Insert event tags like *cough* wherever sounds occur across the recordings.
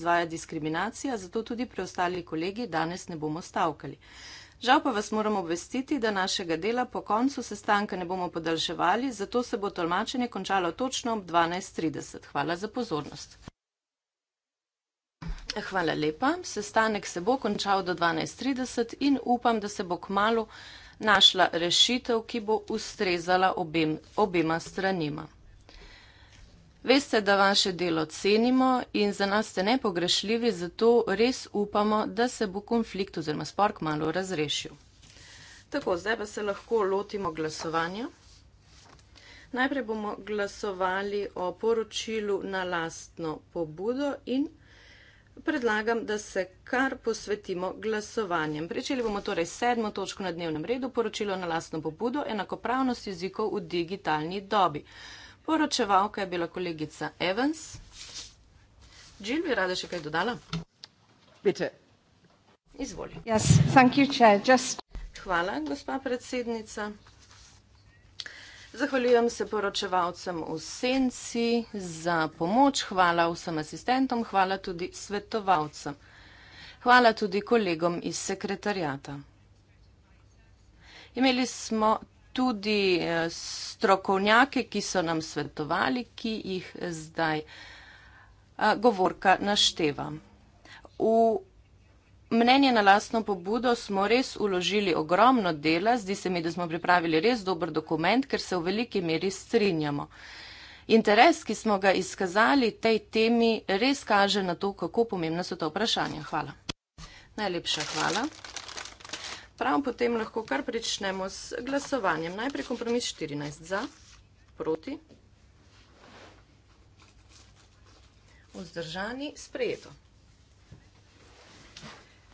izvaja diskriminacija, zato tudi preostali kolegi danes ne bomo stavkali. Žal pa vas moramo obvestiti, da našega dela po koncu sestanka ne bomo podaljševali, zato se bo tolmačenje končalo točno ob 12.30. Hvala za pozornost. Hvala lepa. Sestanek se bo končal do 12.30 in upam, da se bo k malu našla rešitev, ki bo ustrezala obem, obema stranima. Veste, da vaše delo cenimo in za nas ste nepogrešljivi, zato res upamo, da se bo konflikt oziroma spork malo razrešil. Tako, zdaj pa se lahko lotimo glasovanja. Najprej bomo glasovali o poročilu na lastno pobudo in predlagam, da se kar posvetimo glasovanjem. Pričeli bomo torej sedmo točko na dnevnem redu, poročilo na lastno pobudo, enakopravnost jezikov v digitalni dobi. Poročevalka je bila kolegica Evans. Jill, bi rada še kaj dodala? Bitte. Izvoli. Yes, thank you, chair. Just... Hvala, gospa predsednica. Zahvaljujem se poročevalcem v senci za pomoč, hvala vsem asistentom, hvala tudi svetovalcem. Hvala tudi kolegom iz sekretarjata. Imeli smo tudi eh, strokovnjake, ki so nam svetovali, ki jih zdaj eh, govorka našteva. V mnenje na lastno pobudo smo res uložili ogromno dela, zdi se mi, da smo pripravili res dober dokument, ker se v veliki meri strinjamo. Interes, ki smo ga izkazali tej temi, res kaže na to, kako pomembna so ta vprašanja. Hvala. Najlepša hvala prav potem lahko kar pričnemo s glasovanjem. Najprej kompromis 14 za, proti, vzdržani, sprejeto.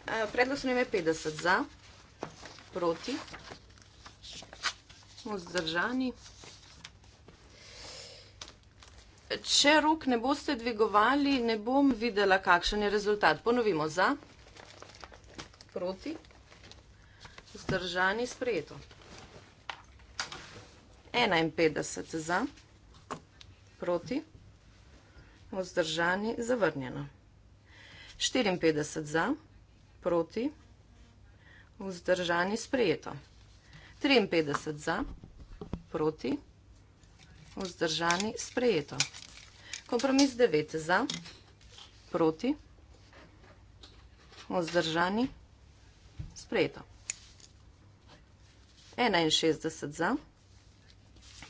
Eh, predlog so njime 50 za, proti, vzdržani. Če rok ne boste dvigovali, ne bom videla, kakšen je rezultat. Ponovimo za, proti, vzdržani. Vzdržani sprejeto. 51 za, proti, vzdržani zavrnjeno. 54 za, proti, vzdržani sprejeto. 53 za, proti, vzdržani sprejeto. Kompromis 9 za, proti, vzdržani sprejeto. 61 za,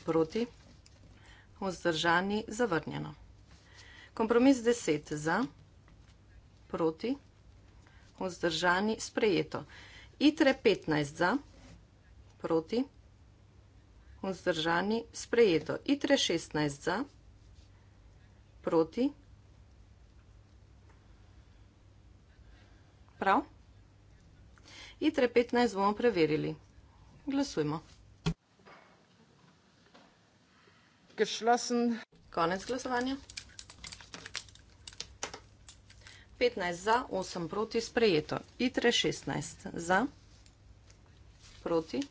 proti, vzdržani, zavrnjeno. Kompromis 10 za, proti, vzdržani, sprejeto. ITRE 15 za, proti, vzdržani, sprejeto. ITRE 16 za, proti, prav. ITRE 15 bomo preverili glasujmo. Geschlossen. Konec glasovanja. 15 za, 8 proti, sprejeto. ITRE 16 za, proti,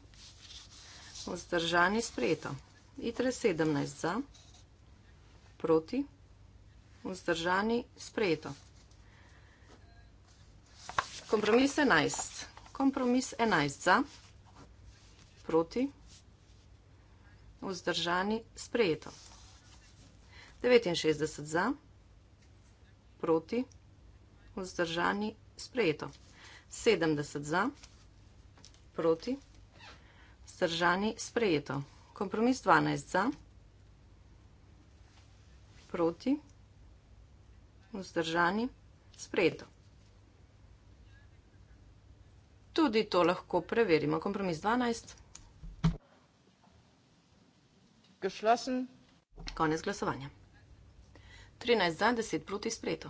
vzdržani, sprejeto. ITRE 17 za, proti, vzdržani, sprejeto. Kompromis 11. Kompromis 11 za, proti proti, vzdržani, sprejeto. 69 za, proti, vzdržani, sprejeto. 70 za, proti, vzdržani, sprejeto. Kompromis 12 za, proti, vzdržani, sprejeto. Tudi to lahko preverimo. Kompromis 12 za geschlossen. Konec glasovanja. 13 za, 10 proti sprejeto.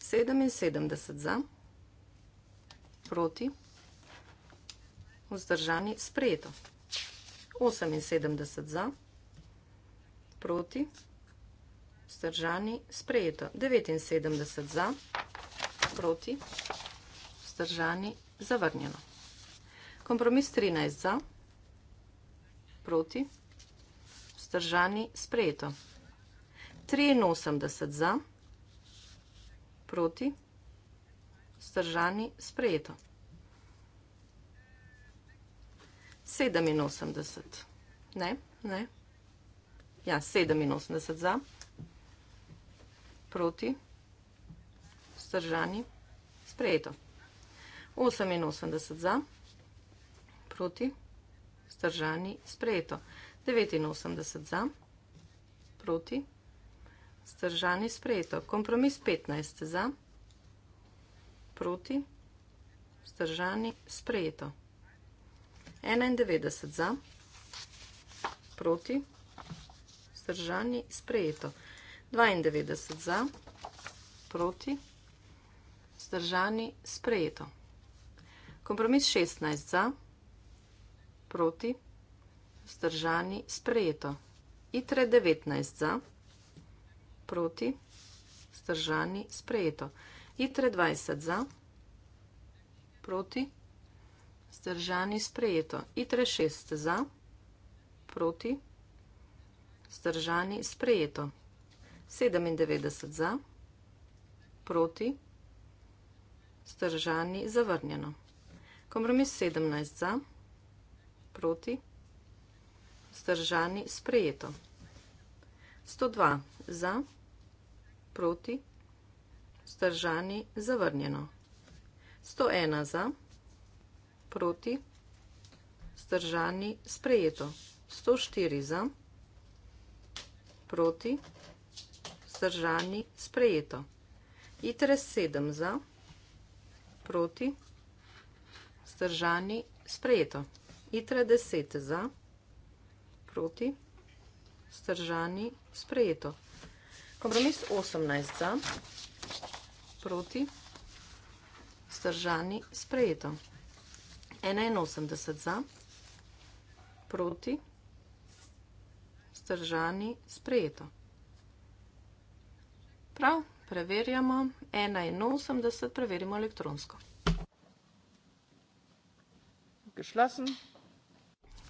77 za, proti, vzdržani, sprejeto. 78 za, proti, vzdržani, sprejeto. 79 za, proti, vzdržani, zavrnjeno. Kompromis 13 za, proti, proti, vzdržani, sprejeto. 83 za, proti, vzdržani, sprejeto. 87, ne, ne, ja, 87 za, proti, vzdržani, sprejeto. 88 za, proti, vzdržani, sprejeto vzdržani, sprejeto. 89 za, proti, vzdržani, sprejeto. Kompromis 15 za, proti, vzdržani, sprejeto. 91 za, proti, vzdržani, sprejeto. 92 za, proti, vzdržani, sprejeto. Kompromis 16 za, proti, vzdržani, sprejeto proti, vzdržani, sprejeto. ITRE 19 za, proti, vzdržani, sprejeto. ITRE 20 za, proti, vzdržani, sprejeto. ITRE 6 za, proti, vzdržani, sprejeto. 97 za, proti, vzdržani, zavrnjeno. Kompromis 17 za, proti, vzdržani, sprejeto proti, vzdržani, sprejeto. 102 za, proti, vzdržani, zavrnjeno. 101 za, proti, vzdržani, sprejeto. 104 za, proti, vzdržani, sprejeto. ITRES 7 za, proti, vzdržani, sprejeto. Itra 10 za, proti, stržani, sprejeto. Kompromis 18 za, proti, stržani, sprejeto. 81 za, proti, stržani, sprejeto. Prav, preverjamo. 81, preverimo elektronsko. Geschlossen.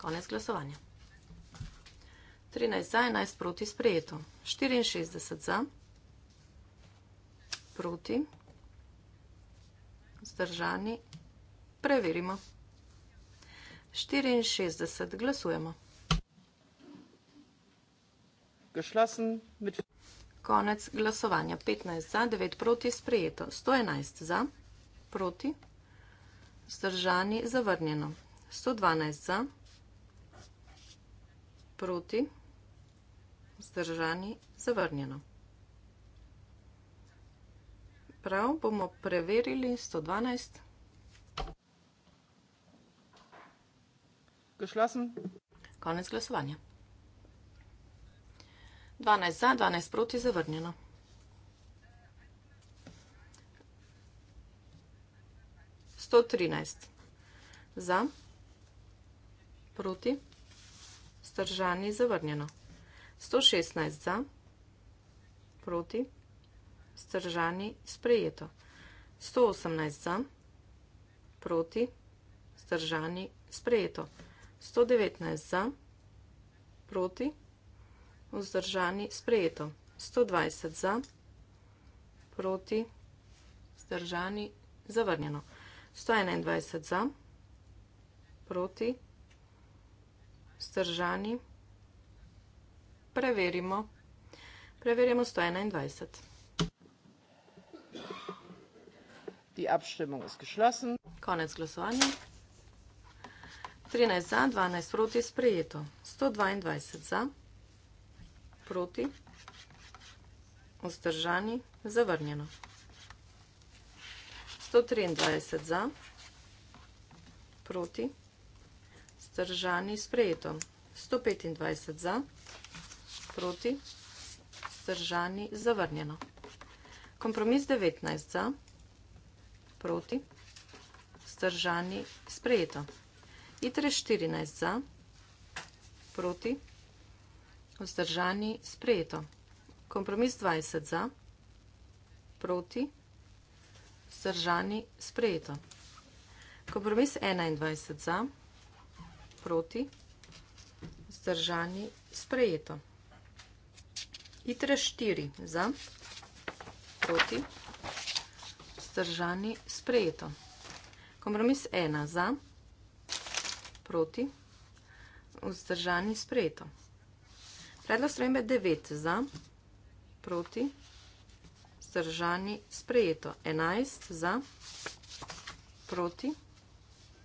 Konec glasovanja. 13 za, 11 proti sprejeto. 64 za, proti, zdržani, preverimo. 64 glasujemo. Geschlossen. Konec glasovanja. 15 za, 9 proti sprejeto. 111 za, proti, zdržani, zavrnjeno. 112 za, proti proti, vzdržani, zavrnjeno. Prav, bomo preverili 112. Geschlossen. Konec glasovanja. 12 za, 12 proti, zavrnjeno. Sto trinajst za, proti vzdržani, zavrnjeno. 116 za, proti, vzdržani, sprejeto. 118 za, proti, vzdržani, sprejeto. 119 za, proti, vzdržani, sprejeto. 120 za, proti, vzdržani, zavrnjeno. 121 za, proti, vzdržani, sprejeto vzdržani. Preverimo. Preverimo 121. Die Abstimmung ist geschlossen. Konec glasovanja. 13 za, 12 proti sprejeto. 122 za, proti, vzdržani, zavrnjeno. 123 za, proti, vzdržani. Zdržani sprejeto. 125 za, proti, zdržani zavrnjeno. Kompromis 19 za, proti, zdržani sprejeto. ITRE 14 za, proti, zdržani sprejeto. Kompromis 20 za, proti, zdržani sprejeto. Kompromis 21 za, proti, zdržani sprejeto proti, zdržani, sprejeto. Itre štiri, za, proti, zdržani, sprejeto. Kompromis ena, za, proti, vzdržani, sprejeto. Predlog strojembe devet, za, proti, vzdržani, sprejeto. Enajst, za, proti,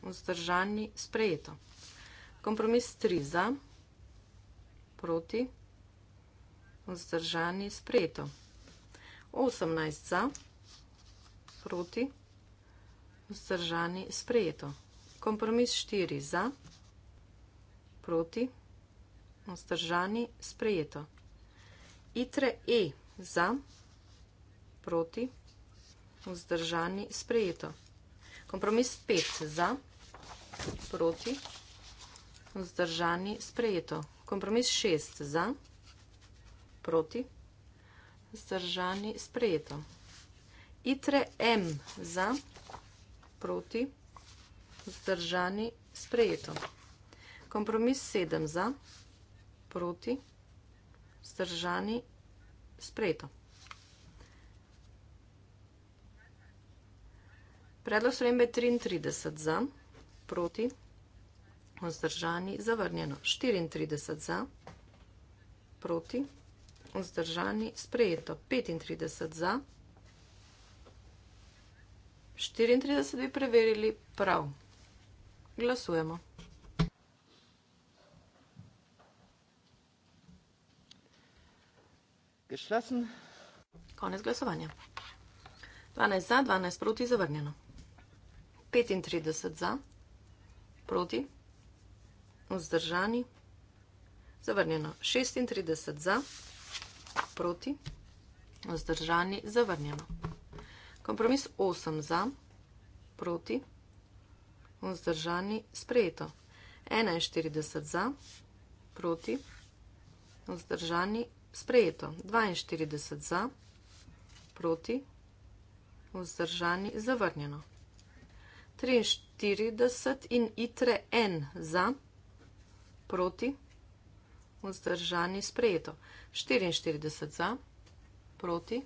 vzdržani, sprejeto. Kompromis 3 za, proti, vzdržani, sprejeto. 18 za, proti, vzdržani, sprejeto. Kompromis 4 za, proti, vzdržani, sprejeto. Itre E za, proti, vzdržani, sprejeto. Kompromis 5 za, proti, vzdržani, sprejeto vzdržani, sprejeto. Kompromis šest za, proti, vzdržani, sprejeto. Itre M za, proti, vzdržani, sprejeto. Kompromis sedem za, proti, vzdržani, sprejeto. Predlog sprejembe 33 za, proti, vzdržani, sprejeto vzdržani, zavrnjeno 34 za, proti, vzdržani, sprejeto 35 za, 34 bi preverili prav. Glasujemo. Geschlossen. Konec glasovanja. 12 za, 12 proti, zavrnjeno. 35 za, proti, vzdržani, zavrnjeno 36 za, proti, vzdržani, zavrnjeno. Kompromis 8 za, proti, vzdržani, sprejeto. 41 za, proti, vzdržani, sprejeto. 42 za, proti, vzdržani, zavrnjeno. 43 in itre 1 za, proti, proti, vzdržani, sprejeto. 44 za, proti,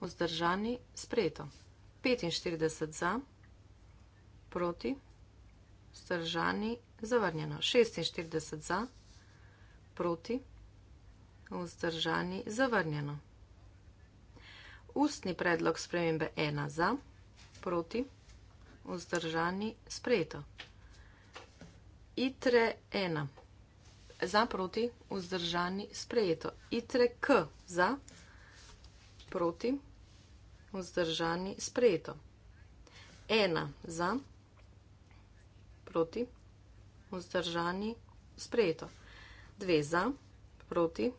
vzdržani, sprejeto. 45 za, proti, vzdržani, zavrnjeno. 46 za, proti, vzdržani, zavrnjeno. Ustni predlog spremembe 1 za, proti, vzdržani, sprejeto itre ena. Za proti, vzdržani, sprejeto. Itre k za proti, vzdržani, sprejeto. Ena za proti, vzdržani, sprejeto. Dve za proti,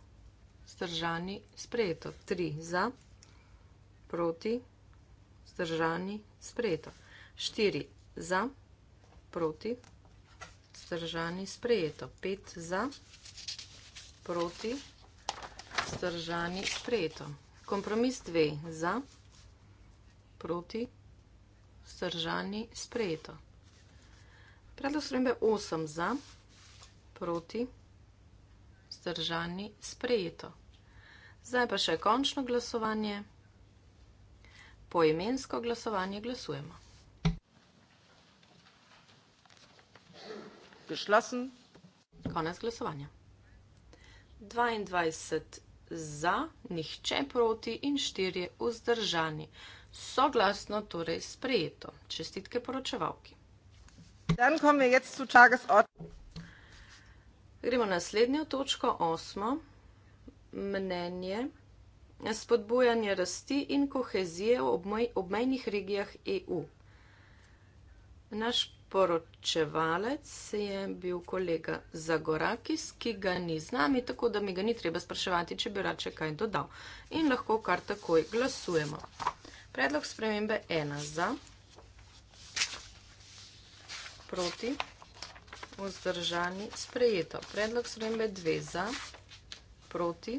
vzdržani, sprejeto. Tri za proti, vzdržani, sprejeto. Štiri za proti, vzdržani, sprejeto vzdržani, sprejeto. 5 za, proti, vzdržani, sprejeto. Kompromis 2 za, proti, vzdržani, sprejeto. Predlog srembe 8 za, proti, vzdržani, sprejeto. Zdaj pa še končno glasovanje. Poimensko glasovanje glasujemo. geschlossen. Konec glasovanja. 22 za, nihče proti in 4 vzdržani. Soglasno torej sprejeto. Čestitke poročevalki. Dan komme jetzt zu Gremo naslednjo točko, osmo. Mnenje. Spodbujanje rasti in kohezije v obmej, obmejnih regijah EU. Naš poročevalec je bil kolega Zagorakis, ki ga ni z nami, tako da mi ga ni treba spraševati, če bi rad še kaj dodal. In lahko kar takoj glasujemo. Predlog spremembe ena za, proti, vzdržani, sprejeto. Predlog spremembe dve za, proti,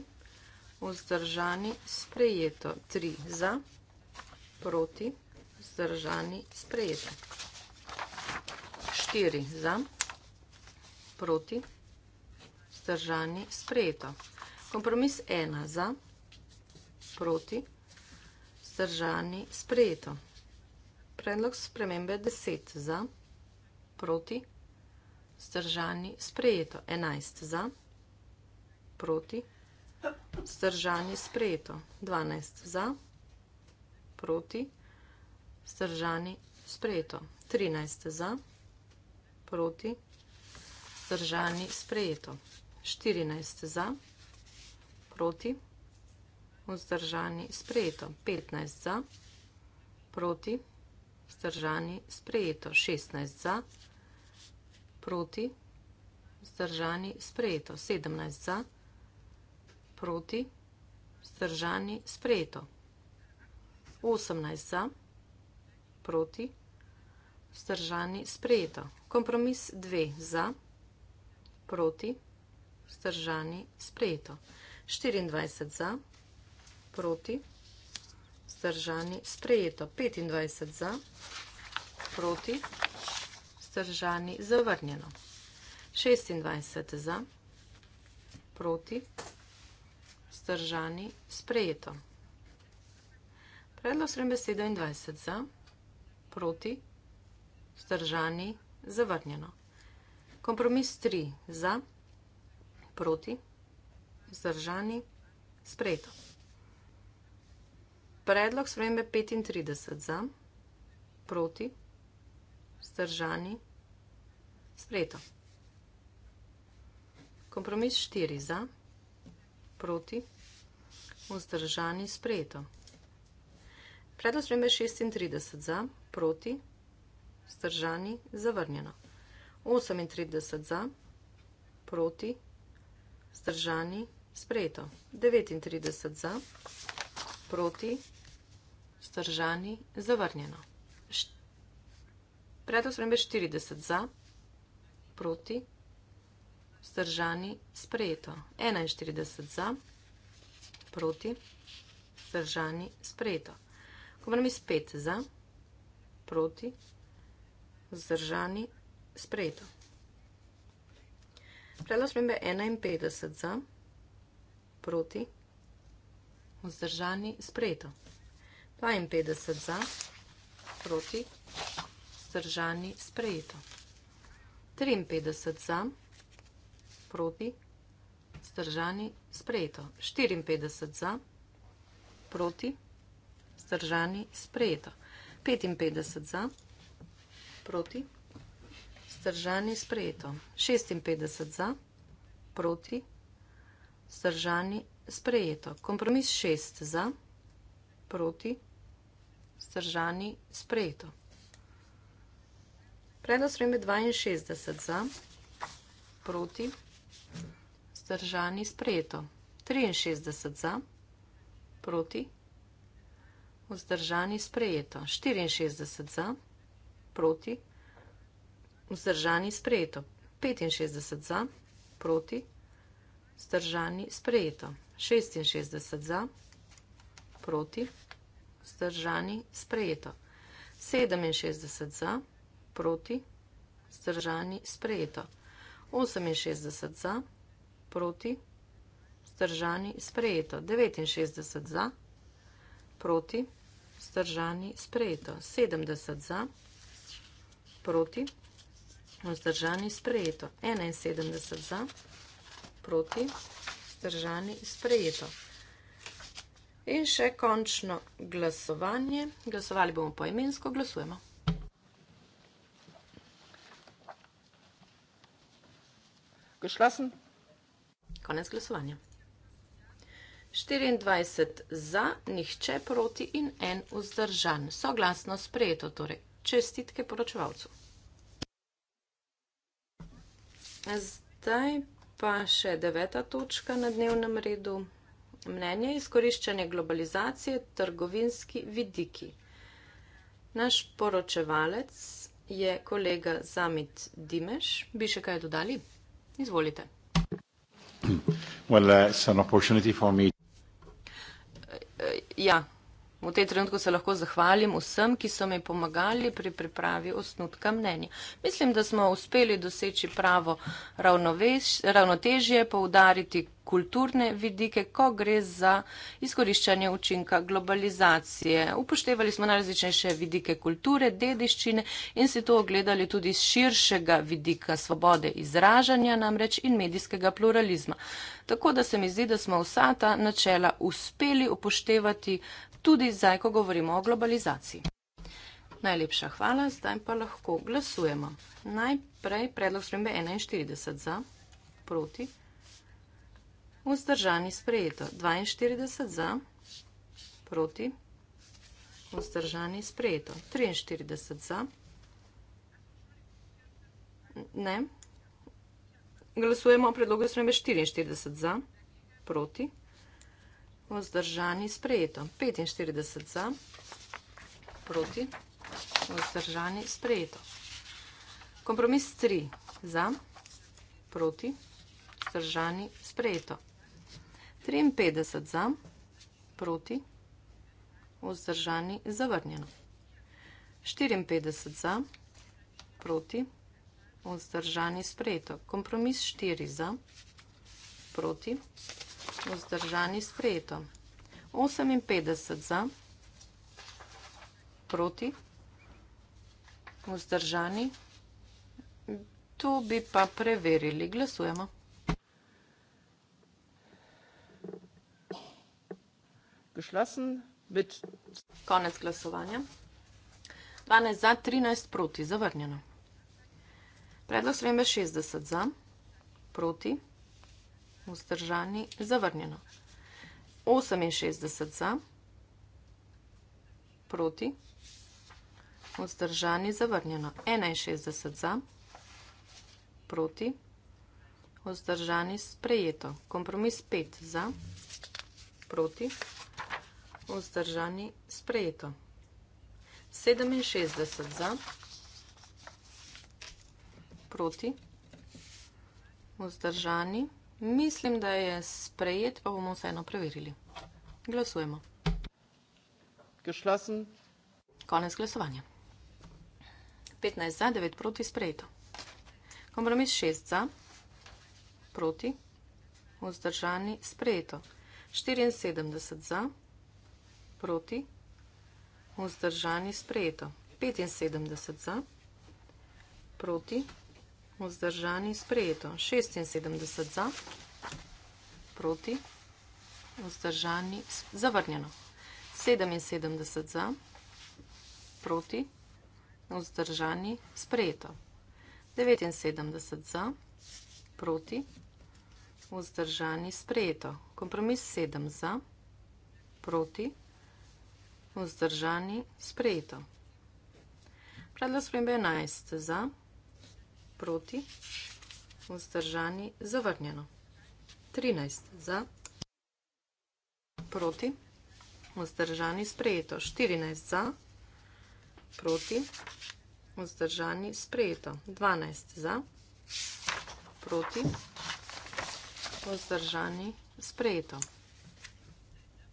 vzdržani, sprejeto. Tri za, proti, vzdržani, sprejeto. 4 za, proti, vzdržani, sprejeto. Kompromis 1 za, proti, vzdržani, sprejeto. Predlog spremembe 10 za, proti, vzdržani, sprejeto. 11 za, proti, vzdržani, sprejeto. 12 za, proti, vzdržani, sprejeto. 13 za, proti, vzdržani, sprejeto. 13 za, proti, vzdržani, sprejeto proti, zdržani, sprejeto. 14 za, proti, vzdržani, sprejeto. 15 za, proti, vzdržani, sprejeto. 16 za, proti, vzdržani, sprejeto. 17 za, proti, vzdržani, sprejeto. 18 za, proti, vzdržani, sprejeto vzdržani, sprejeto. Kompromis 2 za, proti, vzdržani, sprejeto. 24 za, proti, vzdržani, sprejeto. 25 za, proti, vzdržani, zavrnjeno. 26 za, proti, vzdržani, sprejeto. Predlog srem besedo 21 za, proti, vzdržani, sprejeto vzdržani, zavrnjeno. Kompromis 3 za, proti, vzdržani, sprejeto. Predlog spremembe 35 za, proti, vzdržani, sprejeto. Kompromis 4 za, proti, vzdržani, sprejeto. Predlog spremembe 36 za, proti, vzdržani, sprejeto vzdržani, zavrnjeno. 38 za, proti, vzdržani, sprejeto. 39 za, proti, vzdržani, zavrnjeno. Predlog spremembe 40 za, proti, vzdržani, sprejeto. 41 za, proti, vzdržani, sprejeto. Ko moram iz 5 za, proti, vzdržani, sprejeto vzdržani, sprejeto. Predlog spremembe 51 za, proti, vzdržani, sprejeto. 52 za, proti, vzdržani, sprejeto. 53 za, proti, vzdržani, sprejeto. 54 za, proti, vzdržani, sprejeto. 55 za, proti, vzdržani, sprejeto proti, vzdržani, sprejeto. 56 za, proti, vzdržani, sprejeto. Kompromis 6 za, proti, vzdržani, sprejeto. Predlog sprejme 62 za, proti, vzdržani, sprejeto. 63 za, proti, vzdržani, sprejeto. 64 za, proti, vzdržani, sprejeto proti, vzdržani sprejeto. 65 za, proti, vzdržani sprejeto. 66 za, proti, vzdržani sprejeto. 67 za, proti, vzdržani sprejeto. 68 za, proti, vzdržani sprejeto. 69 za, proti, vzdržani sprejeto. 70 za, proti, vzdržani sprejeto proti, vzdržani, sprejeto. 71 za, proti, vzdržani, sprejeto. In še končno glasovanje. Glasovali bomo poimensko, glasujemo. Geschlossen. Konec glasovanja. 24 za, nihče proti in en vzdržan. Soglasno sprejeto torej čestitke poročevalcu. Zdaj pa še deveta točka na dnevnem redu. Mnenje izkoriščanje globalizacije, trgovinski vidiki. Naš poročevalec je kolega Zamit Dimeš. Bi še kaj dodali? Izvolite. Well, uh, ja, V tej trenutku se lahko zahvalim vsem, ki so mi pomagali pri pripravi osnutka mnenja. Mislim, da smo uspeli doseči pravo ravnotežje, poudariti kulturne vidike, ko gre za izkoriščanje učinka globalizacije. Upoštevali smo najrazličnejše vidike kulture, dediščine in si to ogledali tudi z širšega vidika svobode izražanja namreč in medijskega pluralizma. Tako da se mi zdi, da smo vsa ta načela uspeli upoštevati tudi zdaj, ko govorimo o globalizaciji. Najlepša hvala, zdaj pa lahko glasujemo. Najprej predlog spremembe 41 za, proti, vzdržani sprejeto. 42 za, proti, vzdržani sprejeto. 43 za, ne. Glasujemo o predlogu spremembe 44 za, proti vzdržani sprejeto. 45 za, proti, vzdržani sprejeto. Kompromis 3 za, proti, vzdržani sprejeto. 53 za, proti, vzdržani zavrnjeno. 54 za, proti, vzdržani sprejeto. Kompromis 4 za, proti, vzdržani sprejeto vzdržani sprejeto. 58 za, proti, vzdržani. Tu bi pa preverili. Glasujemo. Geschlossen mit... Konec glasovanja. 12 za, 13 proti. Zavrnjeno. Predlog sveme 60 za, proti. Proti vzdržani, zavrnjeno. 68 za, proti, vzdržani, zavrnjeno. 61 za, proti, vzdržani, sprejeto. Kompromis 5 za, proti, vzdržani, sprejeto. 67 za, proti, vzdržani, sprejeto. Mislim, da je sprejet, pa bomo vseeno preverili. Glasujemo. Geschlossen. Konec glasovanja. 15 za, 9 proti, sprejeto. Kompromis 6 za, proti, vzdržani, sprejeto. 74 za, proti, vzdržani, sprejeto. 75 za, proti, vzdržani, sprejeto vzdržani, sprejeto. 76 za, proti, vzdržani, zavrnjeno. 77 za, proti, vzdržani, sprejeto. 79 za, proti, vzdržani, sprejeto. Kompromis 7 za, proti, vzdržani, sprejeto. Predlog spremembe 11 za, proti, proti, vzdržani, zavrnjeno. 13 za, proti, vzdržani, sprejeto. 14 za, proti, vzdržani, sprejeto. 12 za, proti, vzdržani, sprejeto.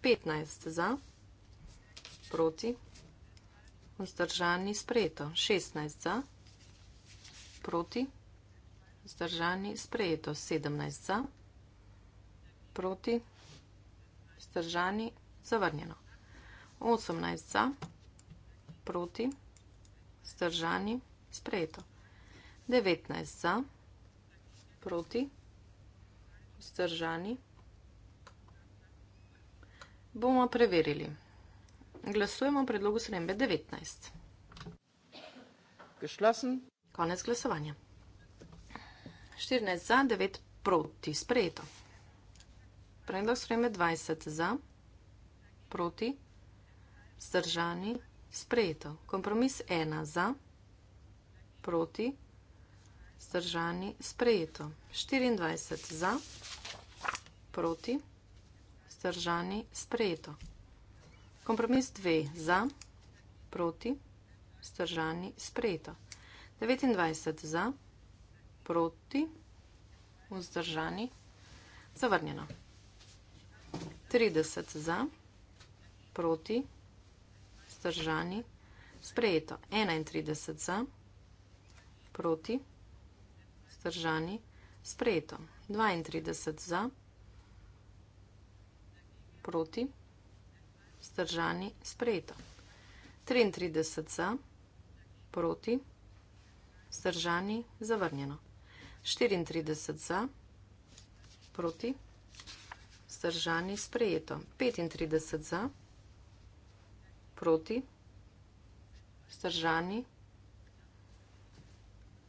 15 za, proti, vzdržani, sprejeto. 16 za, proti proti, zdržani, sprejeto, 17 za, proti, zdržani, zavrnjeno, 18 za, proti, zdržani, sprejeto, 19 za, proti, zdržani. Bomo preverili. Glasujemo o predlogu srembe 19. Geschlossen. Konec glasovanja. 14 za, 9 proti, sprejeto. Predlog sprejme 20 za, proti, zdržani, sprejeto. Kompromis 1 za, proti, zdržani, sprejeto. 24 za, proti, zdržani, sprejeto. Kompromis 2 za, proti, zdržani, sprejeto. 29 za, proti, vzdržani, zavrnjeno. 30 za, proti, vzdržani, sprejeto. 31 za, proti, vzdržani, sprejeto. 32 za, proti, vzdržani, sprejeto. 33 za, proti, vzdržani, sprejeto vzdržani, zavrnjeno. 34 za, proti, vzdržani, sprejeto. 35 za, proti, vzdržani,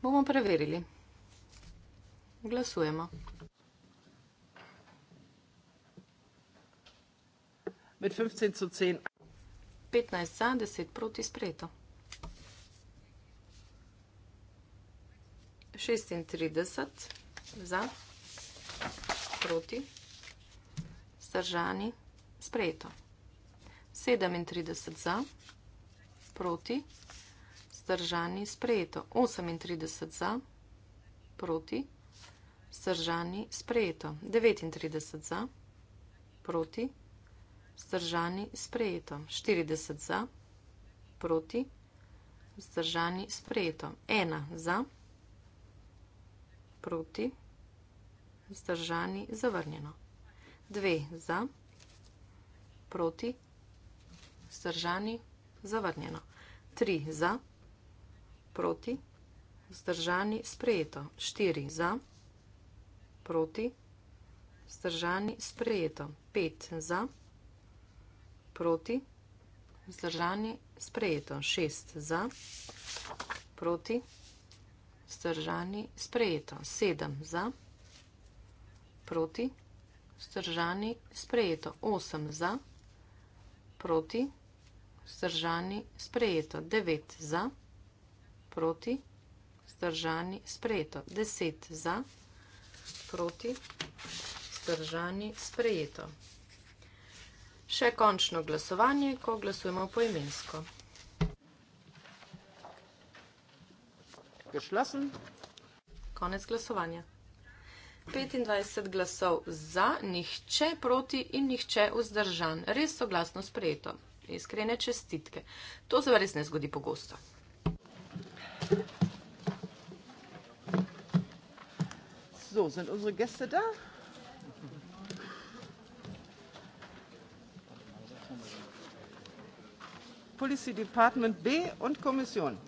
bomo preverili. Glasujemo. Med 15 za, 10 proti, sprejeto. 36 za, proti, vzdržani, sprejeto. 37 za, proti, vzdržani, sprejeto. 38 za, proti, vzdržani, sprejeto. 39 za, proti, vzdržani, sprejeto. 40 za, proti, vzdržani, sprejeto. 1 za, proti proti, zdržani, zavrnjeno. Dve za, proti, zdržani, zavrnjeno. Tri za, proti, zdržani, sprejeto. Štiri za, proti, zdržani, sprejeto. Pet za, proti, zdržani, sprejeto. Šest za, proti, zdržani, sprejeto. Zdržani, sprejeto. 7 za, proti, zdržani, sprejeto. 8 za, proti, zdržani, sprejeto. 9 za, proti, zdržani, sprejeto. 10 za, proti, zdržani, sprejeto. Še končno glasovanje, ko glasujemo poimensko. imensko. geschlossen. Konec glasovanja. 25 glasov za, nihče proti in nihče vzdržan. Res soglasno sprejeto. Iskrene čestitke. To se res ne zgodi pogosto. So, sind unsere Gäste da? Policy Department B und Kommission.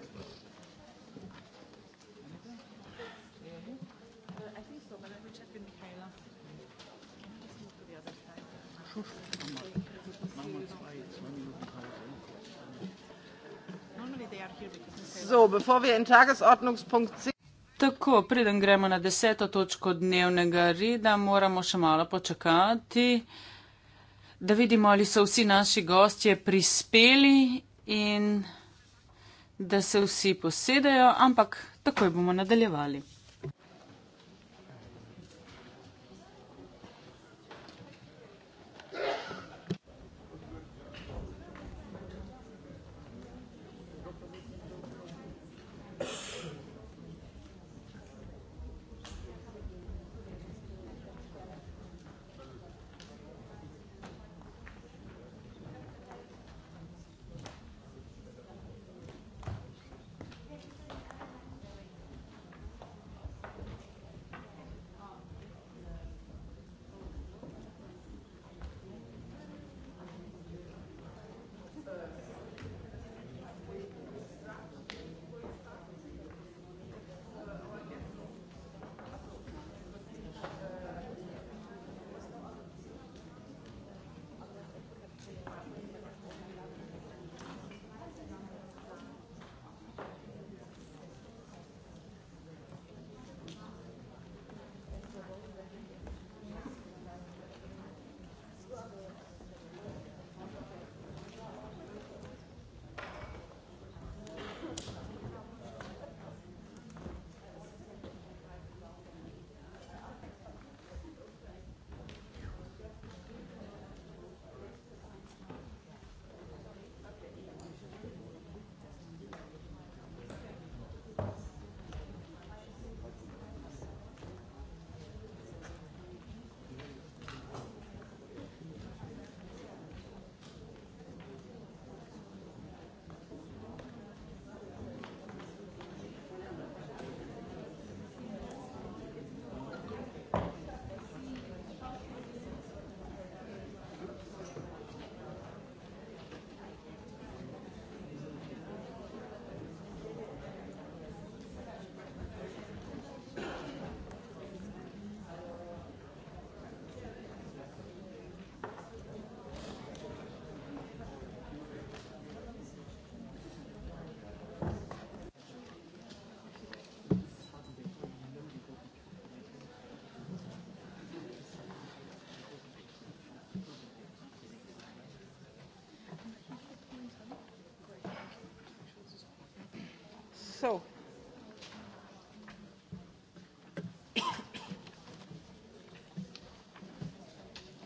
So, bevor wir in Tagesordnungspunkt 10. Tako, preden gremo na deseto točko dnevnega reda, moramo še malo počakati, da vidimo, ali so vsi naši gostje prispeli in da se vsi posedejo, ampak takoj bomo nadaljevali.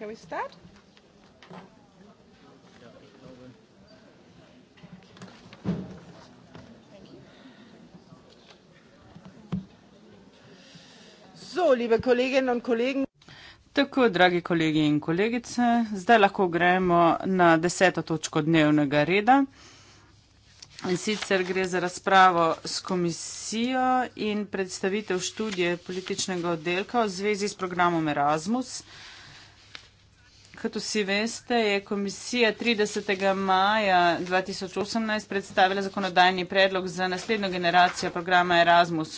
Genau ist das? Ja, ich glaube. So, liebe Kolleginnen und Kollegen. Tako, dragi kolegi in kolegice, zdaj lahko gremo na deseto točko dnevnega reda. In sicer gre za razpravo s komisijo in predstavitev študije političnega oddelka v zvezi s programom Erasmus. Kot vsi veste, je komisija 30. maja 2018 predstavila zakonodajni predlog za naslednjo generacijo programa Erasmus.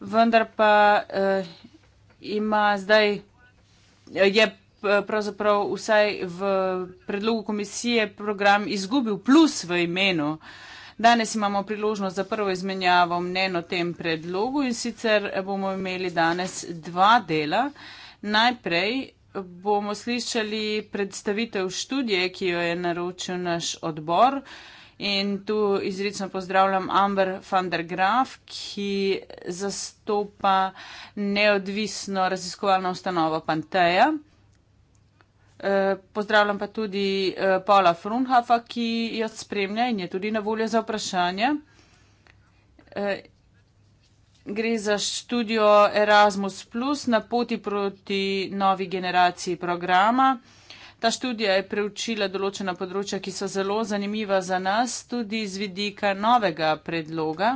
Vendar pa eh, ima zdaj, eh, je eh, pravzaprav vsaj v predlogu komisije program izgubil plus v imenu. Danes imamo priložnost za prvo izmenjavo mnen o tem predlogu in sicer bomo imeli danes dva dela. Najprej bomo slišali predstavitev študije, ki jo je naročil naš odbor. In tu izrecno pozdravljam Amber van der Graaf, ki zastopa neodvisno raziskovalno ustanovo Panteja. Eh, pozdravljam pa tudi eh, Paula Frunhafa, ki jo spremlja in je tudi na voljo za vprašanje. Eh, Gre za študijo Erasmus, Plus na poti proti novi generaciji programa. Ta študija je preučila določena področja, ki so zelo zanimiva za nas, tudi z vidika novega predloga.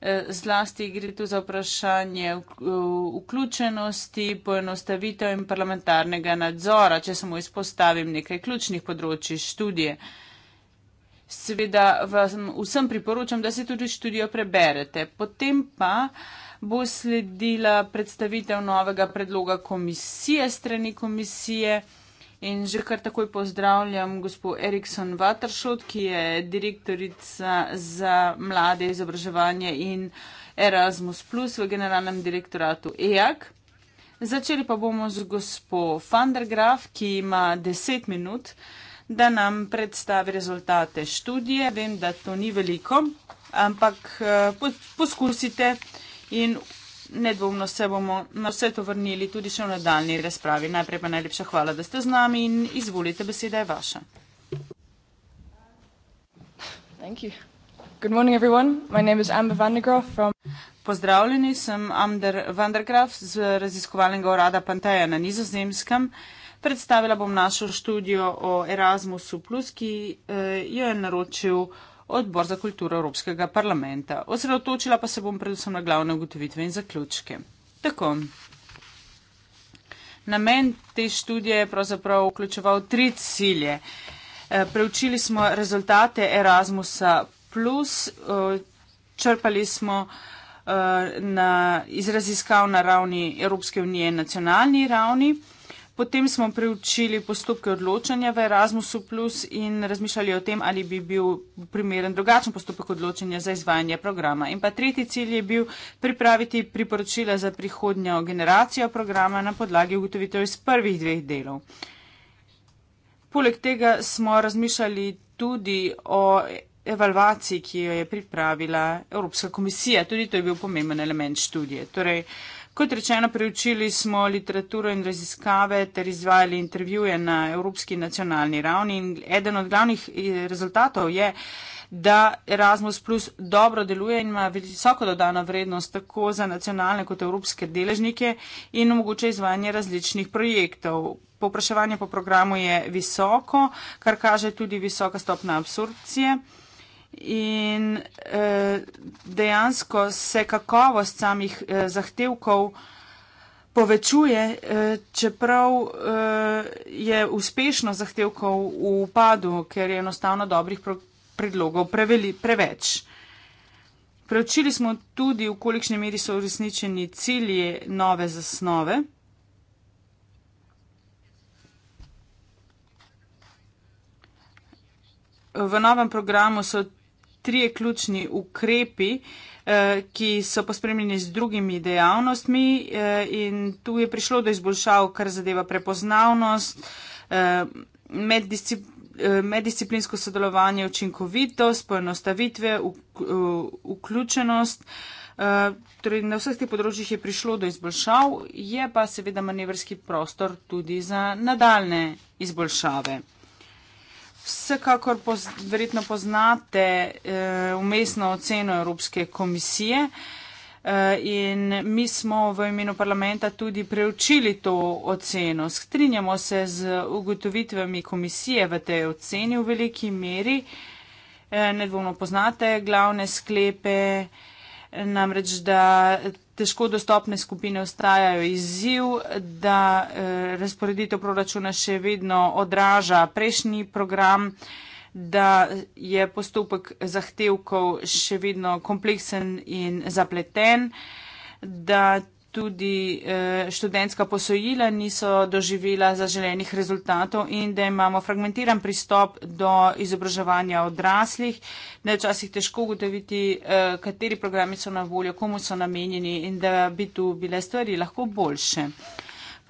Eh, zlasti gre tu za vprašanje vključenosti, poenostavitev in parlamentarnega nadzora, če samo izpostavim nekaj ključnih področji študije seveda vam vsem priporočam, da si tudi študijo preberete. Potem pa bo sledila predstavitev novega predloga komisije, strani komisije. In že kar takoj pozdravljam gospod Erikson Vatršot, ki je direktorica za mlade izobraževanje in Erasmus Plus v generalnem direktoratu EAK. Začeli pa bomo z gospod Fandergraf, ki ima 10 minut. Uh, da nam predstavi rezultate študije. Vem, da to ni veliko, ampak eh, poskusite in nedvomno se bomo na vse to vrnili tudi še v nadaljni razpravi. Najprej pa najlepša hvala, da ste z nami in izvolite, beseda je vaša. Thank you. Good morning, everyone. My name is Amber van der Graaf from. Pozdravljeni, sem Amber van der Graaf z raziskovalnega urada Pantaja na Nizozemskem. Predstavila bom našo študijo o Erasmusu, plus, ki eh, jo je naročil odbor za kulturo Evropskega parlamenta. Osredotočila pa se bom predvsem na glavne ugotovitve in zaključke. Tako. Namen te študije je pravzaprav vključeval tri cilje. Eh, preučili smo rezultate Erasmusa, plus, eh, črpali smo eh, na, iz raziskav na ravni Evropske unije in nacionalni ravni. Potem smo preučili postopke odločanja v Erasmusu Plus in razmišljali o tem, ali bi bil primeren drugačen postopek odločanja za izvajanje programa. In pa tretji cilj je bil pripraviti priporočila za prihodnjo generacijo programa na podlagi ugotovitev iz prvih dveh delov. Poleg tega smo razmišljali tudi o evalvaciji, ki jo je pripravila Evropska komisija. Tudi to je bil pomemben element študije. Torej, uh, Kot rečeno, preučili smo literaturo in raziskave ter izvajali intervjuje na evropski nacionalni ravni in eden od glavnih eh, rezultatov je, da Erasmus Plus dobro deluje in ima visoko dodano vrednost tako za nacionalne kot evropske deležnike in omogoča izvajanje različnih projektov. Popraševanje po programu je visoko, kar kaže tudi visoka stopna absorpcije in eh, dejansko se kakovost samih eh, zahtevkov povečuje, eh, čeprav eh, je uspešno zahtevkov v upadu, ker je enostavno dobrih pro, predlogov preveli, preveč. Preučili smo tudi, v kolikšni meri so uresničeni cilje nove zasnove. V novem programu so tri ključni ukrepi, eh, ki so pospremljeni z drugimi dejavnostmi eh, in tu je prišlo do izboljšav, kar zadeva prepoznavnost, eh, meddisciplinsko sodelovanje, učinkovitost, poenostavitve, vključenost. Torej na vseh teh področjih je prišlo do izboljšav, je pa seveda manevrski prostor tudi za nadaljne izboljšave vsekakor poz, verjetno poznate eh, umestno eh, oceno Evropske komisije. Eh, in mi smo v imenu parlamenta tudi preučili to oceno. Strinjamo se z ugotovitvami komisije v tej oceni v veliki meri. Eh, nedvomno poznate glavne sklepe, namreč da težko dostopne skupine ostajajo izziv, da eh, razporeditev proračuna še vedno odraža prejšnji program, da je postopek zahtevkov še vedno kompleksen in zapleten, da tudi eh, študentska posojila niso doživela zaželenih rezultatov in da imamo fragmentiran pristop do izobraževanja odraslih, da je včasih težko ugotoviti, eh, kateri programi so na voljo, komu so namenjeni in da bi tu bile stvari lahko boljše.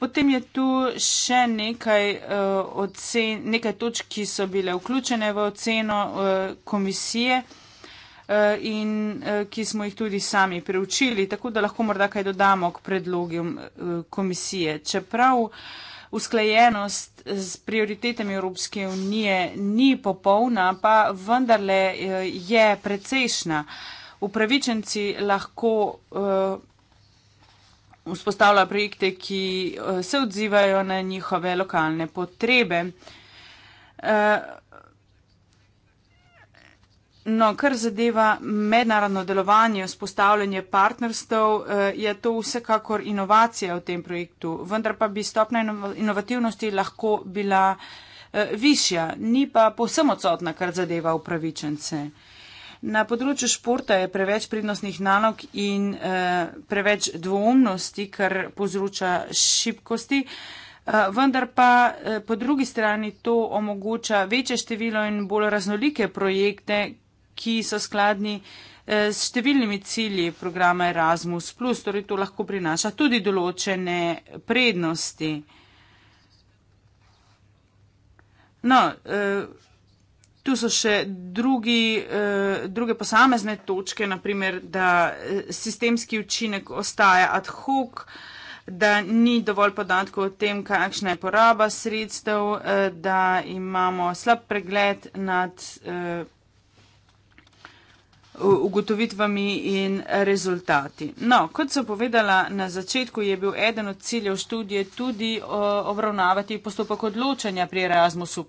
Potem je tu še nekaj, uh, ocen, nekaj točk, ki so bile vključene v oceno uh, komisije. Eh, in eh, ki smo jih tudi sami preučili, tako da lahko morda kaj dodamo k predlogom eh, komisije. Čeprav usklajenost z prioritetami Evropske unije ni popolna, pa vendarle je precejšna. Upravičenci lahko vzpostavljajo projekte, ki se odzivajo na njihove lokalne potrebe. No, kar zadeva mednarodno delovanje, spostavljanje partnerstv, eh, je to vsekakor inovacija v tem projektu. Vendar pa bi stopna inovativnosti lahko bila eh, višja, ni pa povsem odsotna, kar zadeva upravičence. Na področju športa je preveč prednostnih nalog in eh, preveč dvomnosti, kar povzroča šibkosti. Vendar pa po drugi strani to omogoča večje število in bolj raznolike projekte, ki so skladni eh, s številnimi cilji programa Erasmus, torej to lahko prinaša tudi določene prednosti. No, eh, tu so še drugi, eh, druge posamezne točke, naprimer, da sistemski učinek ostaja ad hoc, da ni dovolj podatkov o tem, kakšna je poraba sredstev, da imamo slab pregled nad ugotovitvami in rezultati. No, kot sem povedala na začetku, je bil eden od ciljev študije tudi obravnavati postopek odločanja pri Erasmusu.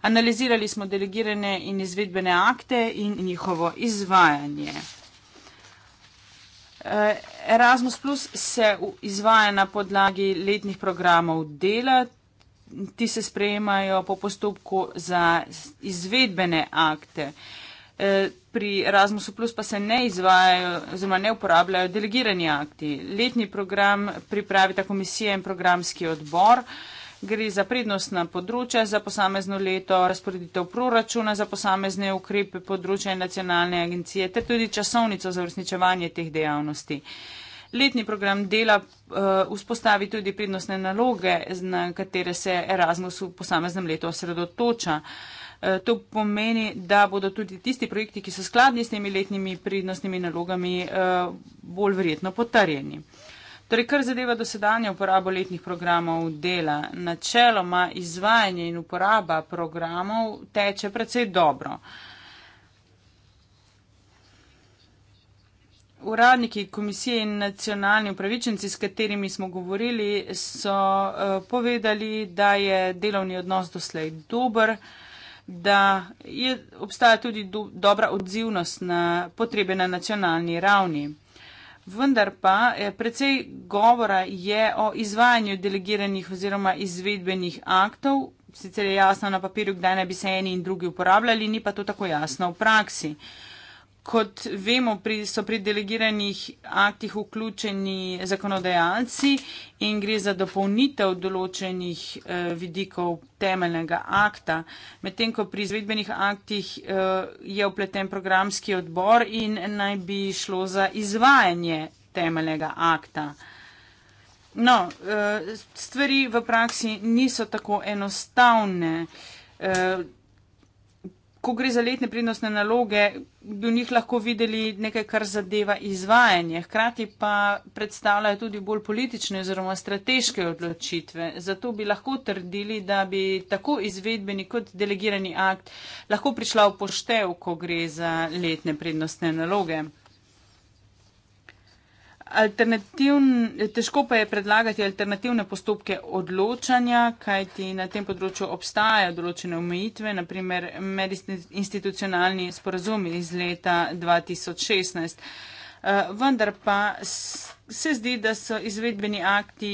Analizirali smo delegirane in izvedbene akte in njihovo izvajanje. E, Erasmus Plus se izvaja na podlagi letnih programov dela. Ti se sprejemajo po postopku za izvedbene akte. Uh, Eh, pri Erasmusu Plus pa se ne izvajajo oziroma ne uporabljajo delegirani akti. Letni program pripravi ta komisija in programski odbor. Gre za prednostna področja za posamezno leto, razporeditev proračuna za posamezne ukrepe področja in nacionalne agencije ter tudi časovnico za uresničevanje teh dejavnosti. Letni program dela uh, vzpostavi tudi prednostne naloge, na katere se Erasmus v posameznem letu osredotoča. Uh, Eh, to pomeni, da bodo tudi tisti projekti, ki so skladni s temi letnimi pridnostnimi nalogami, eh, bolj verjetno potarjeni. Torej, kar zadeva dosedanje uporabo letnih programov dela, načeloma izvajanje in uporaba programov teče predvsej dobro. Uradniki komisije in nacionalni upravičenci, s katerimi smo govorili, so uh, povedali, da je delovni odnos doslej dober. Uh, da je, obstaja tudi do, dobra odzivnost na potrebe na nacionalni ravni. Vendar pa eh, precej govora je o izvajanju delegiranih oziroma izvedbenih aktov, sicer je jasno na papirju, kdaj naj bi se eni in drugi uporabljali, ni pa to tako jasno v praksi. Uh, kot vemo, pri, so pri delegiranih aktih vključeni zakonodajalci in gre za dopolnitev določenih eh, vidikov temeljnega akta. Medtem, ko pri izvedbenih aktih eh, je upleten programski odbor in naj bi šlo za izvajanje temeljnega akta. No, eh, stvari v praksi niso tako enostavne. Eh, ko gre za letne prednostne naloge, bi v njih lahko videli nekaj, kar zadeva izvajanje. Hkrati pa predstavljajo tudi bolj politične oziroma strateške odločitve. Zato bi lahko trdili, da bi tako izvedbeni kot delegirani akt lahko prišla v poštev, ko gre za letne prednostne naloge. Alternativn, težko pa je predlagati alternativne postopke odločanja, kajti na tem področju obstajajo določene omejitve, naprimer medinstitucionalni sporazumi iz leta 2016. Eh, vendar pa se zdi, da so izvedbeni akti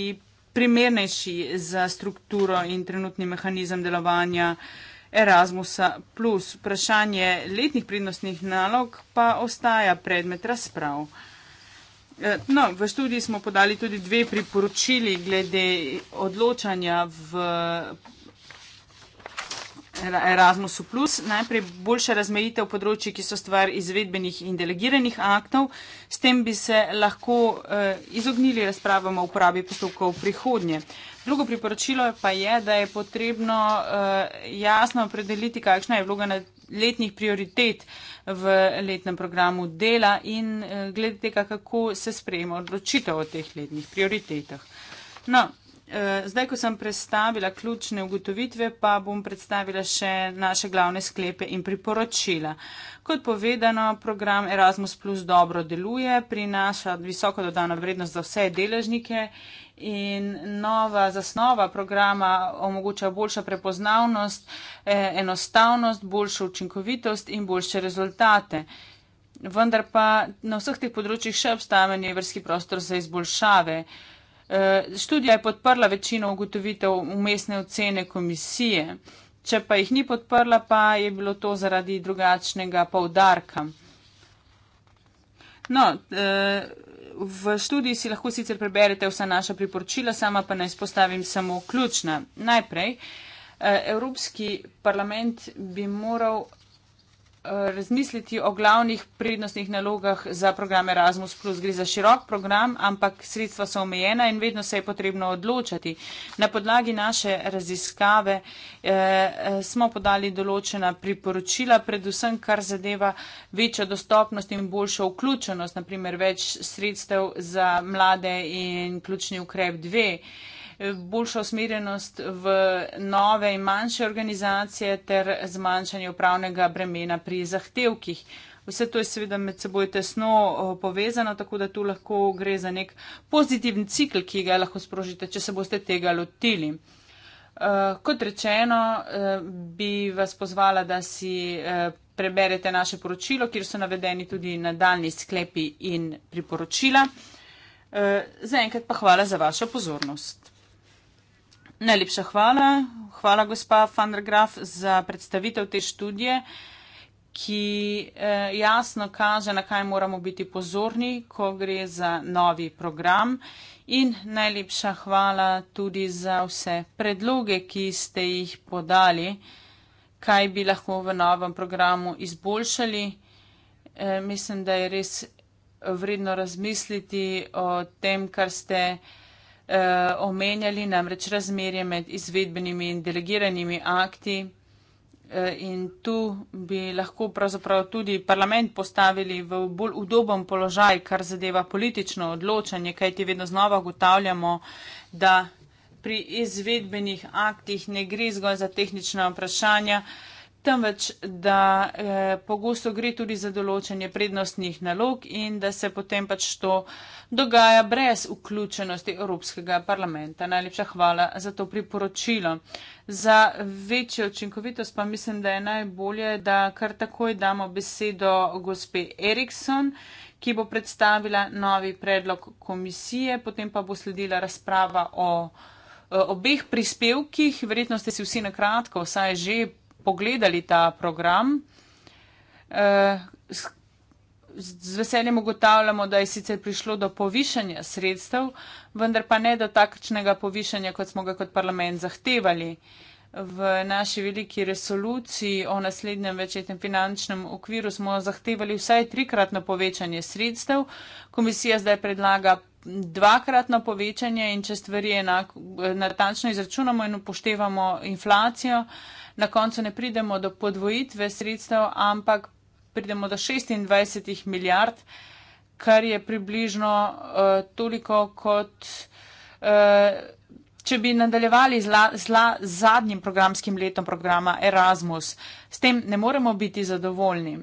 primernejši za strukturo in trenutni mehanizem delovanja Erasmusa. Plus vprašanje letnih prednostnih nalog pa ostaja predmet razprav. Eh, no, v študiji smo podali tudi dve priporočili glede odločanja v Erasmusu. Plus. Najprej boljša razmejitev področji, ki so stvar izvedbenih in delegiranih aktov. S tem bi se lahko eh, izognili razpravama o uporabi postopkov v prihodnje. Drugo priporočilo pa je, da je potrebno eh, jasno opredeliti, kakšna je vloga na letnih prioritet v letnem programu dela in eh, glede tega, kako se sprejema odločitev o teh letnih prioritetah. No, eh, zdaj, ko sem predstavila ključne ugotovitve, pa bom predstavila še naše glavne sklepe in priporočila. Kot povedano, program Erasmus Plus dobro deluje, prinaša visoko dodano vrednost za vse deležnike in nova zasnova programa omogoča boljša prepoznavnost, eh, enostavnost, boljšo učinkovitost in boljše rezultate. Vendar pa na vseh teh področjih še obstaja manjevrski prostor za izboljšave. Eh, študija je podprla večino ugotovitev umestne ocene komisije. Če pa jih ni podprla, pa je bilo to zaradi drugačnega povdarka. No, eh, v študiji si lahko sicer preberete vsa naša priporočila, sama pa naj spostavim samo ključna. Najprej, eh, Evropski parlament bi moral razmisliti o glavnih prednostnih nalogah za program Erasmus. Plus. Gre za širok program, ampak sredstva so omejena in vedno se je potrebno odločati. Na podlagi naše raziskave eh, smo podali določena priporočila, predvsem kar zadeva večjo dostopnost in boljšo vključenost, naprimer več sredstev za mlade in ključni ukrep dve boljšo usmerjenost v nove in manjše organizacije ter zmanjšanje upravnega bremena pri zahtevkih. Vse to je seveda med seboj tesno povezano, tako da tu lahko gre za nek pozitivni cikl, ki ga lahko sprožite, če se boste tega lotili. E, kot rečeno, e, bi vas pozvala, da si e, preberete naše poročilo, kjer so navedeni tudi nadaljni sklepi in priporočila. Zaenkrat pa hvala za vašo pozornost. Najlepša hvala. Hvala, gospa van der Graf, za predstavitev te študije, ki eh, jasno kaže, na kaj moramo biti pozorni, ko gre za novi program. In najlepša hvala tudi za vse predloge, ki ste jih podali, kaj bi lahko v novem programu izboljšali. E, mislim, da je res vredno razmisliti o tem, kar ste uh, omenjali, namreč razmerje med izvedbenimi in delegiranimi akti. Eh, in tu bi lahko pravzaprav tudi parlament postavili v bolj udoben položaj, kar zadeva politično odločanje, kajti vedno znova ugotavljamo, da pri izvedbenih aktih ne gre zgolj za tehnična vprašanja, uh, temveč da e, pogosto gre tudi za določanje prednostnih nalog in da se potem pač to dogaja brez vključenosti Evropskega parlamenta. Najlepša hvala za to priporočilo. Za večjo učinkovitost pa mislim, da je najbolje, da kar takoj damo besedo gospe Erikson, ki bo predstavila novi predlog komisije, potem pa bo sledila razprava o. Eh, obeh prispevkih, verjetno ste si vsi na kratko, vsaj že pogledali ta program. Eh, z veseljem ugotavljamo, da je sicer prišlo do povišanja sredstev, vendar pa ne do takšnega povišanja, kot smo ga kot parlament zahtevali. V naši veliki resoluciji o naslednjem večetnem finančnem okviru smo zahtevali vsaj trikratno povečanje sredstev. Komisija zdaj predlaga dvakratno povečanje in če stvari enako natančno izračunamo in upoštevamo inflacijo, eh, na koncu ne pridemo do podvojitve sredstev, ampak pridemo do 26 milijard, kar je približno uh, toliko, kot uh, če bi nadaljevali z zadnjim programskim letom programa Erasmus. S tem ne moremo biti zadovoljni.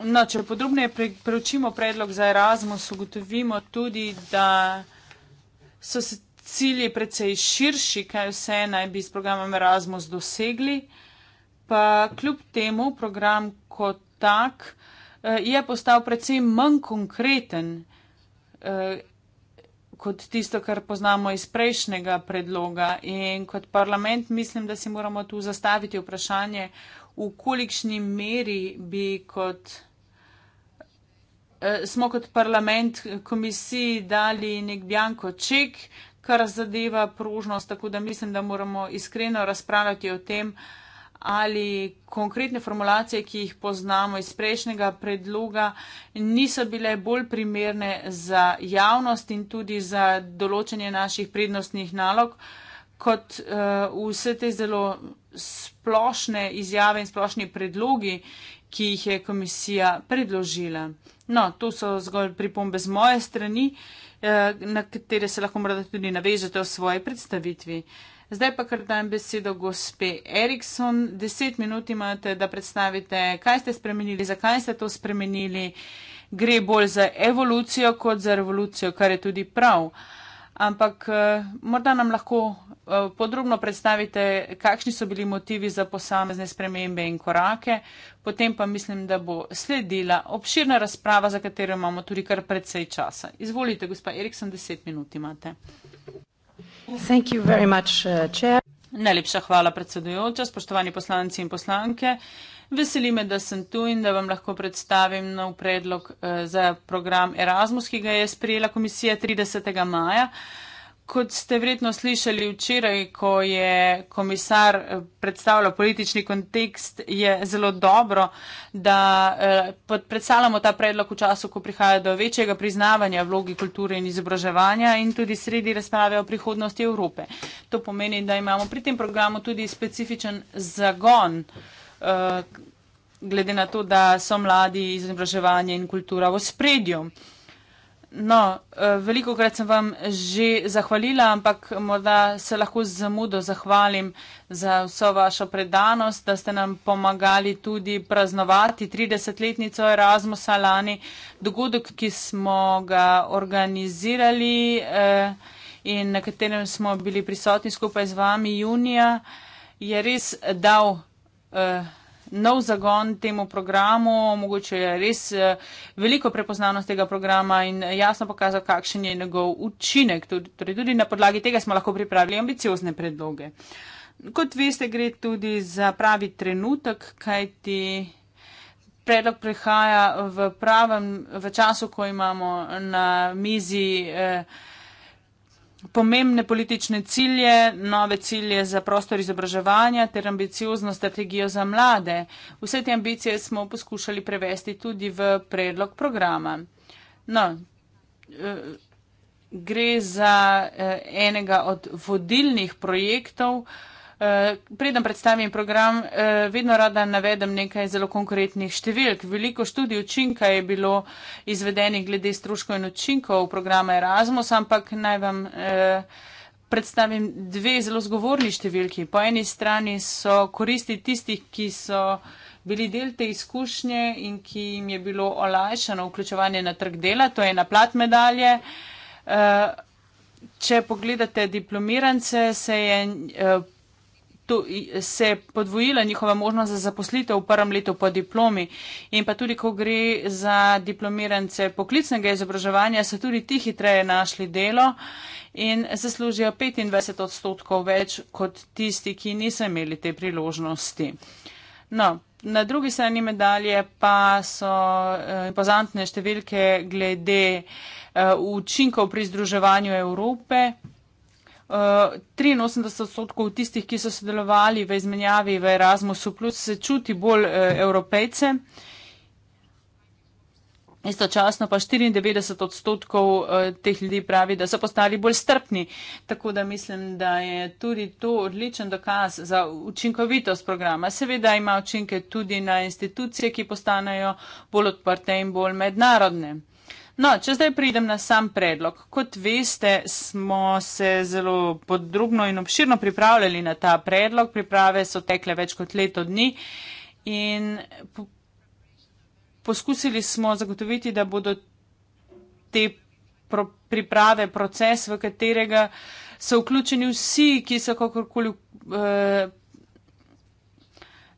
No, če podrobneje pre, preučimo predlog za Erasmus, ugotovimo tudi, da so se cilji precej širši, kaj vse naj bi s programom Erasmus dosegli, pa kljub temu program kot tak eh, je postal precej manj konkreten eh, kot tisto, kar poznamo iz prejšnjega predloga. In kot parlament mislim, da si moramo tu zastaviti vprašanje, v kolikšni meri bi kot. Eh, smo kot parlament komisiji dali nek bjanko ček, kar zadeva prožnost, tako da mislim, da moramo iskreno razpravljati o tem, ali konkretne formulacije, ki jih poznamo iz prejšnjega predloga, niso bile bolj primerne za javnost in tudi za določenje naših prednostnih nalog, kot uh, vse te zelo splošne izjave in splošni predlogi, ki jih je komisija predložila. No, to so zgolj pripombe z moje strani, eh, na katere se lahko morda tudi navežete v svoji predstavitvi. Zdaj pa kar dajem besedo gospe Erikson. Deset minut imate, da predstavite, kaj ste spremenili, zakaj ste to spremenili. Gre bolj za evolucijo kot za revolucijo, kar je tudi prav. Uh, ampak eh, morda nam lahko eh, podrobno predstavite, kakšni so bili motivi za posamezne spremembe in korake. Potem pa mislim, da bo sledila obširna razprava, za katero imamo tudi kar predsej časa. Izvolite, gospa Eriksen, deset minut imate. Much, eh, Najlepša hvala, predsedujoča, spoštovani poslanci in poslanke. Veseli me, da sem tu in da vam lahko predstavim nov predlog eh, za program Erasmus, ki ga je sprejela komisija 30. maja. Kot ste vredno slišali včeraj, ko je komisar eh, predstavljal politični kontekst, je zelo dobro, da eh, predstavljamo ta predlog v času, ko prihaja do večjega priznavanja vlogi kulture in izobraževanja in tudi sredi razprave o prihodnosti Evrope. To pomeni, da imamo pri tem programu tudi specifičen zagon. Eh, glede na to, da so mladi izobraževanje in kultura v spredju. No, eh, veliko krat sem vam že zahvalila, ampak morda se lahko z zamudo zahvalim za vso vašo predanost, da ste nam pomagali tudi praznovati 30-letnico Erasmusa lani, dogodek, ki smo ga organizirali eh, in na katerem smo bili prisotni skupaj z vami junija, je res dal Eh, nov zagon temu programu, mogoče je res eh, veliko prepoznavnost tega programa in jasno pokazal, kakšen je njegov učinek. Torej tudi na podlagi tega smo lahko pripravili ambiciozne predloge. Kot veste, gre tudi za pravi trenutek, kajti predlog prihaja v pravem, v času, ko imamo na mizi. Eh, pomembne politične cilje, nove cilje za prostor izobraževanja ter ambiciozno strategijo za mlade. Vse te ambicije smo poskušali prevesti tudi v predlog programa. No, eh, gre za eh, enega od vodilnih projektov, Eh, preden predstavim program, eh, vedno rada navedem nekaj zelo konkretnih številk. Veliko študij učinka je bilo izvedenih glede stroškov in učinkov programa Erasmus, ampak naj vam eh, predstavim dve zelo zgovorni številki. Po eni strani so koristi tistih, ki so bili del te izkušnje in ki jim je bilo olajšano vključevanje na trg dela, to je na plat medalje. Če pogledate diplomirance, se je tu se je podvojila njihova možnost za zaposlitev v prvem letu po diplomi in pa tudi, ko gre za diplomirance poklicnega izobraževanja, so tudi ti hitreje našli delo in zaslužijo 25 odstotkov več kot tisti, ki niso imeli te priložnosti. No, na drugi strani medalje pa so eh, impozantne številke glede eh, učinkov pri združevanju Evrope. 83 odstotkov tistih, ki so sodelovali v izmenjavi v Erasmusu, plus se čuti bolj uh, evropejce. Istočasno pa 94 odstotkov uh, teh ljudi pravi, da so postali bolj strpni. Tako da mislim, da je tudi to odličen dokaz za učinkovitost programa. Seveda ima učinke tudi na institucije, ki postanejo bolj odprte in bolj mednarodne. No, če zdaj pridem na sam predlog. Kot veste, smo se zelo podrobno in obširno pripravljali na ta predlog. Priprave so tekle več kot leto dni in poskusili smo zagotoviti, da bodo te pro priprave proces, v katerega so vključeni vsi, ki so kakorkoli. Eh,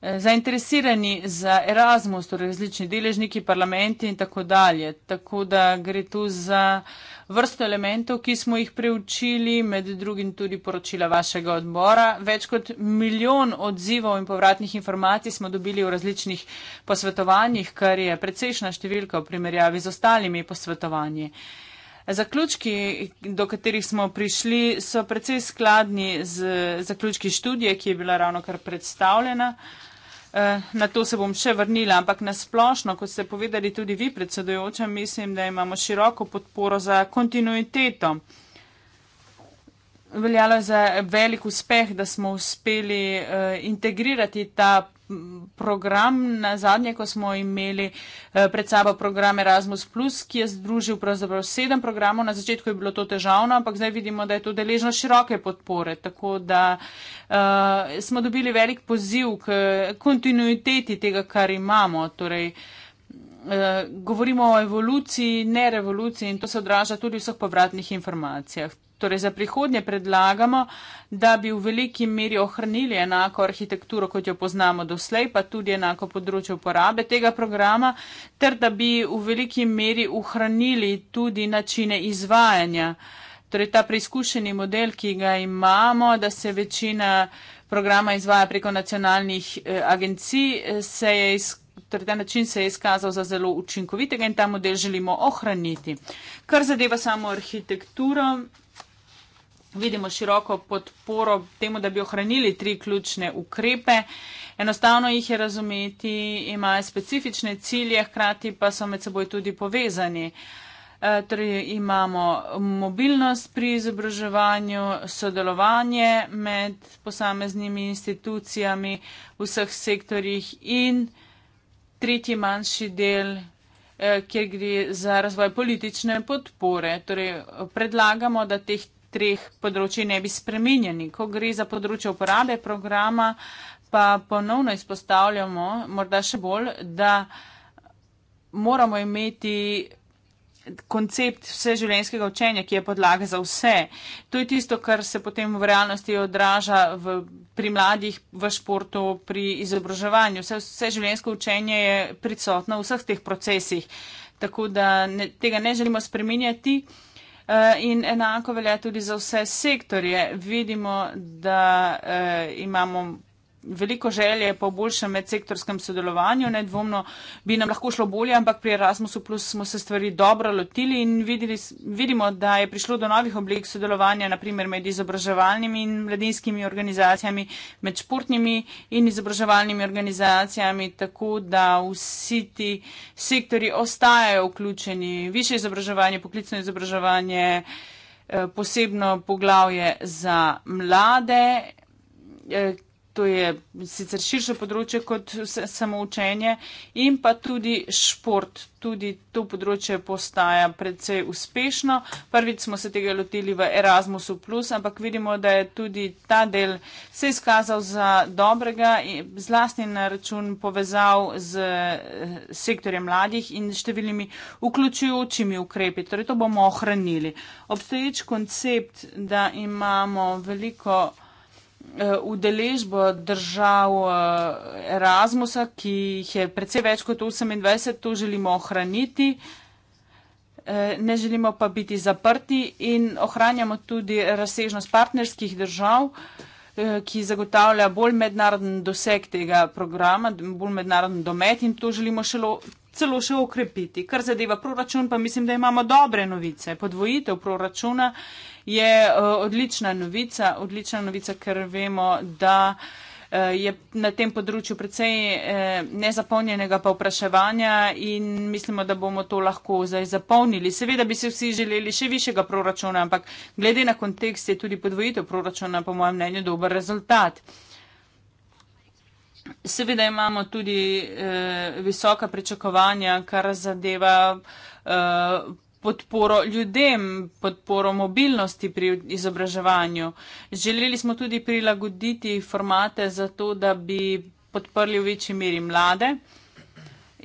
zainteresirani za Erasmus, torej različni deležniki, parlamenti in tako dalje. Tako da gre tu za vrsto elementov, ki smo jih preučili, med drugim tudi poročila vašega odbora. Več kot milijon odzivov in povratnih informacij smo dobili v različnih posvetovanjih, kar je precejšna številka v primerjavi z ostalimi posvetovanji. Zaključki, do katerih smo prišli, so precej skladni z zaključki študije, ki je bila ravno kar predstavljena. Uh, Eh, na to se bom še vrnila, ampak nasplošno, kot ste povedali tudi vi, predsedujoča, mislim, da imamo široko podporo za kontinuiteto. Veljalo je za velik uspeh, da smo uspeli eh, integrirati ta program na zadnje, ko smo imeli eh, pred sabo program Erasmus, Plus, ki je združil pravzaprav sedem programov. Na začetku je bilo to težavno, ampak zdaj vidimo, da je to deležno široke podpore. Tako da uh, smo dobili velik poziv k kontinuiteti tega, kar imamo. Torej, eh, Govorimo o evoluciji, ne revoluciji in to se odraža tudi v vseh povratnih informacijah. Torej, za prihodnje predlagamo, da bi v veliki meri ohranili enako arhitekturo, kot jo poznamo doslej, pa tudi enako področje uporabe tega programa, ter da bi v veliki meri ohranili tudi načine izvajanja. Torej, ta preizkušeni model, ki ga imamo, da se večina programa izvaja preko nacionalnih eh, agencij, eh, se je izkazal. Torej, ta način se je izkazal za zelo učinkovitega in ta model želimo ohraniti. Kar zadeva samo arhitekturo, vidimo široko podporo temu, da bi ohranili tri ključne ukrepe. Enostavno jih je razumeti, imajo specifične cilje, hkrati pa so med seboj tudi povezani. E, torej imamo mobilnost pri izobraževanju, sodelovanje med posameznimi institucijami v vseh sektorjih in tretji manjši del, e, kjer gre za razvoj politične podpore. Torej predlagamo, da teh treh področji ne bi spremenjeni. Ko gre za področje uporabe programa, pa ponovno izpostavljamo, morda še bolj, da moramo imeti koncept vseživljenjskega učenja, ki je podlaga za vse. To je tisto, kar se potem v realnosti odraža v, pri mladih, v športu, pri izobraževanju. Vseživljenjsko vse učenje je prisotno v vseh teh procesih, tako da ne, tega ne želimo spremenjati. Eh, in enako velja tudi za vse sektorje. Vidimo, da eh, imamo veliko želje po boljšem medsektorskem sodelovanju, nedvomno bi nam lahko šlo bolje, ampak pri Erasmusu Plus smo se stvari dobro lotili in videli, vidimo, da je prišlo do novih oblik sodelovanja, naprimer med izobraževalnimi in mladinskimi organizacijami, med športnimi in izobraževalnimi organizacijami, tako da vsi ti sektori ostajajo vključeni, više izobraževanje, poklicno izobraževanje, eh, posebno poglavje za mlade, eh, to je sicer širše področje kot samoučenje, in pa tudi šport. Tudi to področje postaja predvsej uspešno. Prvič smo se tega lotili v Erasmusu, ampak vidimo, da je tudi ta del se izkazal za dobrega, zlasti na račun povezav z eh, sektorjem mladih in številnimi vključujočimi ukrepi. Torej, to bomo ohranili. Obstoječ koncept, da imamo veliko Eh, udeležbo držav eh, Erasmusa, ki jih je precej več kot 28, to želimo ohraniti. Eh, ne želimo pa biti zaprti in ohranjamo tudi razsežnost partnerskih držav, ki zagotavlja bolj mednaroden doseg tega programa, bolj mednaroden domet in to želimo šelo, celo še okrepiti. Kar zadeva proračun, pa mislim, da imamo dobre novice. Podvojitev proračuna je eh, odlična novica, odlična novica, ker vemo, da eh, je na tem področju precej eh, nezapolnjenega pa vpraševanja in mislimo, da bomo to lahko zdaj zapolnili. Seveda bi se vsi želeli še višjega proračuna, ampak glede na kontekst je tudi podvojitev proračuna po mojem mnenju dober rezultat. Seveda imamo tudi visoka pričakovanja, kar zadeva podporo ljudem, podporo mobilnosti pri izobraževanju. Želeli smo tudi prilagoditi formate za to, da bi podprli v večji meri mlade.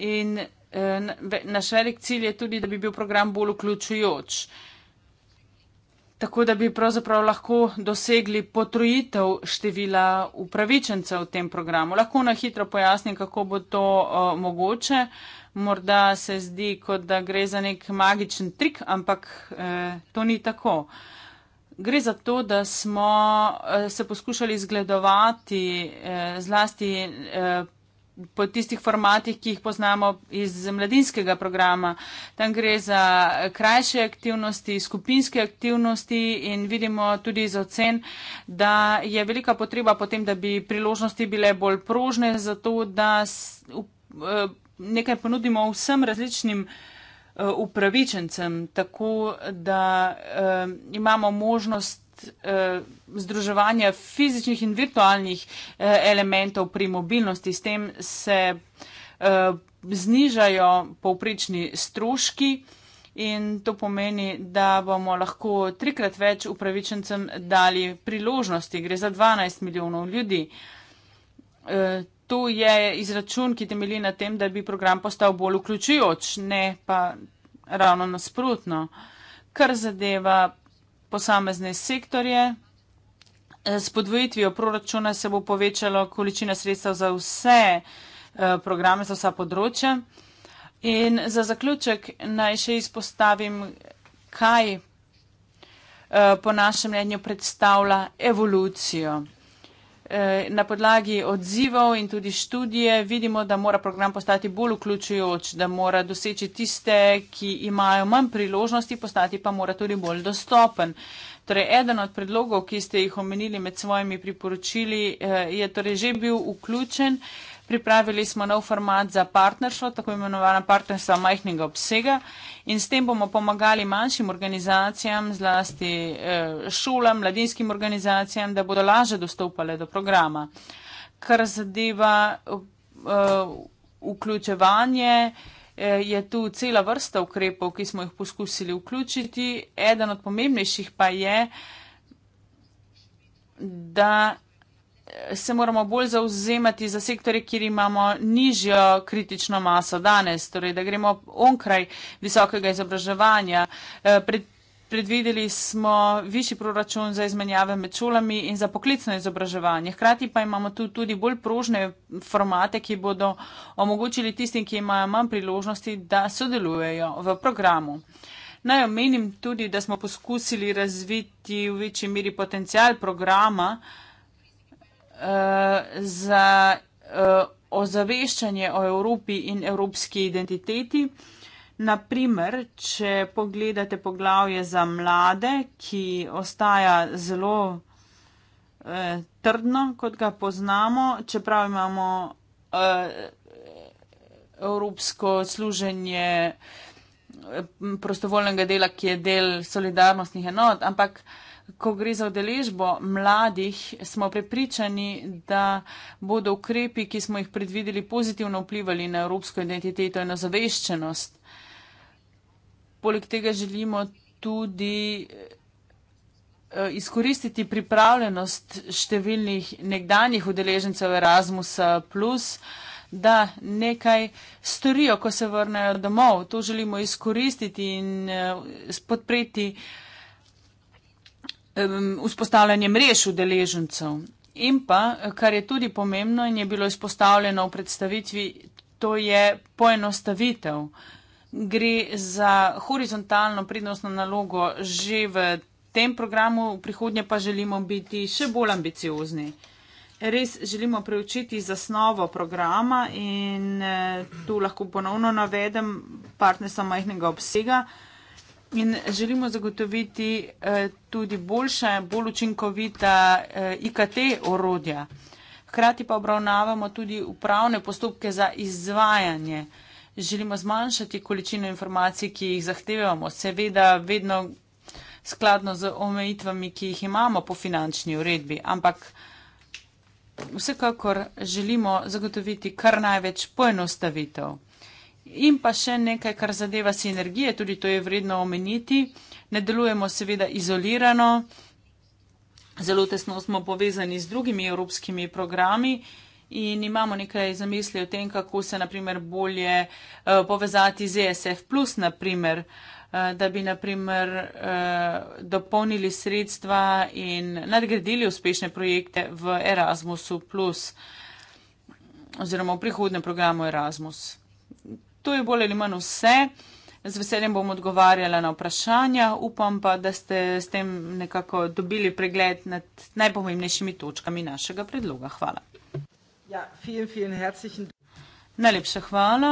In eh, naš velik cilj je tudi, da bi bil program bolj vključujoč. Eh, tako da bi pravzaprav lahko dosegli potrojitev števila upravičencev v tem programu. Lahko na hitro pojasnim, kako bo to uh, mogoče. Morda se zdi, kot da gre za nek magičen trik, ampak eh, to ni tako. Gre za to, da smo eh, se poskušali zgledovati eh, zlasti eh, po tistih formatih, ki jih poznamo iz mladinskega programa. Tam gre za krajše aktivnosti, skupinske aktivnosti in vidimo tudi iz ocen, da je velika potreba potem, da bi priložnosti bile bolj prožne, zato da e, nekaj ponudimo vsem različnim e, upravičencem, tako da e, imamo možnost Eh, združevanja fizičnih in virtualnih eh, elementov pri mobilnosti. S tem se eh, znižajo povprečni stroški in to pomeni, da bomo lahko trikrat več upravičencem dali priložnosti. Gre za 12 milijonov ljudi. To je izračun, ki temelji na tem, da bi program postal bolj vključujoč, ne pa ravno nasprotno. Kar zadeva posamezne sektorje. Eh, s podvojitvijo proračuna se bo povečalo količina sredstev za vse eh, programe, za vsa področja. In za zaključek naj še izpostavim, kaj eh, po našem mnenju predstavlja evolucijo. Eh, na podlagi odzivov in tudi študije vidimo, da mora program postati bolj vključujoč, da mora doseči tiste, ki imajo manj priložnosti, postati pa mora tudi bolj dostopen. Torej, eden od predlogov, ki ste jih omenili med svojimi priporočili, eh, je torej že bil vključen. Pripravili smo nov format za partnerstvo, tako imenovana partnerstva majhnega obsega in s tem bomo pomagali manjšim organizacijam, zlasti eh, šolam, mladinskim organizacijam, da bodo laže dostopale do programa. Kar zadeva eh, vključevanje, eh, je tu cela vrsta ukrepov, ki smo jih poskusili vključiti. Eden od pomembnejših pa je, da se moramo bolj zauzemati za sektore, kjer imamo nižjo kritično maso danes, torej da gremo onkraj visokega izobraževanja. E, pred Predvideli smo višji proračun za izmenjave med šolami in za poklicno izobraževanje. Hkrati pa imamo tu tudi bolj prožne formate, ki bodo omogočili tistim, ki imajo manj priložnosti, da sodelujejo v programu. Naj omenim tudi, da smo poskusili razviti v večji meri potencial programa, uh, uh, za uh, ozaveščanje o Evropi in evropski identiteti. Naprimer, če pogledate poglavje za mlade, ki ostaja zelo eh, trdno, kot ga poznamo, čeprav imamo eh, Evropsko služenje eh, prostovoljnega dela, ki je del solidarnostnih enot, ampak eh, ko gre za udeležbo mladih, smo prepričani, da bodo ukrepi, ki smo jih predvideli, pozitivno vplivali na evropsko identiteto in na zaveščenost. Poleg tega želimo tudi eh, izkoristiti pripravljenost številnih nekdanjih udeležencev Erasmusa, da nekaj storijo, ko se vrnejo domov. To želimo izkoristiti in eh, podpreti um, vzpostavljanje mrež udeležencev. In pa, kar je tudi pomembno in je bilo izpostavljeno v predstavitvi, to je poenostavitev. Gre za horizontalno prednostno nalogo že v tem programu, v prihodnje pa želimo biti še bolj ambiciozni. Res želimo preučiti zasnovo programa in eh, tu lahko ponovno navedem partnerstva majhnega obsega, In želimo zagotoviti eh, tudi boljše, bolj učinkovita eh, IKT orodja. Hkrati pa obravnavamo tudi upravne postopke za izvajanje. Želimo zmanjšati količino informacij, ki jih zahtevamo, seveda vedno skladno z omejitvami, ki jih imamo po finančni uredbi, ampak vsekakor želimo zagotoviti kar največ poenostavitev. In pa še nekaj, kar zadeva sinergije, tudi to je vredno omeniti. Ne delujemo seveda izolirano, zelo tesno smo povezani z drugimi evropskimi programi in imamo nekaj zamisli o tem, kako se naprimer bolje uh, povezati z ESF, naprimer, uh, eh, da bi naprimer uh, eh, dopolnili sredstva in nadgradili uspešne projekte v Erasmusu, oziroma v prihodnem programu Erasmus to je bolj ali manj vse. Z veseljem bom odgovarjala na vprašanja, upam pa, da ste s tem nekako dobili pregled nad najpomembnejšimi točkami našega predloga. Hvala. Ja, vielen, vielen herzlichen... Najlepša hvala.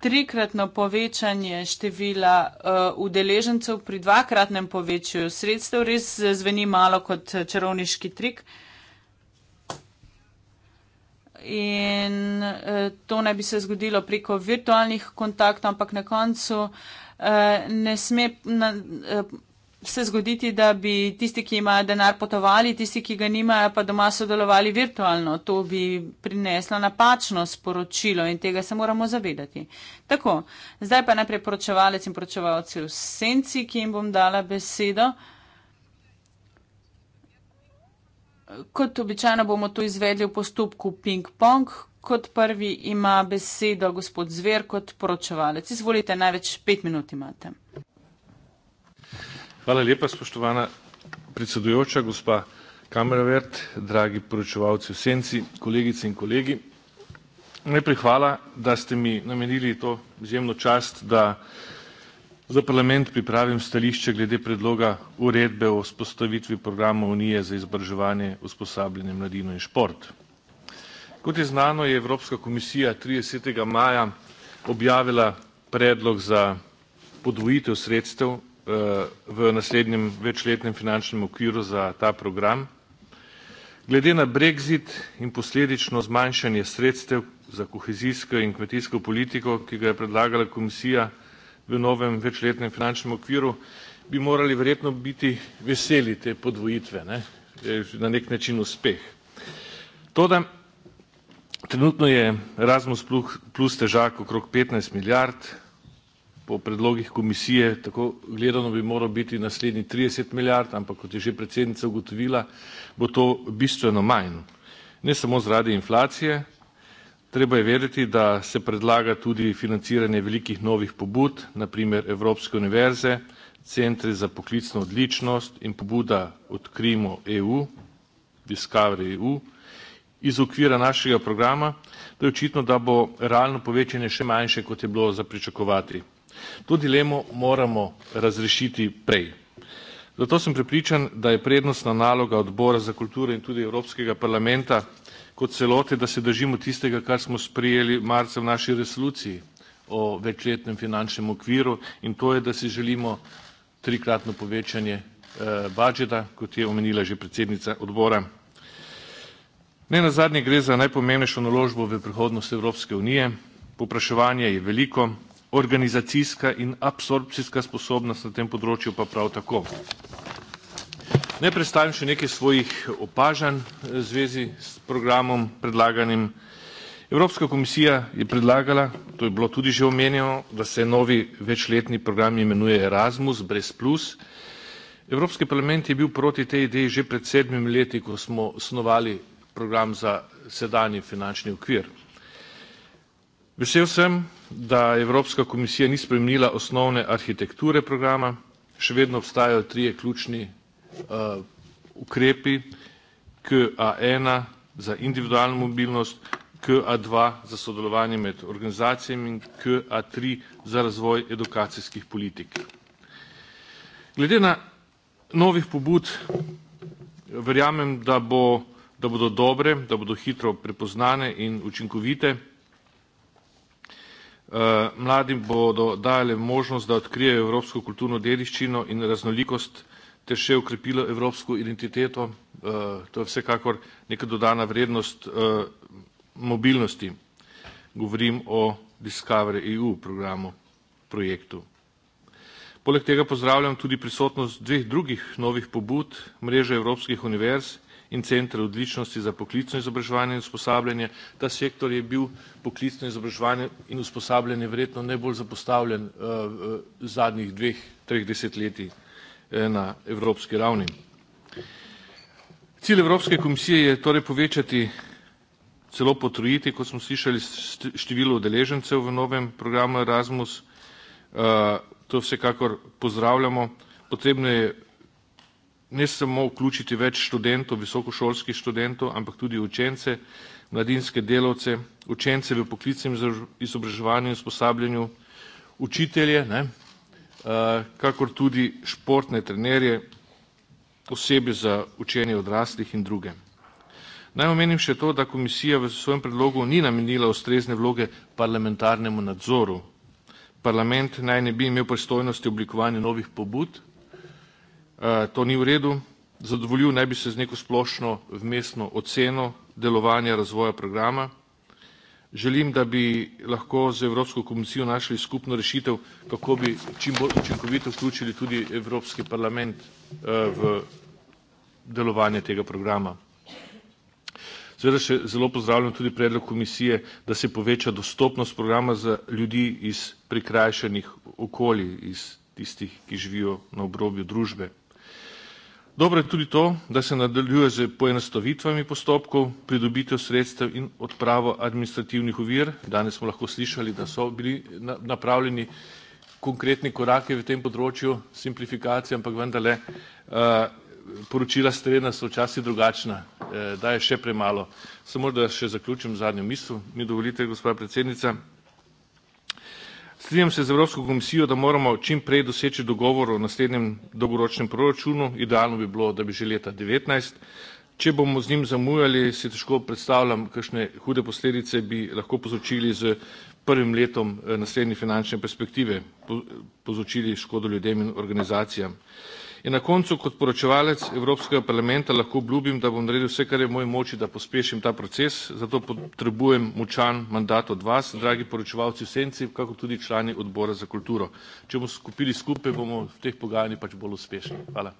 Trikratno povečanje števila uh, udeležencev pri dvakratnem povečju sredstev res eh, zveni malo kot eh, čarovniški trik. Uh, in eh, to ne bi se zgodilo preko virtualnih kontaktov, ampak na koncu eh, ne sme na, eh, se zgoditi, da bi tisti, ki imajo denar, potovali, tisti, ki ga nimajo, pa doma sodelovali virtualno. To bi prineslo napačno sporočilo in tega se moramo zavedati. Tako, zdaj pa najprej poročevalec in poročevalci v senci, ki jim bom dala besedo. Eh, Kot običajno bomo to izvedli v postopku ping-pong. Kot prvi ima besedo gospod Zver kot poročevalec. Izvolite, največ pet minut imate. Hvala lepa, spoštovana predsedujoča, gospa Kamerovert, dragi poročevalci v senci, kolegice in kolegi. Najprej hvala, da ste mi namenili to izjemno čast, da za parlament pripravim stališče glede predloga uredbe o vzpostavitvi programa unije za izobraževanje usposabljanje mladino in šport kot je znano je evropska komisija tridesetega maja objavila predlog za podvojitev sredstev eh, v naslednjem večletnem finančnem okviru za ta program glede na brexit in posledično zmanjšanje sredstev za kohezijsko in kmetijsko politiko ki ga je predlagala komisija v novem večletnem finančnem okviru, bi morali verjetno biti veseli te podvojitve, ne. Je na neki način uspeh. Toda trenutno je Erasmus plus, plus težak okrog petnajst milijard, po predlogih komisije tako gledano bi moral biti naslednji trideset milijard, ampak kot je že predsednica ugotovila, bo to bistveno manj. Ne samo zaradi inflacije, Treba je vedeti, da se predlaga tudi financiranje velikih novih pobud, na primer Evropske univerze, centri za poklicno odličnost in pobuda Odkrijmo EU, Discovery EU, iz okvira našega programa, da je očitno, da bo realno povečanje še manjše, kot je bilo za pričakovati. To dilemo moramo razrešiti prej. Zato sem prepričan, da je prednostna naloga odbora za kulturo in tudi Evropskega parlamenta kot celote, da se držimo tistega, kar smo sprejeli marca v naši resoluciji o večletnem finančnem okviru in to je, da si želimo trikratno povečanje eh, budžeta, kot je omenila že predsednica odbora. Ne na zadnje gre za najpomembnejšo naložbo v prihodnost Evropske unije. Popraševanje je veliko, organizacijska in absorpcijska sposobnost na tem področju pa prav tako. Naj predstavim še nekaj svojih opažanj v zvezi s programom predlaganim. Evropska komisija je predlagala, to je bilo tudi že omenjeno, da se novi večletni program imenuje Erasmus brez plus. Evropski parlament je bil proti tej ideji že pred sedmimi leti, ko smo osnovali program za sedanji finančni okvir. Vesel sem, da Evropska komisija ni spremenila osnovne arhitekture programa, še vedno obstajajo trije ključni Uh, ukrepi KA ena za individualno mobilnost, KA dva za sodelovanje med organizacijami in KA tri za razvoj edukacijskih politik. Glede na novih pobud verjamem, da bo, da bodo dobre, da bodo hitro prepoznane in učinkovite. Uh, mladim bodo dajale možnost, da odkrijejo evropsko kulturno dediščino in raznolikost ter še ukrepilo evropsko identiteto. Eh, to je vsekakor neka dodana vrednost eh, mobilnosti. Govorim o Discover EU programu, projektu. Poleg tega pozdravljam tudi prisotnost dveh drugih novih pobud mreže evropskih univerz in centra odličnosti za poklicno izobraževanje in usposabljanje. Ta sektor je bil poklicno izobraževanje in usposabljanje verjetno najbolj zapostavljen uh, uh, zadnjih dveh, treh desetletij. Eh, na evropski ravni. Cilj Evropske komisije je torej povečati, celo potrojiti, kot smo slišali, število udeležencev v novem programu Erasmus. Eh, to vsekakor pozdravljamo. Potrebno je ne samo vključiti več študentov, visokošolskih študentov, ampak tudi učence, mladinske delavce, učence v poklicnem izobraževanju in usposabljanju, učitelje, ne, Eh, kakor tudi športne trenerje, osebje za učenje odraslih in druge. Naj omenim še to, da komisija v svojem predlogu ni namenila ustrezne vloge parlamentarnemu nadzoru. Parlament naj ne bi imel pristojnosti oblikovanja novih pobud, eh, to ni v redu, zadovoljil naj bi se z neko splošno vmesno oceno delovanja razvoja programa, želim, da bi lahko z Evropsko komisijo našli skupno rešitev, kako bi čim bolj učinkovito vključili tudi Evropski parlament eh, v delovanje tega programa. Zdaj, da še zelo pozdravljam tudi predlog komisije, da se poveča dostopnost programa za ljudi iz prikrajšanih okolij, iz tistih, ki živijo na obrobju družbe. Dobro je tudi to, da se nadaljuje z poenostavitvami postopkov, pridobitev sredstev in odpravo administrativnih uvir. Danes smo lahko slišali, da so bili napravljeni konkretni koraki v tem področju simplifikacije, ampak vendarle eh, poročila s terena so včasih drugačna, eh, da je še premalo. Samo da še zaključim zadnjo misel, mi dovolite, gospa predsednica. Strinjam se z Evropsko komisijo, da moramo čim prej doseči dogovor o naslednjem dolgoročnem proračunu. Idealno bi bilo, da bi že leta 2019. Če bomo z njim zamujali, si težko predstavljam, kakšne hude posledice bi lahko povzročili z prvim letom eh, naslednje finančne perspektive, povzročili škodo ljudem in organizacijam. In na koncu kot poročevalec Evropskega parlamenta lahko obljubim, da bom naredil vse, kar je v moji moči, da pospešim ta proces. Zato potrebujem močan mandat od vas, dragi poročevalci v senci, kako tudi člani odbora za kulturo. Če bomo skupili skupaj, bomo v teh pogajanjih pač bolj uspešni. Hvala.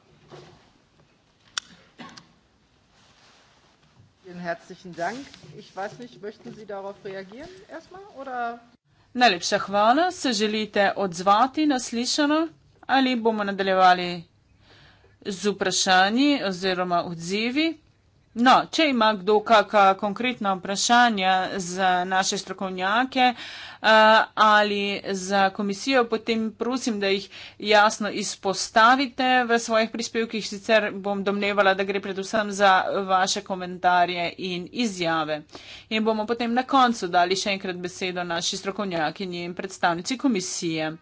Najlepša hvala. Se želite odzvati na slišano ali bomo nadaljevali z vprašanji oziroma odzivi. No, če ima kdo kakšna konkretna vprašanja za naše strokovnjake eh, ali za komisijo, potem prosim, da jih jasno izpostavite v svojih prispevkih, sicer bom domnevala, da gre predvsem za vaše komentarje in izjave. In bomo potem na koncu dali še enkrat besedo naši strokovnjaki in predstavnici komisije.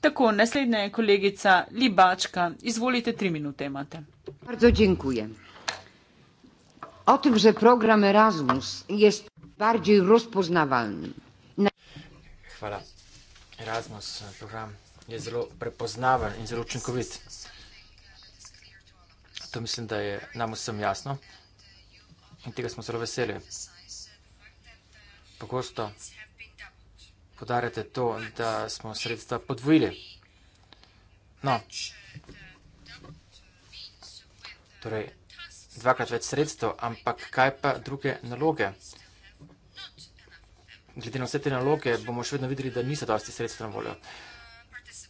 Tako, naslednja je kolegica Libačka. Izvolite, tri minute imate. Bardzo dziękuję. O tem, že program Erasmus je bardziej rozpoznavalni. Na... Hvala. Erasmus e, program je zelo prepoznaven in zelo učinkovit. To mislim, da je nam vsem jasno in tega smo zelo veseli. Pogosto podarjate to, da smo sredstva podvojili. No, torej, dvakrat več sredstva, ampak kaj pa druge naloge? Glede na vse te naloge bomo še vedno videli, da niso dosti sredstva na voljo.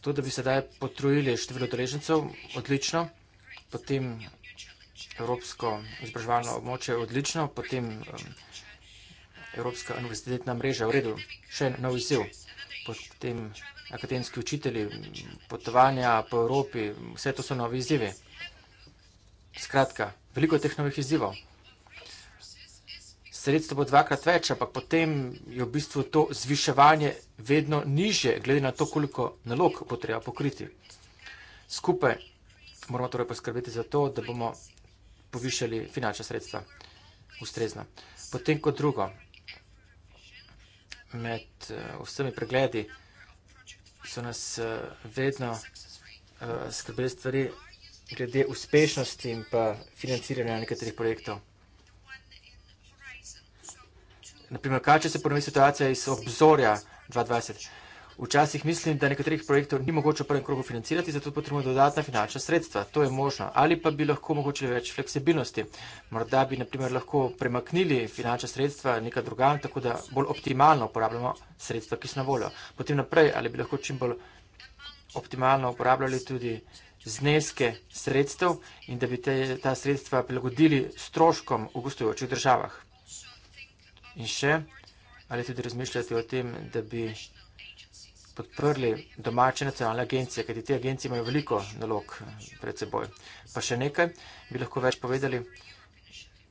To, da bi sedaj potrojili število deležencev, odlično, potem Evropsko izbražovalno območje, odlično, potem um, Evropska univerzitetna mreža, v redu, še en nov izziv. Potem akademski učitelji, potovanja po Evropi, vse to so novi izzivi. Skratka, veliko teh novih izzivov. Sredstvo bo dvakrat več, ampak potem je v bistvu to zviševanje vedno nižje, glede na to, koliko nalog bo treba pokriti. Skupaj moramo torej poskrbeti za to, da bomo povišali finančna sredstva ustrezna. Potem kot drugo, med eh, vsemi pregledi so nas eh, vedno eh, skrbeli stvari glede uspešnosti in pa financiranja nekaterih projektov. Naprimer, kaj če se ponovi situacija iz obzorja 2020? Včasih mislim, da nekaterih projektov ni mogoče v prvem krogu financirati, zato potrebujemo dodatna finančna sredstva. To je možno. Ali pa bi lahko mogoče več fleksibilnosti. Morda bi naprimer lahko premaknili finančna sredstva neka drugam, tako da bolj optimalno uporabljamo sredstva, ki so na voljo. Potem naprej, ali bi lahko čim bolj optimalno uporabljali tudi zneske sredstev in da bi te, ta sredstva prilagodili stroškom v gostujočih državah. In še, ali tudi razmišljati o tem, da bi podprli domače nacionalne agencije, kajti te agencije imajo veliko nalog pred seboj. Pa še nekaj bi lahko več povedali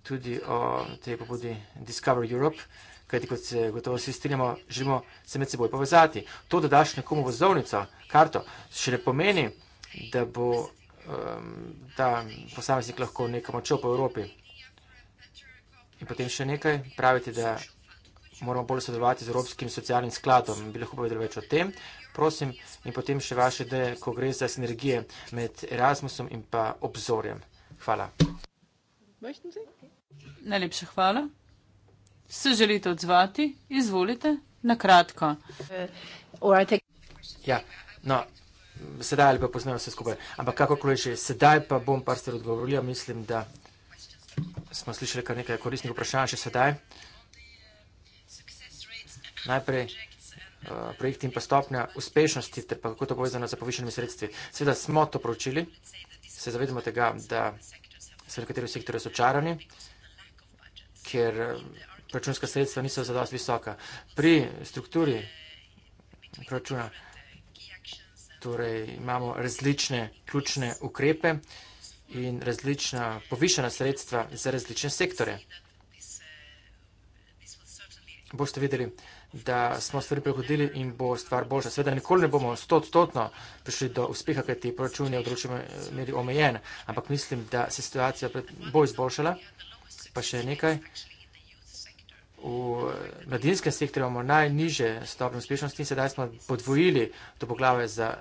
tudi o tej pobudi Discover Europe, kajti kot se gotovo vsi strinjamo, želimo se med seboj povezati. To, da daš nekomu vozovnico, karto, še ne pomeni, da bo um, ta posameznik lahko nekam odšel po Evropi. In potem še nekaj, pravite, da moramo bolj sodelovati z Evropskim socialnim skladom. Bi lahko povedali več o tem, prosim, in potem še vaše ideje, ko gre za sinergije med Erasmusom in pa obzorjem. Hvala. Najlepša hvala. Se želite odzvati? Izvolite, na kratko. Eh, ja, no, sedaj ali pa poznajo vse skupaj. Ampak kakorkoli že, sedaj pa bom par stvari odgovorila. Ja, mislim, da smo slišali kar nekaj koristnih vprašanj še sedaj najprej eh, projekti in pa stopnja uspešnosti, ter pa kako to povezano z povišanimi sredstvi. Seveda smo to proučili, se zavedamo tega, da so nekateri v sektorju razočarani, ker eh, proračunska sredstva niso zadosti visoka. Pri strukturi proračuna torej imamo različne ključne ukrepe in različna povišana sredstva za različne sektore. Boste videli, da da smo stvari prehodili in bo stvar boljša. Sveda nikoli ne bomo stotstotno prišli do uspeha, ker ti proračun je v določenem meri omejen, ampak mislim, da se situacija bo izboljšala. Pa še nekaj. V mladinskem sektorju imamo najniže stopnje uspešnosti in sedaj smo podvojili to poglavje za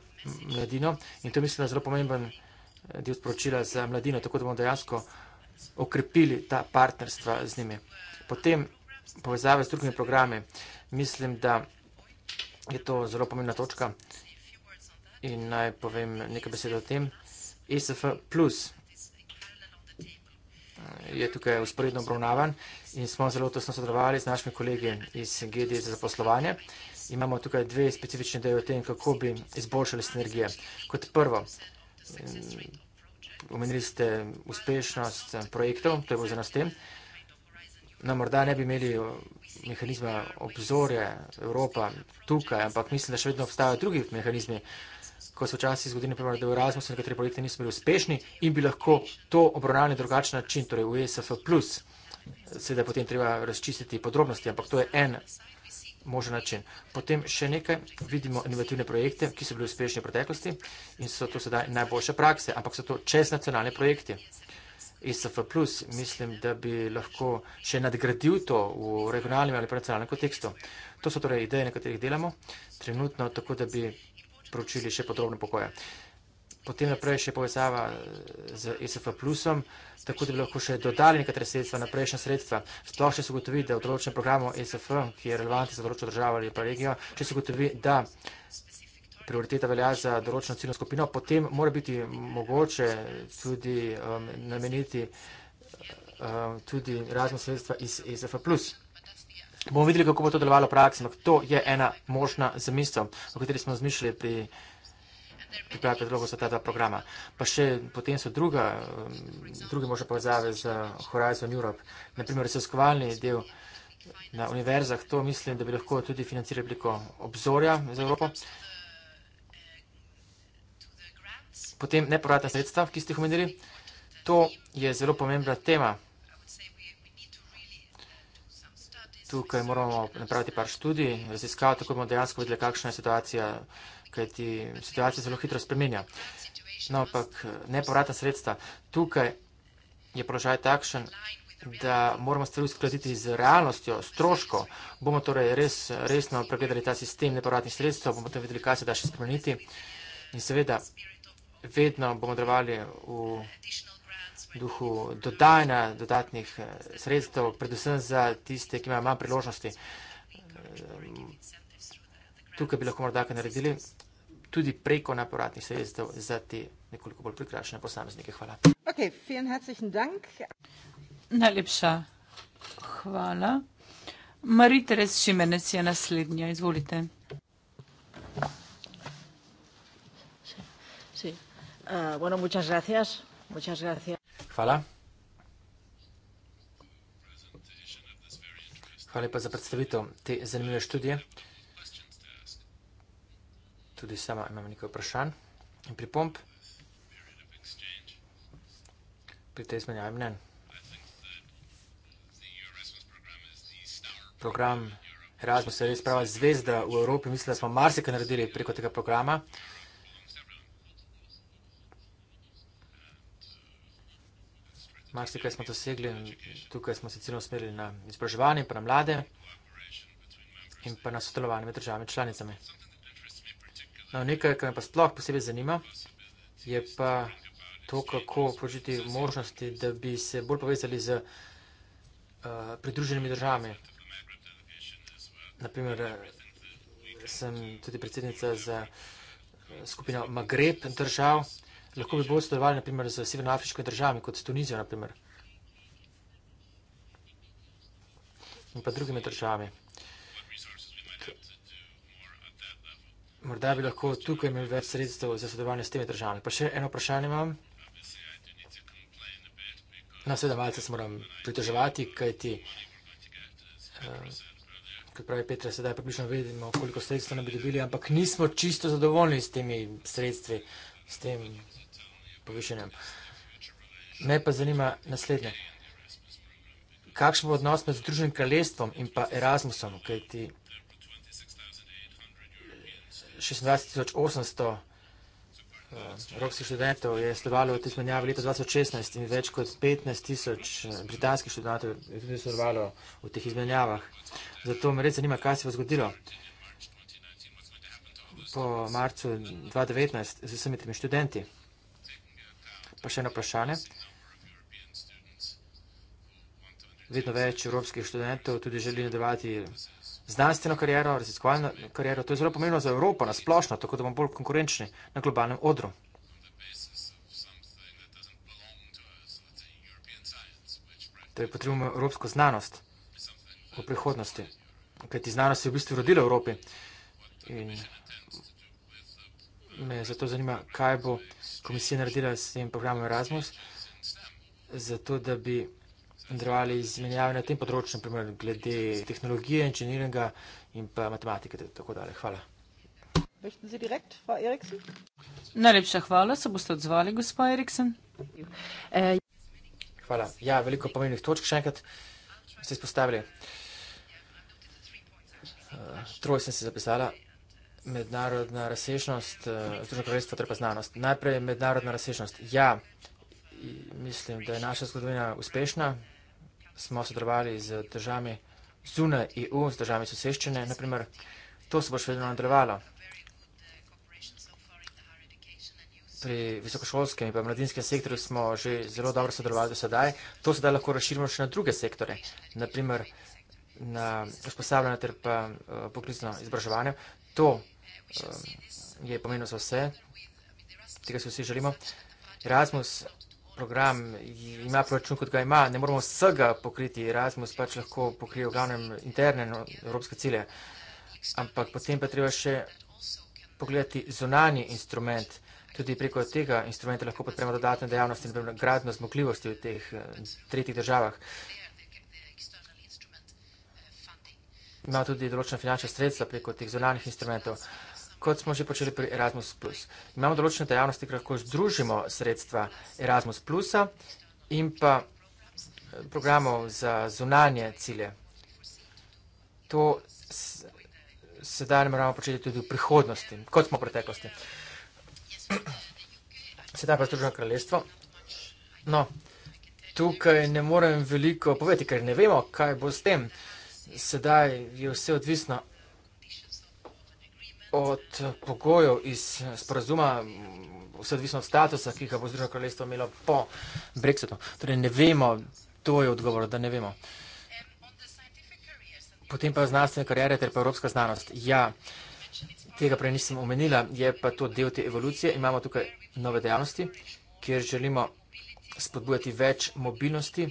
mladino in to mislim, da je zelo pomemben eh, del sporočila za mladino, tako da bomo dejansko okrepili ta partnerstva z njimi. Potem povezave s drugimi programi. Uh, mislim, da je to zelo pomembna točka in naj povem nekaj besed o tem. ESF plus je tukaj usporedno obravnavan in smo zelo tesno sodelovali z našimi kolegi iz GD za zaposlovanje. Imamo tukaj dve specifične ideje o tem, kako bi izboljšali sinergije. Kot prvo, mm, omenili ste uspešnost eh, projektov, to je bo za nas tem. No, morda ne bi imeli mehanizma obzorja Evropa tukaj, ampak mislim, da še vedno obstajajo drugi mehanizmi, ko so včasih zgodili, naprimer, da v Erasmusu nekateri projekti niso bili uspešni in bi lahko to obravnali drugačen način, torej v ESF. Seveda potem treba razčistiti podrobnosti, ampak to je en možen način. Potem še nekaj, vidimo inovativne projekte, ki so bili uspešni v preteklosti in so to sedaj najboljše prakse, ampak so to čestnacionalne projekte. ISF, mislim, da bi lahko še nadgradil to v regionalnem ali nacionalnem kontekstu. To so torej ideje, na katerih delamo trenutno, tako da bi pročili še podrobne pokoje. Potem naprej še povezava z ISF, tako da bi lahko še dodali nekatere sredstva na prejšnja sredstva. Sploh še se ugotovi, da v določenem programu ISF, ki je relevanten za določeno državo ali pa regijo, če se ugotovi, da prioriteta velja za določeno ciljno skupino, potem mora biti mogoče tudi um, nameniti um, tudi razno sredstva iz ESF. Bomo videli, kako bo to delovalo v praksi, ampak to je ena možna zamisel, o kateri smo zmišljali pri pripravi predlogo za ta dva programa. Pa še potem so druga, um, druge možne povezave z Horizon Europe, naprimer raziskovalni del na univerzah, to mislim, da bi lahko tudi financirali preko obzorja za Evropo. Potem nepovratna sredstva, ki ste jih omenili. To je zelo pomembna tema. Tukaj moramo napraviti par študij, raziskav, tako bomo dejansko videli, kakšna je situacija, kajti situacija zelo hitro spremenja. No, ampak nepovratna sredstva. Tukaj je položaj takšen, da moramo stvari uskladiti z realnostjo, stroško. Bomo torej res, resno pregledali ta sistem nepovratnih sredstev, bomo tudi videli, kaj se da še spremeniti. In seveda, vedno bomo drevali v duhu dodajanja dodatnih eh, sredstev, predvsem za tiste, ki imajo manj priložnosti. Eh, tukaj bi lahko morda kaj naredili tudi preko nepovratnih sredstev za te nekoliko bolj prikrajšane posameznike. Hvala. Okay, vielen herzlichen Dank. Najlepša hvala. Marie-Therese Šimenec je naslednja. Izvolite. Ah, bueno, muchas gracias. Muchas gracias. Hvala. Hvala lepa za predstavitev te zanimive študije. Tudi sama imam nekaj vprašanj in pripomp pri tej izmenjavi mnen. Program Erasmus je res prava zvezda v Evropi. Mislim, da smo marsikaj naredili preko tega programa. marsikaj smo dosegli in tukaj smo se ciljno smerili na izpraževanje, pa na mlade in pa na sodelovanje med državami članicami. No, nekaj, kar me pa sploh posebej zanima, je pa to, kako prožiti možnosti, da bi se bolj povezali z eh, pridruženimi državami. Naprimer, eh, sem tudi predsednica za eh, skupino Magreb držav, Lahko bi bolj sodelovali, naprimer, z severnoafriškimi državami, kot s Tunizijo, naprimer. In pa drugimi državami. Morda bi lahko tukaj imeli več sredstev za sodelovanje s temi državami. Pa še eno vprašanje imam. Na no, sveda malce se moram pritoževati, kaj ti, uh, eh, kot pravi Petra, sedaj približno vedemo, koliko sredstev nam bi dobili, ampak nismo čisto zadovoljni s temi sredstvi, s tem povišenjem. Me pa zanima naslednje. Kakšen bo odnos med Združenim kraljestvom in pa Erasmusom, kaj ti 26.800 evropskih eh, študentov je sodelovalo v tej izmenjavi leta 2016 in več kot 15.000 eh, britanskih študentov je tudi sodelovalo v teh izmenjavah. Zato me res zanima, kaj se bo zgodilo po marcu 2019 z vsemi temi študenti. Pa še eno vprašanje. Vedno več evropskih študentov tudi želi nadaljevati znanstveno kariero, raziskovalno kariero. To je zelo pomembno za Evropo na splošno, tako da bomo bolj konkurenčni na globalnem odru. To je potrebno evropsko znanost v prihodnosti, kaj ti znanost je v bistvu rodila Evropi. In me zato zanima, kaj bo komisija naredila s tem programom Erasmus, zato da bi nadaljevali izmenjave na tem področju, naprimer glede tehnologije, inženiringa in pa matematike in tako dalje. Hvala. Najlepša hvala. Se boste odzvali, gospa Eriksen? Eh, hvala. Ja, veliko pomembnih točk še enkrat ste izpostavili. Eh, Troj sem se zapisala mednarodna razsežnost, eh, združeno kraljestvo ter torej pa znanost. Najprej mednarodna razsežnost. Ja, mislim, da je naša zgodovina uspešna. Smo sodelovali z državami zune EU, z državami soseščine, naprimer, to se bo še vedno nadaljevalo. Pri visokošolskem in pa mladinskem sektorju smo že zelo dobro sodelovali do sedaj. To sedaj lahko razširimo še na druge sektore, naprimer na usposabljanje ter pa eh, poklicno izobraževanje. To je pomenil za vse, tega si vsi želimo. Erasmus program ima proračun, kot ga ima, ne moramo vsega pokriti, Erasmus pač lahko pokrije v glavnem interne no, evropske cilje, ampak potem pa treba še pogledati zunani instrument. Tudi preko tega instrumenta lahko podpremo dodatne dejavnosti in gradno zmogljivosti v teh tretjih državah. Ima tudi določena finančna sredstva preko teh zunanih instrumentov kot smo že počeli pri Erasmus. Imamo določene dejavnosti, ki lahko združimo sredstva Erasmus in pa eh, programov za zunanje cilje. To sedaj ne moramo početi tudi v prihodnosti, kot smo v preteklosti. *clears throat* Sedaj pa Združeno kraljestvo. No, tukaj ne morem veliko povedati, ker ne vemo, kaj bo s tem. Sedaj je vse odvisno od pogojev iz sporazuma, vse odvisno od statusa, ki ga bo Združeno kraljestvo imelo po Brexitu. Torej ne vemo, to je odgovor, da ne vemo. Potem pa znanstvene karijere ter pa evropska znanost. Ja, tega prej nisem omenila, je pa to del te evolucije. Imamo tukaj nove dejavnosti, kjer želimo spodbujati več mobilnosti.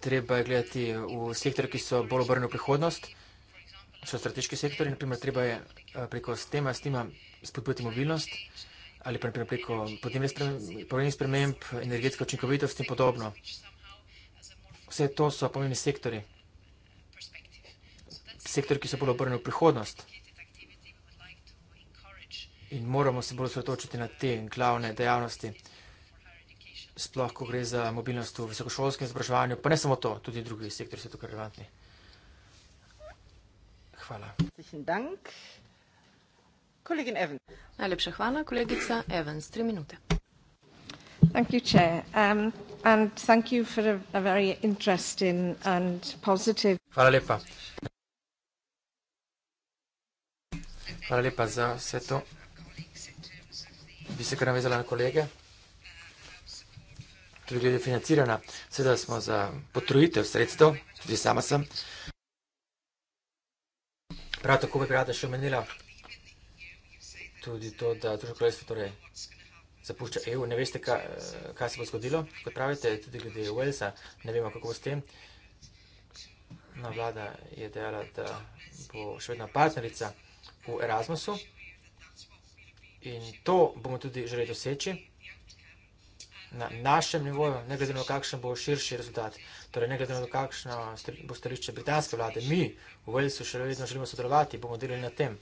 Treba je gledati v sektorje, ki so bolj obrnjeni v prihodnost, so strateški sektori, naprimer treba je Eh, preko Stema, Stima, spodbujati mobilnost ali pa preko podnebnih sprem, sprememb, energetske učinkovitosti in podobno. Vse to so pomembni sektori, sektori, ki so bolj obrnjeni v prihodnost. In moramo se bolj osredotočiti na te glavne dejavnosti, sploh, ko gre za mobilnost v visokošolskem izobraževanju, pa ne samo to, tudi drugi sektori so tukaj relevantni. Hvala. Kolegin Evans. Najlepša hvala, kolegica Evans, tri minute. Thank you, Chair. Um, and thank you for a, a very interesting and positive. Hvala lepa. Hvala lepa za vse to. Bi se kar navezala na kolege. Tudi glede financiranja. Seveda smo za potrojitev sredstev, tudi sama sem. Prav tako bi rada še omenila tudi to, da družbo kraljstvo torej zapušča EU. Ne veste, kaj se bo zgodilo, kot pravite, tudi glede Walesa, ne vemo, kako bo s tem. No, vlada je dejala, da bo še vedno partnerica v Erasmusu in to bomo tudi želeli doseči na našem nivoju, ne glede na kakšen bo širši rezultat, torej ne glede na kakšno bo stališče britanske vlade. Mi v Walesu še vedno želimo sodelovati, bomo delali na tem.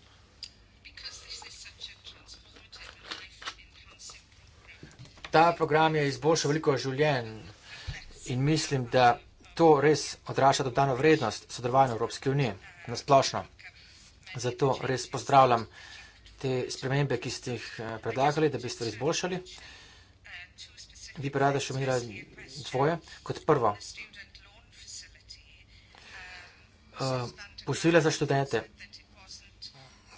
Ta program je izboljšal veliko življenj in mislim, da to res odraša dodano vrednost sodelovanja v Evropski uniji na splošno. Zato res pozdravljam te spremembe, ki ste jih eh, predlagali, da bi ste izboljšali. Vi pa rada še omenila dvoje. Kot prvo, eh, posilja za študente.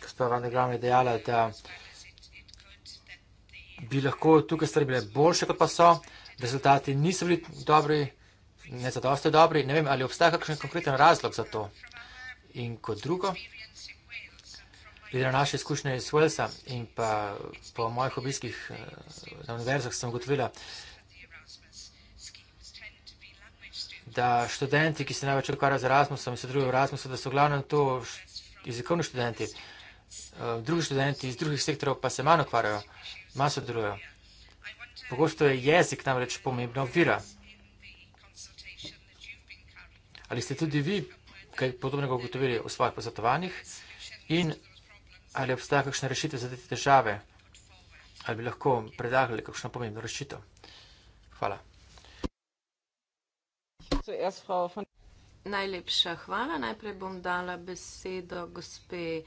Gospa Vandegram je dejala, da bi lahko tukaj stvari bile boljše, kot pa so. Rezultati niso bili dobri, ne zadosti dobri. Ne vem, ali obstaja kakšen konkreten razlog za to. In kot drugo, glede na naše izkušnje iz Walesa in pa po mojih obiskih eh, na univerzah sem ugotovila, da študenti, ki se največ ukvarjajo z Erasmusom in sodelujejo v Erasmusu, da so glavno to jezikovni študenti, eh, drugi študenti iz drugih sektorov pa se manj ukvarjajo Maso drugega. Pogosto je jezik namreč pomembna ovira. Ali ste tudi vi kaj podobnega ugotovili v svojih posvetovanjih in ali obstaja kakšna rešitev za te težave, ali bi lahko predlagali kakšno pomembno rešitev? Hvala. Najlepša hvala. Najprej bom dala besedo gospe.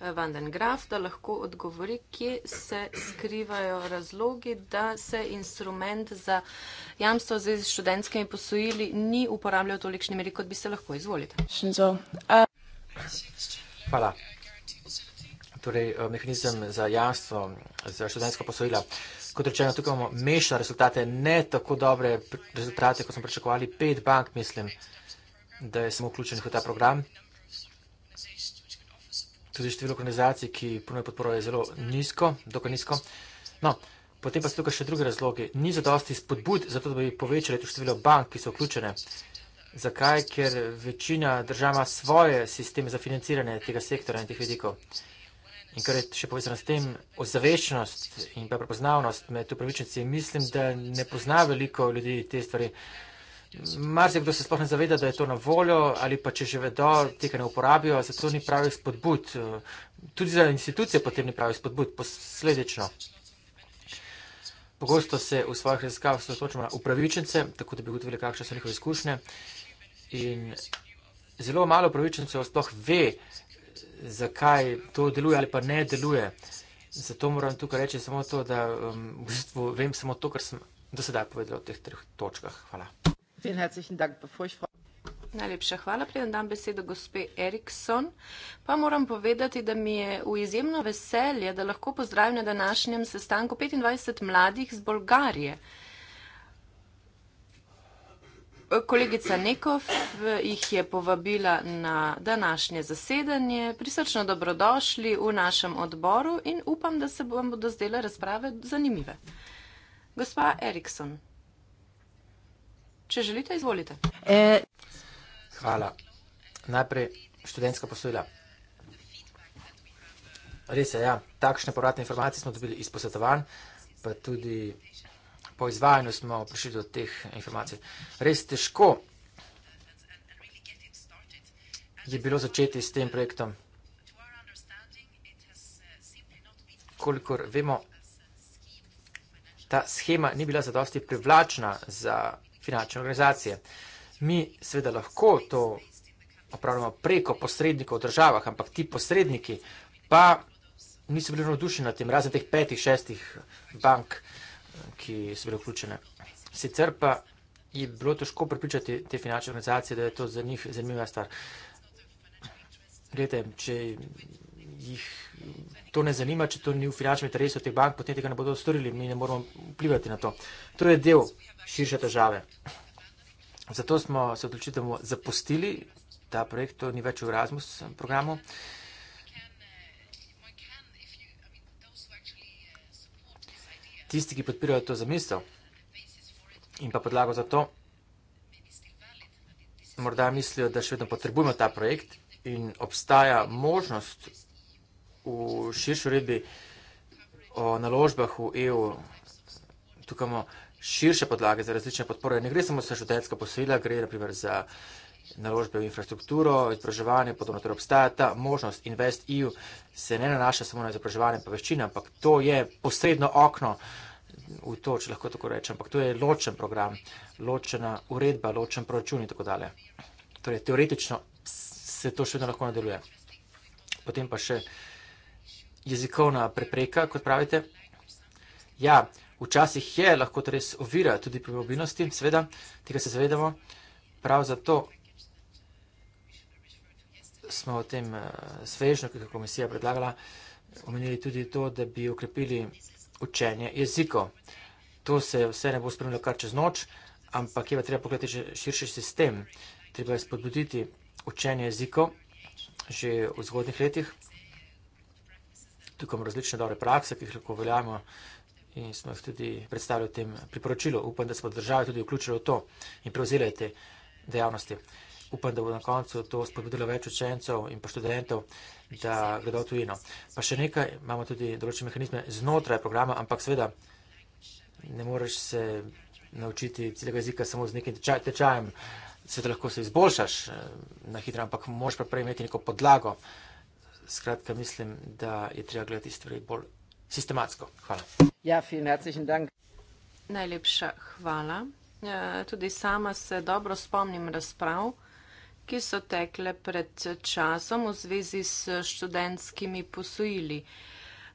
Van den Graf, da lahko odgovori, kje se skrivajo razlogi, da se instrument za jamstvo z študentskimi posojili ni uporabljal v tolikšni meri, kot bi se lahko izvolili. Hvala. Torej, eh, mehanizem za jamstvo za študentsko posojila. Kot rečeno, tukaj imamo mešane rezultate, ne tako dobre rezultate, kot smo pričakovali. Pet bank, mislim, da je samo vključenih v ta program tudi število organizacij, ki ponujajo podporo, je zelo nizko, dokaj nizko. No, potem pa so tukaj še druge razloge. Ni zadosti spodbud za to, da bi povečali to število bank, ki so vključene. Zakaj? Ker večina država svoje sisteme za financiranje tega sektora in teh vidikov. In kar je še povezano s tem, ozaveščenost in pa prepoznavnost med upravičenci, mislim, da ne pozna veliko ljudi te stvari. Mar se kdo se sploh ne zaveda, da je to na voljo ali pa če že vedo, tega ne uporabijo, zato ni pravi spodbud. Tudi za institucije potem ni pravi spodbud, posledično. Pogosto se v svojih raziskavah soočamo na upravičence, tako da bi ugotovili, kakšne so njihove izkušnje. In zelo malo upravičencev sploh ve, zakaj to deluje ali pa ne deluje. Zato moram tukaj reči samo to, da um, v bistvu vem samo to, kar sem do sedaj povedal o teh treh točkah. Hvala. Vielen herzlichen Dank. Bevor ich Najlepša hvala. Preden dam besedo gospe Erikson, pa moram povedati, da mi je v izjemno veselje, da lahko pozdravim na današnjem sestanku 25 mladih z Bolgarije. Kolegica Nekov jih je povabila na današnje zasedanje. Prisrčno dobrodošli v našem odboru in upam, da se vam bodo zdele razprave zanimive. Gospa Erikson. Če želite, izvolite. E... Hvala. Najprej študentska posojila. Res je, ja. takšne povratne informacije smo dobili iz posvetovanj, pa tudi po izvajanju smo prišli do teh informacij. Res težko je bilo začeti s tem projektom. Kolikor vemo, ta schema ni bila zadosti privlačna za finančne organizacije. Mi seveda lahko to opravljamo preko posrednikov v državah, ampak ti posredniki pa niso bili navdušeni nad tem, razen teh petih, šestih bank, ki so bile vključene. Sicer pa je bilo težko pripričati te finančne organizacije, da je to za njih zanimiva stvar. Glede, če jih to ne zanima, če to ni v finančnem interesu teh bank, potem tega ne bodo storili, mi ne moramo vplivati na to. To je del širše težave. Zato smo se odločili, da bomo zapustili ta projekt, to ni več v Erasmus programu. Tisti, ki podpirajo to zamisel in pa podlago za to, morda mislijo, da še vedno potrebujemo ta projekt in obstaja možnost v širši uredbi o naložbah v EU, tukaj imamo širše podlage za različne podpore. Ne gre samo za študentska posojila, gre naprimer za naložbe v infrastrukturo, izobraževanje, podobno torej obstaja ta možnost. Invest EU se ne nanaša samo na izobraževanje in poveščine, ampak to je posredno okno v to, če lahko tako rečem, ampak to je ločen program, ločena uredba, ločen proračun in tako dalje. Torej, teoretično se to še vedno lahko nadaljuje. Potem pa še jezikovna prepreka, kot pravite. Ja, včasih je lahko to res ovira tudi pri mobilnosti, seveda, tega se zavedamo. Prav zato smo v tem eh, svežnju, ki ga komisija predlagala, omenili tudi to, da bi ukrepili učenje jezikov. To se vse ne bo spremljalo kar čez noč, ampak je pa treba pogledati širši sistem. Treba je spodbuditi učenje jezikov že v zgodnih letih tukaj različne dobre prakse, ki jih lahko veljamo in smo jih tudi predstavili v tem priporočilu. Upam, da smo države tudi vključili v to in prevzeli te dejavnosti. Upam, da bo na koncu to spodbudilo več učencev in pa študentov, da gledajo tujino. Pa še nekaj, imamo tudi določene mehanizme znotraj programa, ampak seveda ne moreš se naučiti celega jezika samo z nekim tečaj, tečajem. Seveda lahko se izboljšaš eh, na hitro, ampak moraš pa prej imeti neko podlago skratka, mislim, da je treba gledati stvari bolj sistematsko. Hvala. Ja, Najlepša hvala. Ja, tudi sama se dobro spomnim razprav, ki so tekle pred časom v zvezi s študentskimi posojili.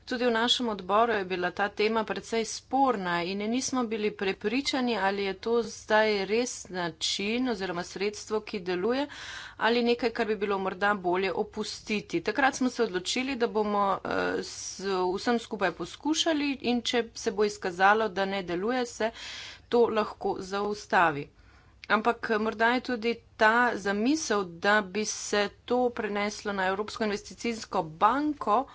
Tudi v našem odboru je bila ta tema predvsej sporna in nismo bili prepričani, ali je to zdaj res način oziroma sredstvo, ki deluje, ali nekaj, kar bi bilo morda bolje opustiti. Takrat smo se odločili, da bomo eh, z vsem skupaj poskušali in če se bo izkazalo, da ne deluje, se to lahko zaustavi. Ampak eh, morda je tudi ta zamisel, da bi se to preneslo na Evropsko investicijsko banko,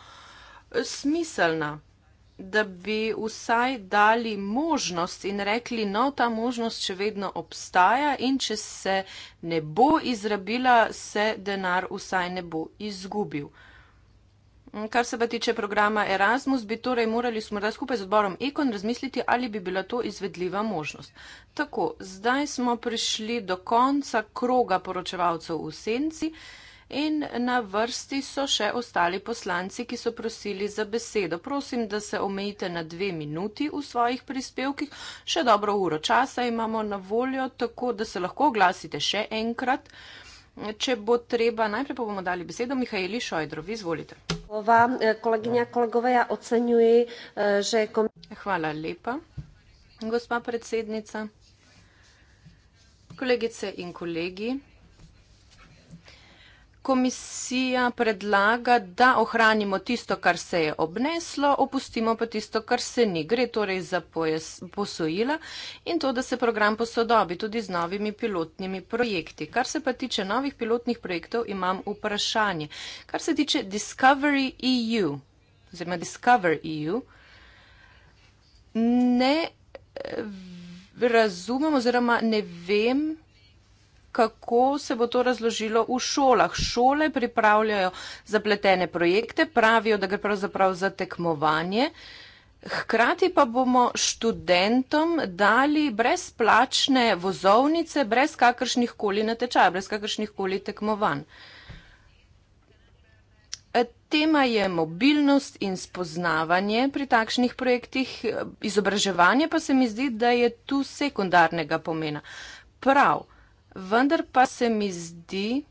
smiselna, da bi vsaj dali možnost in rekli, no, ta možnost še vedno obstaja in če se ne bo izrabila, se denar vsaj ne bo izgubil. Mm, kar se pa tiče programa Erasmus, bi torej morali smo da skupaj z odborom Ekon razmisliti, ali bi bila to izvedljiva možnost. Tako, zdaj smo prišli do konca kroga poročevalcev v senci. Uh, In na vrsti so še ostali poslanci, ki so prosili za besedo. Prosim, da se omejite na dve minuti v svojih prispevkih. Še dobro uro časa imamo na voljo, tako da se lahko oglasite še enkrat. Če bo treba, najprej pa bomo dali besedo Mihajli Šojdrovi. Izvolite. Eh, Kolaginja, kolegove, ja ocenjuji, eh, že kom... Hvala lepa, gospa predsednica. Kolegice in kolegi, komisija predlaga, da ohranimo tisto, kar se je obneslo, opustimo pa tisto, kar se ni. Gre torej za pojas, posojila in to, da se program posodobi tudi z novimi pilotnimi projekti. Kar se pa tiče novih pilotnih projektov, imam vprašanje. Kar se tiče Discovery EU, oziroma Discover EU, ne eh, razumem oziroma ne vem, kako se bo to razložilo v šolah. Šole pripravljajo zapletene projekte, pravijo, da gre pravzaprav za tekmovanje. Hkrati pa bomo študentom dali brezplačne vozovnice, brez kakršnih koli natečaja, brez kakršnih koli tekmovanj. Tema je mobilnost in spoznavanje pri takšnih projektih, izobraževanje pa se mi zdi, da je tu sekundarnega pomena. Prav, vendar pa se mi zdi,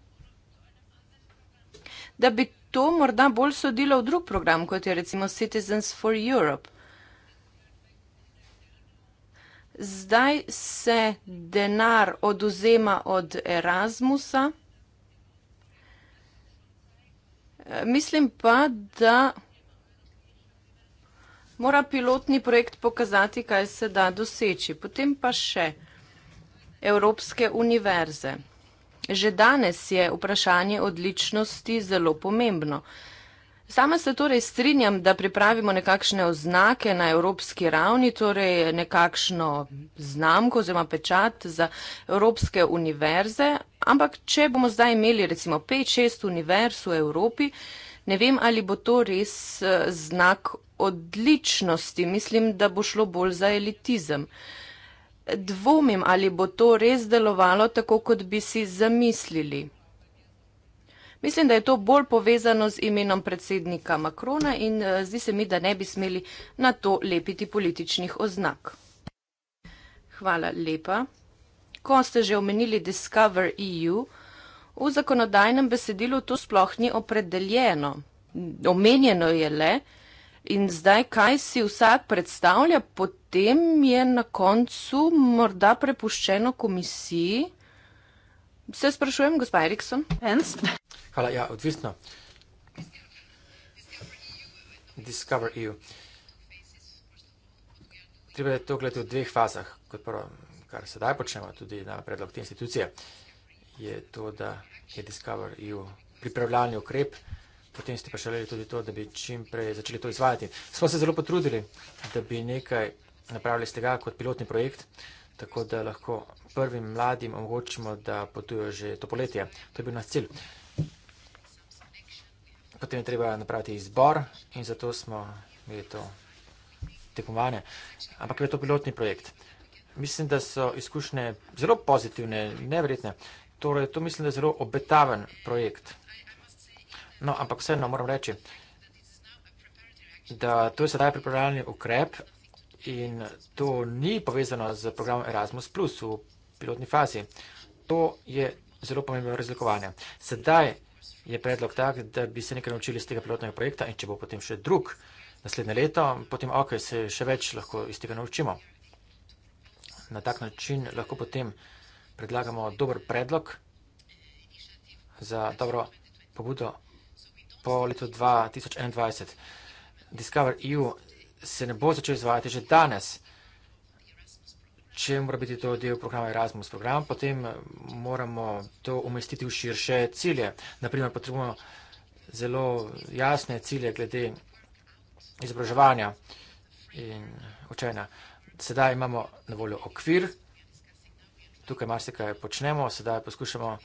da bi to morda bolj sodilo v drug program, kot je recimo Citizens for Europe. Zdaj se denar oduzema od Erasmusa. Mislim pa, da mora pilotni projekt pokazati, kaj se da doseči. Potem pa še. Evropske univerze. Že danes je vprašanje odličnosti zelo pomembno. Sama se torej strinjam, da pripravimo nekakšne oznake na evropski ravni, torej nekakšno znamko oziroma pečat za evropske univerze, ampak če bomo zdaj imeli recimo 5-6 univerz v Evropi, ne vem, ali bo to res eh, znak odličnosti. Mislim, da bo šlo bolj za elitizem. Uh, dvomim, ali bo to res delovalo tako, kot bi si zamislili. Mislim, da je to bolj povezano z imenom predsednika Makrona in eh, zdi se mi, da ne bi smeli na to lepiti političnih oznak. Hvala lepa. Ko ste že omenili Discover EU, v zakonodajnem besedilu to sploh ni opredeljeno. Omenjeno je le, In zdaj, kaj si vsak predstavlja, potem je na koncu morda prepuščeno komisiji. Se sprašujem, gospod Erikson? Hvala, ja, odvisno. Discover EU. Treba je to gledati v dveh fazah. Kot prvo, kar sedaj počnemo, tudi na predlog te institucije, je to, da je Discover EU pripravljalni ukrep potem ste pa želeli tudi to, da bi čim prej začeli to izvajati. Smo se zelo potrudili, da bi nekaj napravili z tega kot pilotni projekt, tako da lahko prvim mladim omogočimo, da potujo že to poletje. To je bil nas cilj. Potem je treba napraviti izbor in zato smo imeli to tekmovanje. Ampak je to pilotni projekt. Mislim, da so izkušnje zelo pozitivne, neverjetne. Torej, to mislim, da je zelo obetaven projekt. No, ampak vseeno moram reči, da to je sedaj pripravljalni ukrep in to ni povezano z programom Erasmus, v pilotni fazi. To je zelo pomembno razlikovanje. Sedaj je predlog tak, da bi se nekaj naučili iz tega pilotnega projekta in če bo potem še drug naslednje leto, potem ok, se še več lahko iz tega naučimo. Na tak način lahko potem predlagamo dober predlog za dobro pobudo po letu 2021. Discover EU se ne bo začel izvajati že danes. Če mora biti to del programa Erasmus program, potem eh, moramo to umestiti v širše cilje. Naprimer, potrebujemo zelo jasne cilje glede izobraževanja in učenja. Sedaj imamo na voljo okvir, tukaj marsikaj počnemo, sedaj poskušamo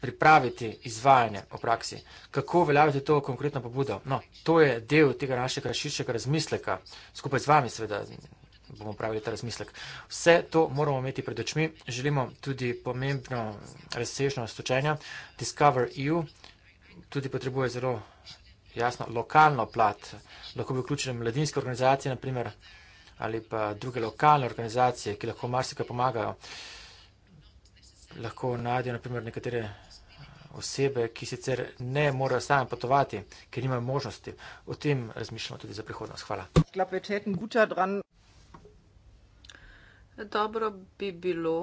pripraviti izvajanje v praksi, kako uveljaviti to konkretno pobudo. No, to je del tega našega širšega razmisleka, skupaj z vami seveda bomo pravili ta razmislek. Vse to moramo imeti pred očmi, želimo tudi pomembno razsežnost učenja. Discover EU tudi potrebuje zelo jasno lokalno plat, lahko bi vključene mladinske organizacije, naprimer, ali pa druge lokalne organizacije, ki lahko marsikaj pomagajo. Lahko najdejo, naprimer, nekatere osebe, ki sicer ne morejo sami potovati, ker nimajo možnosti. O tem razmišljamo tudi za prihodnost. Hvala. Dobro bi bilo,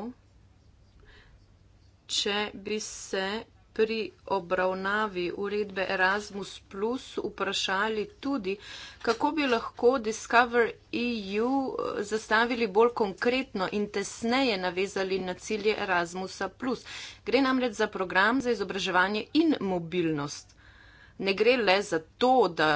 če bi se pri obravnavi uredbe Erasmus Plus vprašali tudi, kako bi lahko Discover EU eh, zastavili bolj konkretno in tesneje navezali na cilje Erasmusa Plus. Gre namreč za program za izobraževanje in mobilnost. Ne gre le za to, da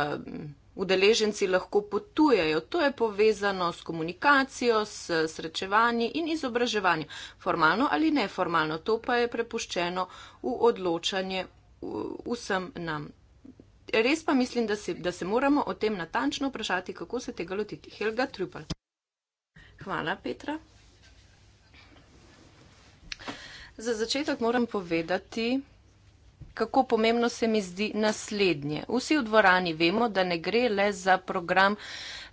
udeleženci lahko potujejo. To je povezano s komunikacijo, s srečevanji in izobraževanjem, formalno ali neformalno. To pa je prepuščeno v odločanje vsem nam. Res pa mislim, da se, da se moramo o tem natančno vprašati, kako se tega lotiti. Helga Trupel. Hvala, Petra. Za začetek moram povedati, kako pomembno se mi zdi naslednje. Vsi v dvorani vemo, da ne gre le za program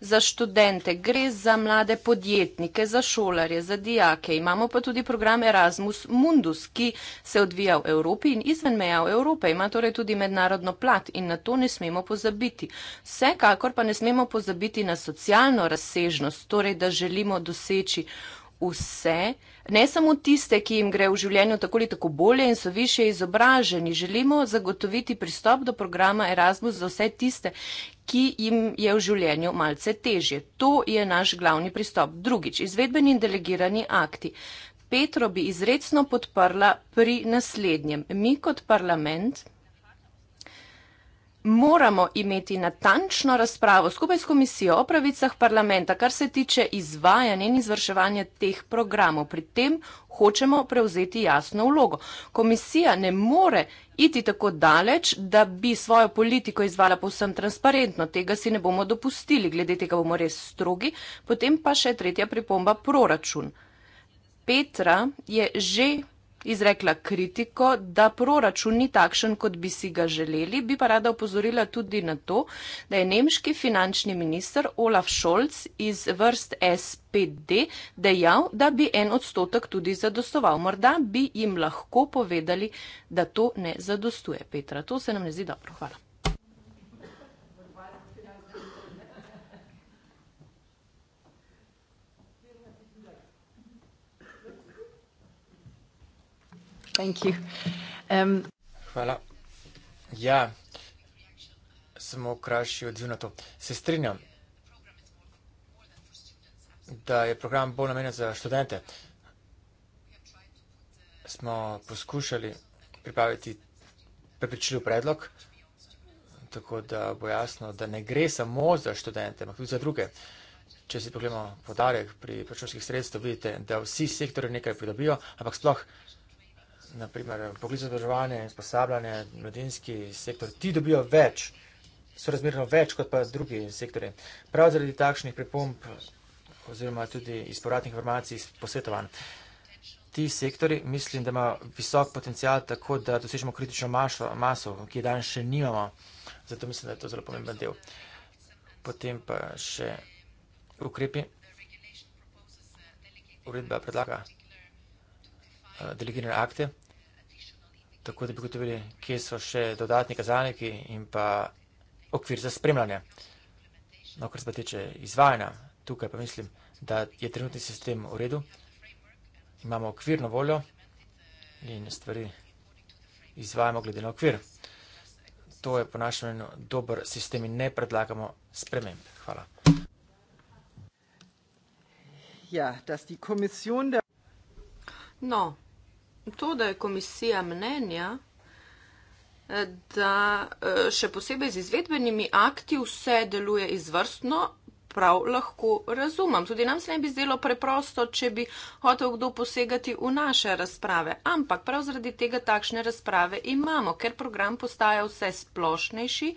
za študente, gre za mlade podjetnike, za šolarje, za dijake. Imamo pa tudi program Erasmus Mundus, ki se odvija v Evropi in izven meja Evrope. Ima torej tudi mednarodno plat in na to ne smemo pozabiti. Vsekakor pa ne smemo pozabiti na socialno razsežnost, torej da želimo doseči vse, ne samo tiste, ki jim gre v življenju tako ali tako bolje in so više izobraženi. Želimo zagotoviti pristop do programa Erasmus za vse tiste, ki jim je v življenju malce težje. To je naš glavni pristop. Drugič, izvedbeni in delegirani akti. Petro bi izredno podprla pri naslednjem. Mi kot parlament moramo imeti natančno razpravo skupaj s Komisijo o pravicah parlamenta, kar se tiče izvajanja in izvrševanja teh programov. Pri tem hočemo prevzeti jasno vlogo. Komisija ne more iti tako daleč, da bi svojo politiko izvala povsem transparentno. Tega si ne bomo dopustili, glede tega bomo res strogi. Potem pa še tretja pripomba, proračun. Petra je že izrekla kritiko, da proračun ni takšen, kot bi si ga želeli, bi pa rada opozorila tudi na to, da je nemški finančni minister Olaf Scholz iz vrst SPD dejal, da bi en odstotek tudi zadostoval. Morda bi jim lahko povedali, da to ne zadostuje. Petra, to se nam ne zdi dobro. Hvala. Thank you. Um... Hvala. Ja, samo krajši odziv na to. Se strinjam, da je program bolj namenjen za študente. Smo poskušali pripraviti prepričljiv predlog, tako da bo jasno, da ne gre samo za študente, ampak tudi za druge. Če si pogledamo podarek pri računskih sredstev, vidite, da vsi sektori nekaj pridobijo, ampak sploh naprimer poklicno izobraževanje in sposabljanje, mladinski sektor, ti dobijo več, so razmerno več kot pa drugi sektori. Prav zaradi takšnih pripomb oziroma tudi iz poradnih informacij, iz posvetovanj. Ti sektori, mislim, da ima visok potencial tako, da dosežemo kritično maso, maso ki je danes še nimamo. Zato mislim, da je to zelo pomemben del. Potem pa še ukrepi. Uredba predlaga eh, delegirane akte, tako da bi gotovili, kje so še dodatni kazalniki in pa okvir za spremljanje. No, kar se pa tiče izvajanja, tukaj pa mislim, da je trenutni sistem v redu, imamo okvirno voljo in stvari izvajamo glede na okvir. To je po našem mnenju dober sistem in ne predlagamo sprememb. Hvala. Ja, da si komisijon. No, to, da je komisija mnenja, eh, da eh, še posebej z izvedbenimi akti vse deluje izvrstno, prav lahko razumem. Tudi nam se ne bi zdelo preprosto, če bi hotel kdo posegati v naše razprave. Ampak prav zaradi tega takšne razprave imamo, ker program postaja vse splošnejši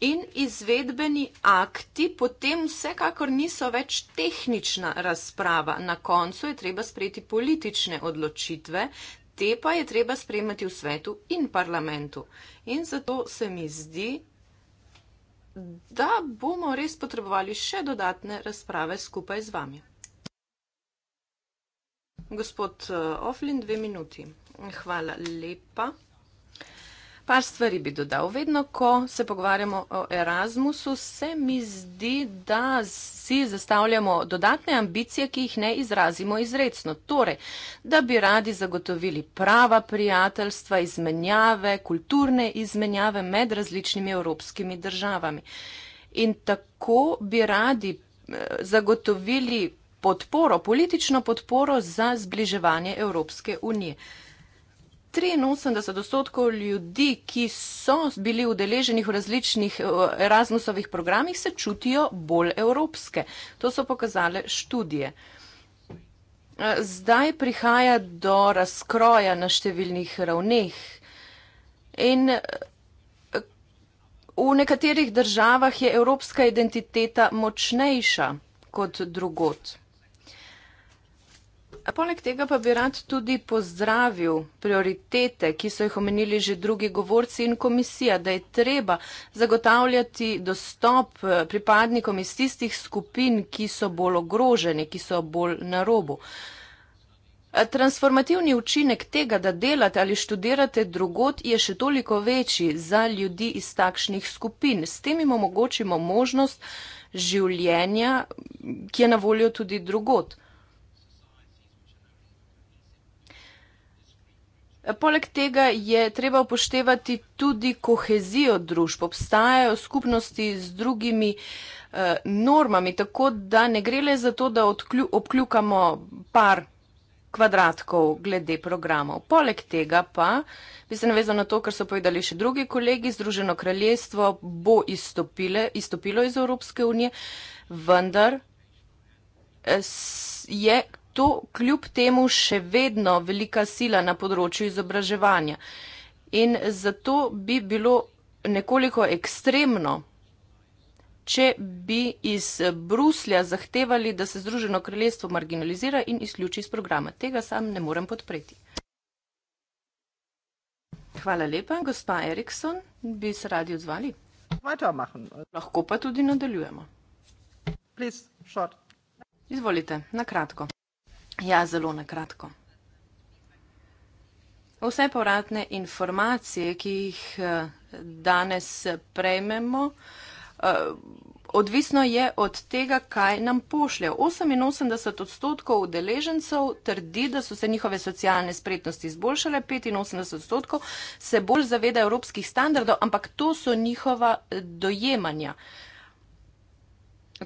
in izvedbeni akti potem vsekakor niso več tehnična razprava. Na koncu je treba sprejeti politične odločitve, te pa je treba sprejemati v svetu in parlamentu. In zato se mi zdi, da bomo res potrebovali še dodatne razprave skupaj z vami. Gospod eh, Oflin, dve minuti. Hvala lepa. Par stvari bi dodal. Vedno, ko se pogovarjamo o Erasmusu, se mi zdi, da si zastavljamo dodatne ambicije, ki jih ne izrazimo izredno. Torej, da bi radi zagotovili prava prijateljstva, izmenjave, kulturne izmenjave med različnimi evropskimi državami. In tako bi radi eh, zagotovili podporo, politično podporo za zbliževanje Evropske unije. 83 odstotkov ljudi, ki so bili udeleženih v različnih eh, Erasmusovih programih, se čutijo bolj evropske. To so pokazale študije. Eh, zdaj prihaja do razkroja na številnih ravneh. In eh, v nekaterih državah je evropska identiteta močnejša kot drugot. Poleg tega pa bi rad tudi pozdravil prioritete, ki so jih omenili že drugi govorci in komisija, da je treba zagotavljati dostop eh, pripadnikom iz tistih skupin, ki so bolj ogroženi, ki so bolj na robu. Transformativni učinek tega, da delate ali študirate drugot, je še toliko večji za ljudi iz takšnih skupin. S tem jim omogočimo možnost življenja, ki je na voljo tudi drugot. Poleg tega je treba upoštevati tudi kohezijo družb. Obstajajo skupnosti z drugimi eh, normami, tako da ne gre le za to, da odklju, obkljukamo par kvadratkov glede programov. Poleg tega pa bi se navezal na to, kar so povedali še drugi kolegi, Združeno kraljestvo bo izstopile, izstopilo iz Evropske unije, vendar eh, je to kljub temu še vedno velika sila na področju izobraževanja. In zato bi bilo nekoliko ekstremno, če bi iz Bruslja zahtevali, da se Združeno kraljestvo marginalizira in izključi iz programa. Tega sam ne morem podpreti. Hvala lepa, gospa Erikson, bi se radi odzvali. Lahko pa tudi nadaljujemo. Please, Izvolite, na kratko. Ja, zelo na kratko. Vse povratne informacije, ki jih eh, danes prejmemo, eh, odvisno je od tega, kaj nam pošlje. 88 odstotkov udeležencev trdi, da so se njihove socialne spretnosti izboljšale, 85 odstotkov se bolj zaveda evropskih standardov, ampak to so njihova eh, dojemanja.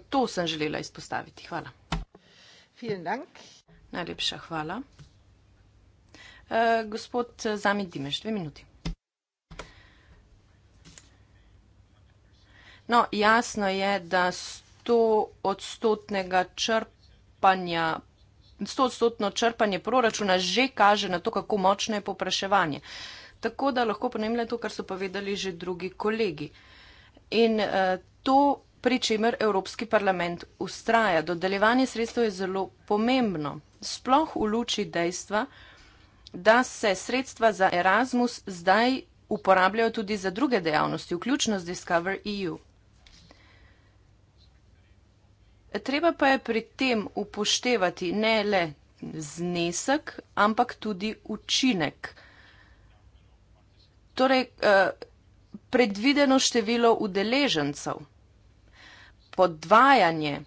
To sem želela izpostaviti. Hvala. Vielen Dank. Najlepša hvala. E, gospod Zamit Dimeš, dve minuti. No, jasno je, da sto odstotnega črpanja. 100-odstotno črpanje proračuna že kaže na to, kako močno je popraševanje. Tako da lahko ponovim le to, kar so povedali že drugi kolegi. In uh, to, pri čemer Evropski parlament ustraja, dodeljevanje sredstev je zelo pomembno sploh v luči dejstva, da se sredstva za Erasmus zdaj uporabljajo tudi za druge dejavnosti, vključno z Discover EU. Treba pa je pri tem upoštevati ne le znesek, ampak tudi učinek. Torej, eh, predvideno število udeležencev, podvajanje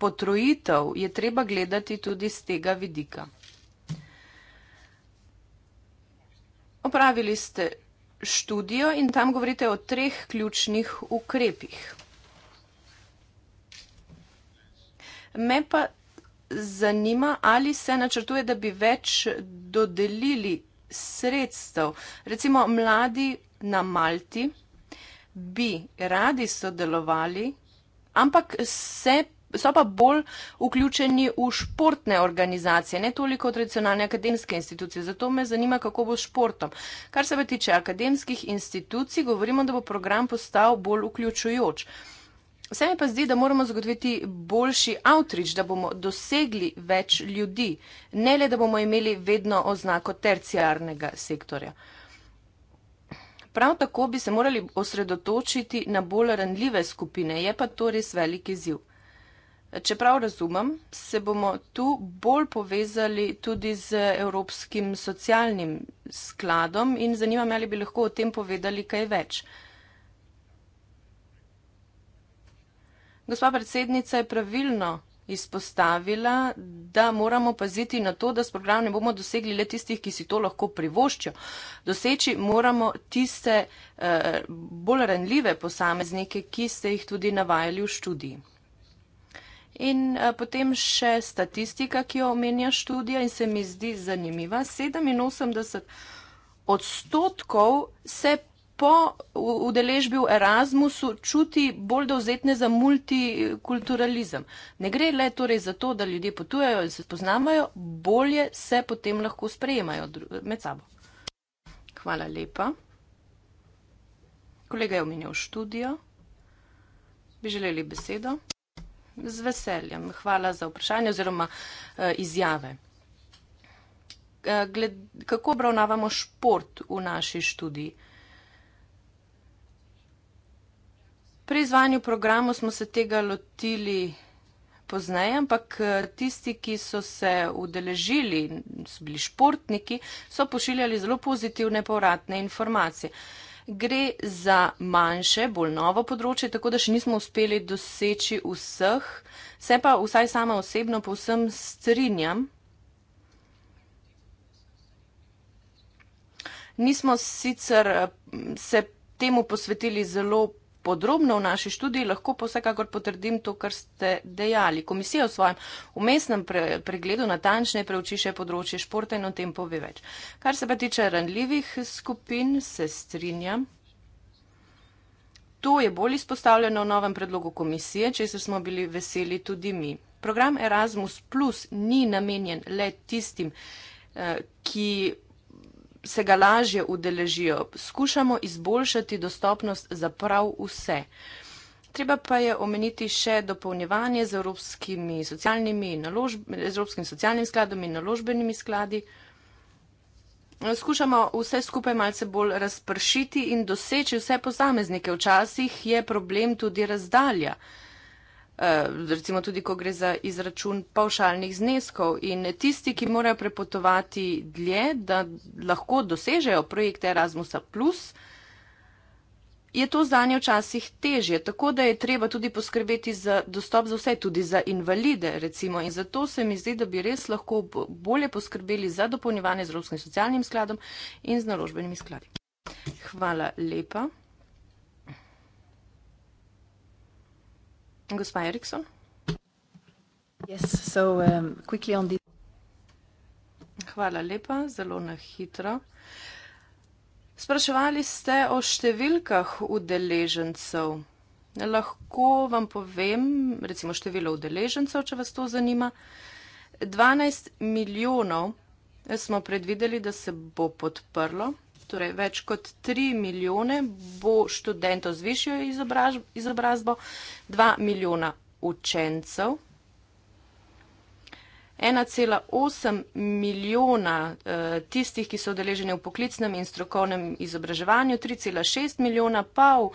potrojitev je treba gledati tudi z tega vidika. Opravili ste študijo in tam govorite o treh ključnih ukrepih. Me pa zanima, ali se načrtuje, da bi več dodelili sredstev. Recimo mladi na Malti bi radi sodelovali, ampak se so pa bolj vključeni v športne organizacije, ne toliko v tradicionalne akademske institucije. Zato me zanima, kako bo s športom. Kar se pa tiče akademskih institucij, govorimo, da bo program postal bolj vključujoč. Vse mi pa zdi, da moramo zagotoviti boljši outreach, da bomo dosegli več ljudi, ne le, da bomo imeli vedno oznako terciarnega sektorja. Prav tako bi se morali osredotočiti na bolj ranljive skupine, je pa to res veliki ziv. Če prav razumem, se bomo tu bolj povezali tudi z Evropskim socialnim skladom in zanima me, ali bi lahko o tem povedali kaj več. Gospa predsednica je pravilno izpostavila, da moramo paziti na to, da s programom ne bomo dosegli le tistih, ki si to lahko privoščijo. Doseči moramo tiste eh, bolj ranljive posameznike, ki ste jih tudi navajali v študiji. In uh, potem še statistika, ki jo omenja študija in se mi zdi zanimiva. 87 odstotkov se po udeležbi v Erasmusu čuti bolj dovzetne za multikulturalizem. Ne gre le torej za to, da ljudje potujejo in se poznamajo, bolje se potem lahko sprejemajo med sabo. Hvala lepa. Kolega je omenjal študijo. Bi želeli besedo? Z veseljem. Hvala za vprašanje oziroma eh, izjave. Eh, kako obravnavamo šport v naši študiji? Pri izvajanju programov smo se tega lotili pozneje, ampak eh, tisti, ki so se udeležili, so bili športniki, so pošiljali zelo pozitivne povratne informacije. Uh, gre za manjše, bolj novo področje, tako da še nismo uspeli doseči vseh. Se pa vsaj sama osebno povsem strinjam. Nismo sicer eh, se temu posvetili zelo podrobno v naši študiji, lahko pa vsekakor potrdim to, kar ste dejali. Komisija v svojem umestnem pre, pregledu natančne preuči še področje športa in o tem pove več. Kar se pa tiče ranljivih skupin, se strinjam. To je bolj izpostavljeno v novem predlogu komisije, če se smo bili veseli tudi mi. Program Erasmus Plus ni namenjen le tistim, eh, ki se ga lažje udeležijo. Skušamo izboljšati dostopnost za prav vse. Treba pa je omeniti še dopolnjevanje z Evropskimi socialnimi naložb, Evropskim socialnim skladom in naložbenimi skladi. Skušamo vse skupaj malce bolj razpršiti in doseči vse posameznike. Včasih je problem tudi razdalja. Uh, Eh, recimo tudi, ko gre za izračun paušalnih zneskov. In tisti, ki morajo prepotovati dlje, da lahko dosežejo projekte Erasmusa, je to zanje včasih težje. Tako da je treba tudi poskrbeti za dostop za vse, tudi za invalide. Recimo. In zato se mi zdi, da bi res lahko bolje poskrbeli za dopolnjevanje z Evropskim socialnim skladom in z naložbenimi skladi. Hvala lepa. Gospa Eriksson. Yes, so, um, on the... Hvala lepa, zelo na hitro. Spraševali ste o številkah udeležencev. Lahko vam povem, recimo število udeležencev, če vas to zanima. 12 milijonov smo predvideli, da se bo podprlo torej več kot 3 milijone bo študentov z višjo izobrazbo, 2 milijona učencev 1,8 milijona eh, tistih, ki so odeleženi v poklicnem in strokovnem izobraževanju, 3,6 milijona pa v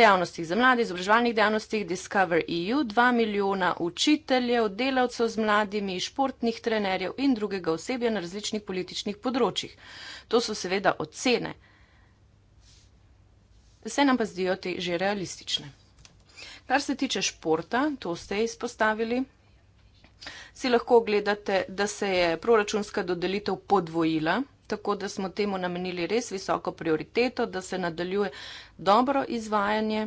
dejavnostih za mlade, izobraževalnih dejavnostih Discover EU, 2 milijona učiteljev, delavcev z mladimi, športnih trenerjev in drugega osebja na različnih političnih področjih. To so seveda ocene. Vse nam pa zdijo te že realistične. Kar se tiče športa, to ste izpostavili si lahko ogledate, da se je proračunska dodelitev podvojila, tako da smo temu namenili res visoko prioriteto, da se nadaljuje dobro izvajanje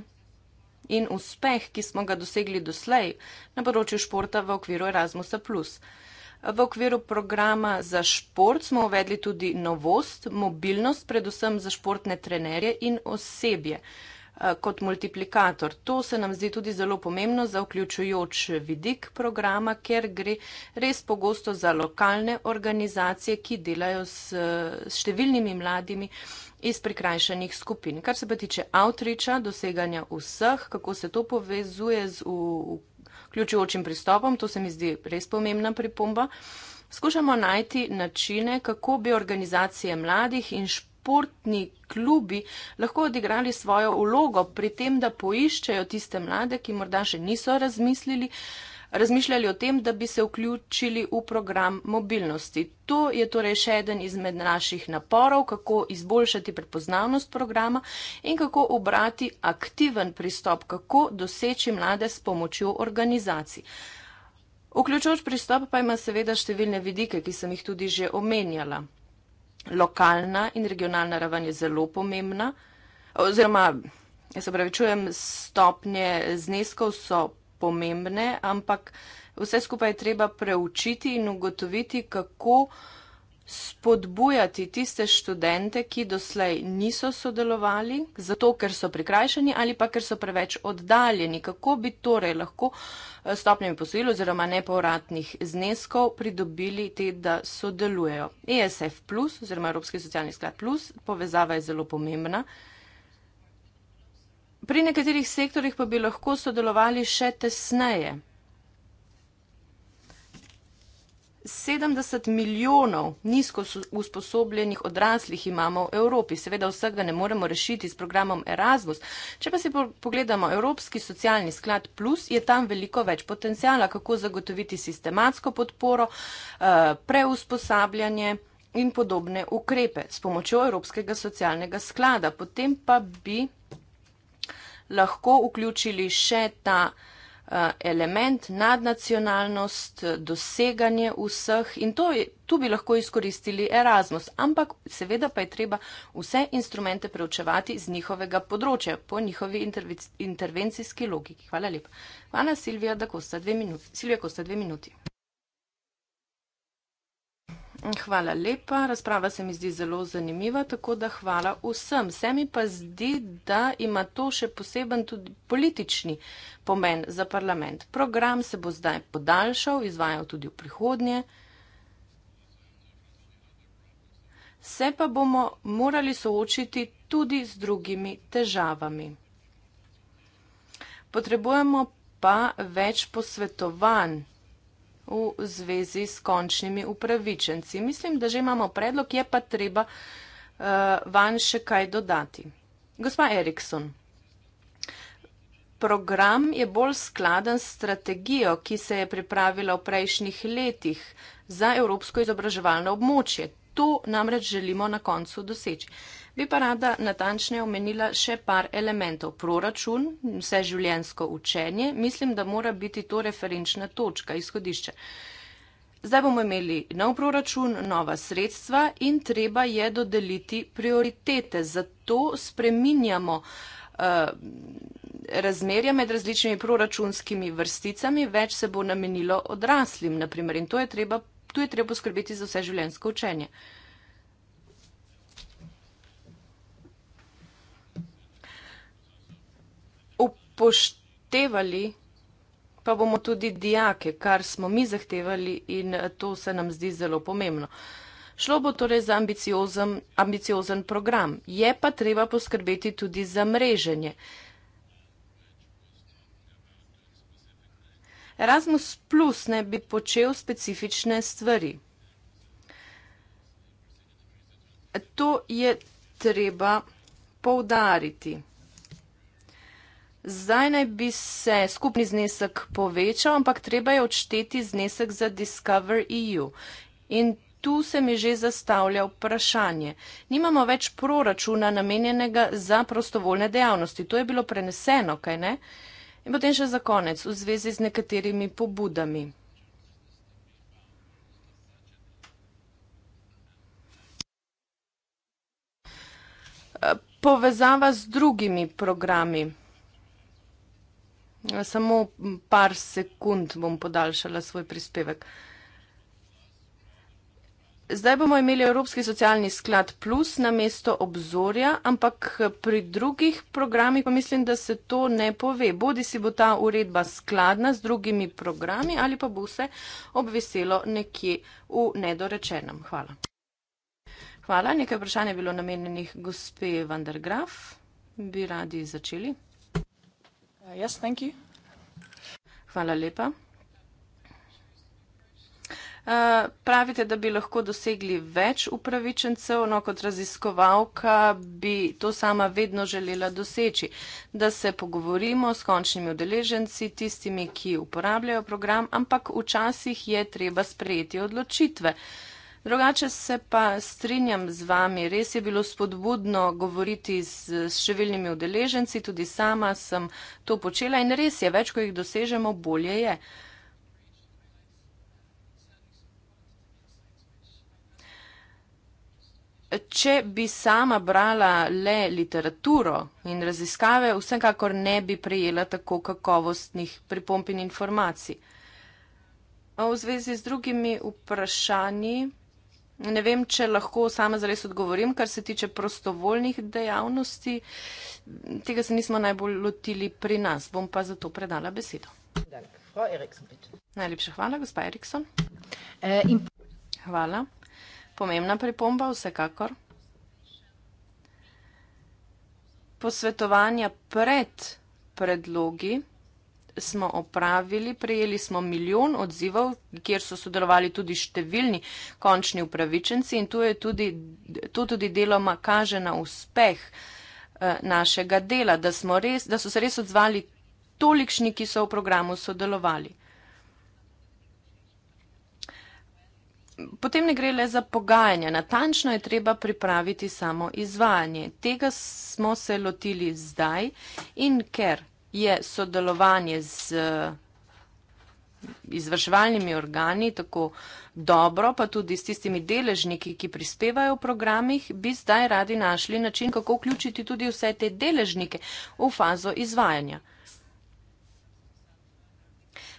in uspeh, ki smo ga dosegli doslej na področju športa v okviru Erasmusa. V okviru programa za šport smo uvedli tudi novost, mobilnost, predvsem za športne trenerje in osebje. Eh, kot multiplikator. To se nam zdi tudi zelo pomembno za vključujoč vidik programa, ker gre res pogosto za lokalne organizacije, ki delajo s, s številnimi mladimi iz prikrajšanih skupin. Kar se pa tiče outreacha, doseganja vseh, kako se to povezuje z vključujočim pristopom, to se mi zdi res pomembna pripomba. Skušamo najti načine, kako bi organizacije mladih in športnikov športni klubi lahko odigrali svojo vlogo pri tem, da poiščejo tiste mlade, ki morda še niso razmislili, razmišljali o tem, da bi se vključili v program mobilnosti. To je torej še eden izmed naših naporov, kako izboljšati prepoznavnost programa in kako obrati aktiven pristop, kako doseči mlade s pomočjo organizacij. Vključujoč pristop pa ima seveda številne vidike, ki sem jih tudi že omenjala lokalna in regionalna raven je zelo pomembna, oziroma, jaz se pravi, čujem, stopnje zneskov so pomembne, ampak vse skupaj je treba preučiti in ugotoviti, kako spodbujati tiste študente, ki doslej niso sodelovali, zato ker so prikrajšani ali pa ker so preveč oddaljeni. Kako bi torej lahko eh, stopnjami posojil oziroma nepovratnih zneskov pridobili te, da sodelujejo. ESF plus oziroma Evropski socialni sklad plus povezava je zelo pomembna. Pri nekaterih sektorjih pa bi lahko sodelovali še tesneje. 70 milijonov nizko usposobljenih odraslih imamo v Evropi. Seveda vsega ne moremo rešiti s programom Erasmus. Če pa si pogledamo Evropski socialni sklad plus, je tam veliko več potencijala, kako zagotoviti sistematsko podporo, eh, preusposabljanje in podobne ukrepe s pomočjo Evropskega socialnega sklada. Potem pa bi lahko vključili še ta Eh, element, nadnacionalnost, doseganje vseh in to je, tu bi lahko izkoristili Erasmus, ampak seveda pa je treba vse instrumente preučevati z njihovega področja po njihovi intervencijski logiki. Hvala lepa. Hvala Silvija, da kosta dve minuti. Silvija, kosta dve minuti. Hvala lepa. Razprava se mi zdi zelo zanimiva, tako da hvala vsem. Se mi pa zdi, da ima to še poseben tudi politični pomen za parlament. Program se bo zdaj podaljšal, izvajal tudi v prihodnje. Se pa bomo morali soočiti tudi z drugimi težavami. Potrebujemo pa več posvetovanj v zvezi s končnimi upravičenci. Mislim, da že imamo predlog, je pa treba uh, eh, van še kaj dodati. Gospa Erikson, program je bolj skladen s strategijo, ki se je pripravila v prejšnjih letih za Evropsko izobraževalno območje. To namreč želimo na koncu doseči. Uh, Bi pa rada natančneje omenila še par elementov. Proračun, vse življensko učenje, mislim, da mora biti to referenčna točka, izhodišče. Zdaj bomo imeli nov proračun, nova sredstva in treba je dodeliti prioritete. Zato spreminjamo uh, razmerja med različnimi proračunskimi vrsticami, več se bo namenilo odraslim, naprimer, in to je treba, tu je treba poskrbeti za vse življensko učenje. Uh, upoštevali pa bomo tudi dijake, kar smo mi zahtevali in to se nam zdi zelo pomembno. Šlo bo torej za ambiciozen, ambiciozen program, je pa treba poskrbeti tudi za mreženje. Erasmus Plus ne bi počel specifične stvari. To je treba poudariti. Zdaj naj bi se skupni znesek povečal, ampak treba je odšteti znesek za Discover EU. In tu se mi že zastavlja vprašanje. Nimamo več proračuna namenjenega za prostovoljne dejavnosti. To je bilo preneseno, kaj ne? In potem še za konec v zvezi z nekaterimi pobudami. Povezava z drugimi programi. Samo par sekund bom podaljšala svoj prispevek. Zdaj bomo imeli Evropski socialni sklad plus na mesto obzorja, ampak pri drugih programih pa mislim, da se to ne pove. Bodi si bo ta uredba skladna z drugimi programi ali pa bo vse obveselo nekje v nedorečenem. Hvala. Hvala. Nekaj vprašanj je bilo namenjenih gospe Vandergraf. Bi radi začeli? Uh, yes, thank you. Hvala lepa. Uh, pravite, da bi lahko dosegli več upravičencev, no kot raziskovalka bi to sama vedno želela doseči, da se pogovorimo s končnimi udeleženci, tistimi, ki uporabljajo program, ampak včasih je treba sprejeti odločitve. Uh, Drugače se pa strinjam z vami, res je bilo spodbudno govoriti z, z številnimi udeleženci, tudi sama sem to počela in res je, več, ko jih dosežemo, bolje je. Če bi sama brala le literaturo in raziskave, vsekakor ne bi prejela tako kakovostnih pripomp in informacij. V zvezi z drugimi vprašanji. Ne vem, če lahko sama zares odgovorim, kar se tiče prostovoljnih dejavnosti. Tega se nismo najbolj lotili pri nas. Bom pa zato predala besedo. Najlepša hvala, gospa Erikson. Eh, hvala. Pomembna pripomba, vsekakor. Posvetovanja pred predlogi smo opravili, prejeli smo milijon odzivov, kjer so sodelovali tudi številni končni upravičenci in tudi, to tudi deloma kaže na uspeh eh, našega dela, da, res, da so se res odzvali tolikšni, ki so v programu sodelovali. Potem ne gre le za pogajanja, natančno je treba pripraviti samo izvajanje. Tega smo se lotili zdaj in ker je sodelovanje z izvrševalnimi organi tako dobro, pa tudi s tistimi deležniki, ki prispevajo v programih, bi zdaj radi našli način, kako vključiti tudi vse te deležnike v fazo izvajanja.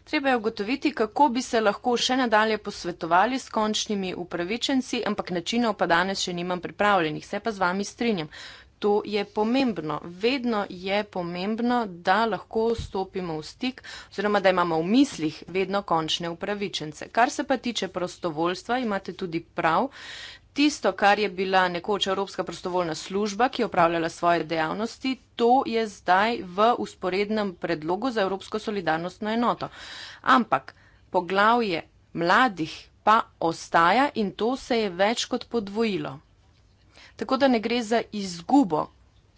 Treba je ugotoviti, kako bi se lahko še nadalje posvetovali s končnimi upravičenci, ampak načinov pa danes še nimam pripravljenih, se pa z vami strinjam to je pomembno. Vedno je pomembno, da lahko stopimo v stik oziroma, da imamo v mislih vedno končne upravičence. Kar se pa tiče prostovoljstva, imate tudi prav. Tisto, kar je bila nekoč Evropska prostovoljna služba, ki je upravljala svoje dejavnosti, to je zdaj v usporednem predlogu za Evropsko solidarnostno enoto. Ampak poglavje mladih pa ostaja in to se je več kot podvojilo tako da ne gre za izgubo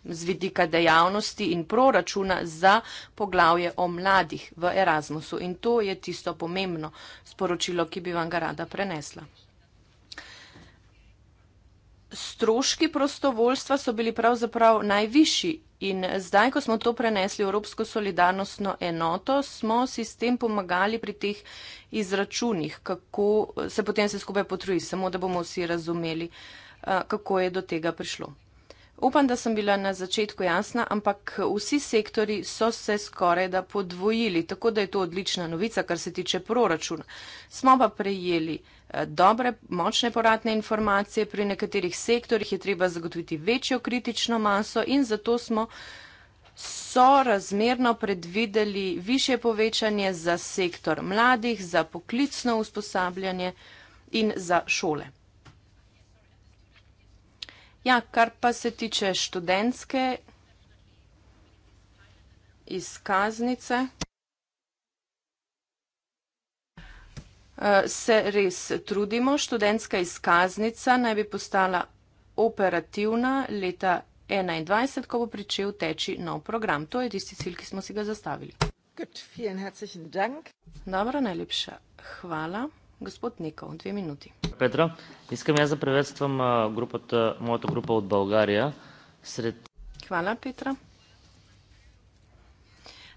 z vidika dejavnosti in proračuna za poglavje o mladih v Erasmusu. In to je tisto pomembno sporočilo, ki bi vam ga rada prenesla. Stroški prostovoljstva so bili pravzaprav najvišji in zdaj, ko smo to prenesli v Evropsko solidarnostno enoto, smo si s tem pomagali pri teh izračunih, kako se potem se skupaj potrudi, samo da bomo vsi razumeli. Uh, kako je do tega prišlo. Upam, da sem bila na začetku jasna, ampak vsi sektori so se skoraj da podvojili, tako da je to odlična novica, kar se tiče proračuna. Smo pa prejeli dobre, močne poratne informacije, pri nekaterih sektorjih je treba zagotoviti večjo kritično maso in zato smo so razmerno predvideli više povečanje za sektor mladih, za poklicno usposabljanje in za šole. Ja, kar pa se tiče študentske izkaznice, eh, se res trudimo. Študentska izkaznica naj bi postala operativna leta 2021, ko bo pričel teči nov program. To je tisti cilj, ki smo si ga zastavili. Good, Dobro, najlepša hvala. Господ Никол, две минути. Петра, искам аз да приветствам групата, моята група от България. Сред... Хвала, Петра.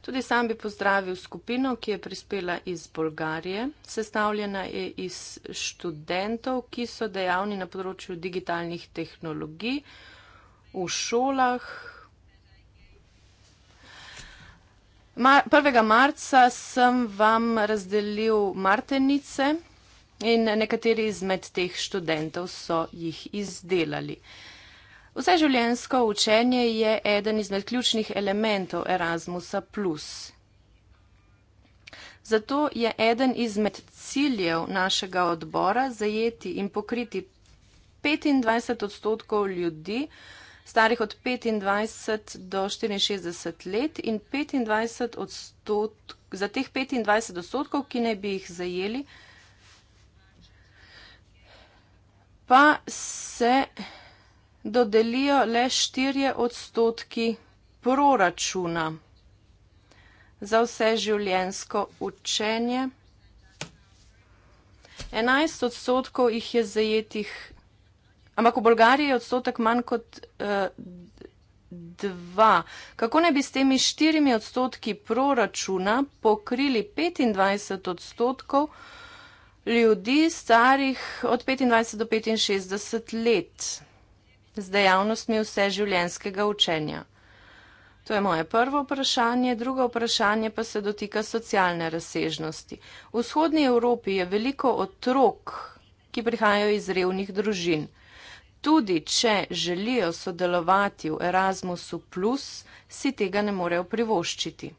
Tudi sam bi pozdravil skupino, ki je prispela iz Bolgarije. Sestavljena je iz študentov, ki so dejavni na področju digitalnih tehnologij v šolah. Mar 1. marca sem vam razdelil martenice, in nekateri izmed teh študentov so jih izdelali. Vse življensko učenje je eden izmed ključnih elementov Erasmusa. Zato je eden izmed ciljev našega odbora zajeti in pokriti 25 odstotkov ljudi starih od 25 do 64 let in 25 odstotkov, za teh 25 odstotkov, ki ne bi jih zajeli, pa se dodelijo le 4 odstotki proračuna za vse življensko učenje. 11 odstotkov jih je zajetih, ampak v Bolgariji je odstotek manj kot 2. Uh, eh, Kako ne bi s temi 4 odstotki proračuna pokrili 25 odstotkov? ljudi starih od 25 do 65 let z dejavnostmi vse življenjskega učenja. To je moje prvo vprašanje, drugo vprašanje pa se dotika socialne razsežnosti. V vzhodnji Evropi je veliko otrok, ki prihajajo iz revnih družin. Tudi če želijo sodelovati v Erasmusu, si tega ne morejo privoščiti.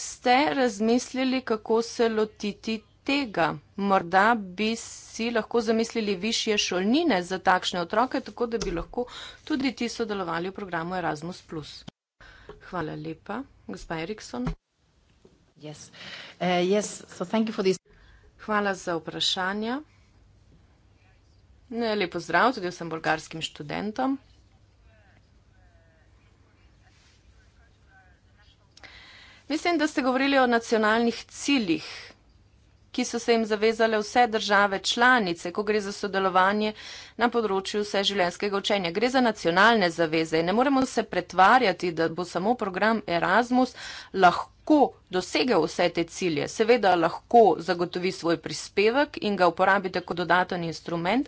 Ste razmislili, kako se lotiti tega? Morda bi si lahko zamislili višje šolnine za takšne otroke, tako da bi lahko tudi ti sodelovali v programu Erasmus. Hvala lepa, gospa Erikson. Yes. Uh, yes. So Hvala za vprašanja. Ne, lepo zdrav tudi vsem bolgarskim študentom. Mislim, da ste govorili o nacionalnih ciljih, ki so se jim zavezale vse države članice, ko gre za sodelovanje na področju vseživljenjskega učenja. Gre za nacionalne zaveze. Ne moremo se pretvarjati, da bo samo program Erasmus lahko dosegel vse te cilje. Seveda lahko zagotovi svoj prispevek in ga uporabite kot dodaten instrument,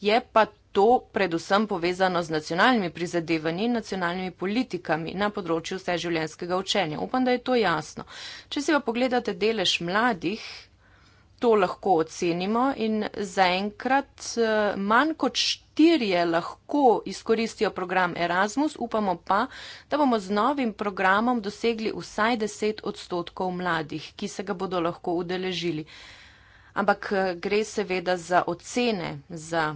je pa to predvsem povezano z nacionalnimi prizadevanji in nacionalnimi politikami na področju vseživljenjskega učenja. Upam, da je to jasno. Če si pa pogledate delež mladih, to lahko ocenimo in zaenkrat eh, manj kot štirje lahko izkoristijo program Erasmus, upamo pa, da bomo z novim programom dosegli vsaj deset odstotkov mladih, ki se ga bodo lahko udeležili. Ampak eh, gre seveda za ocene, za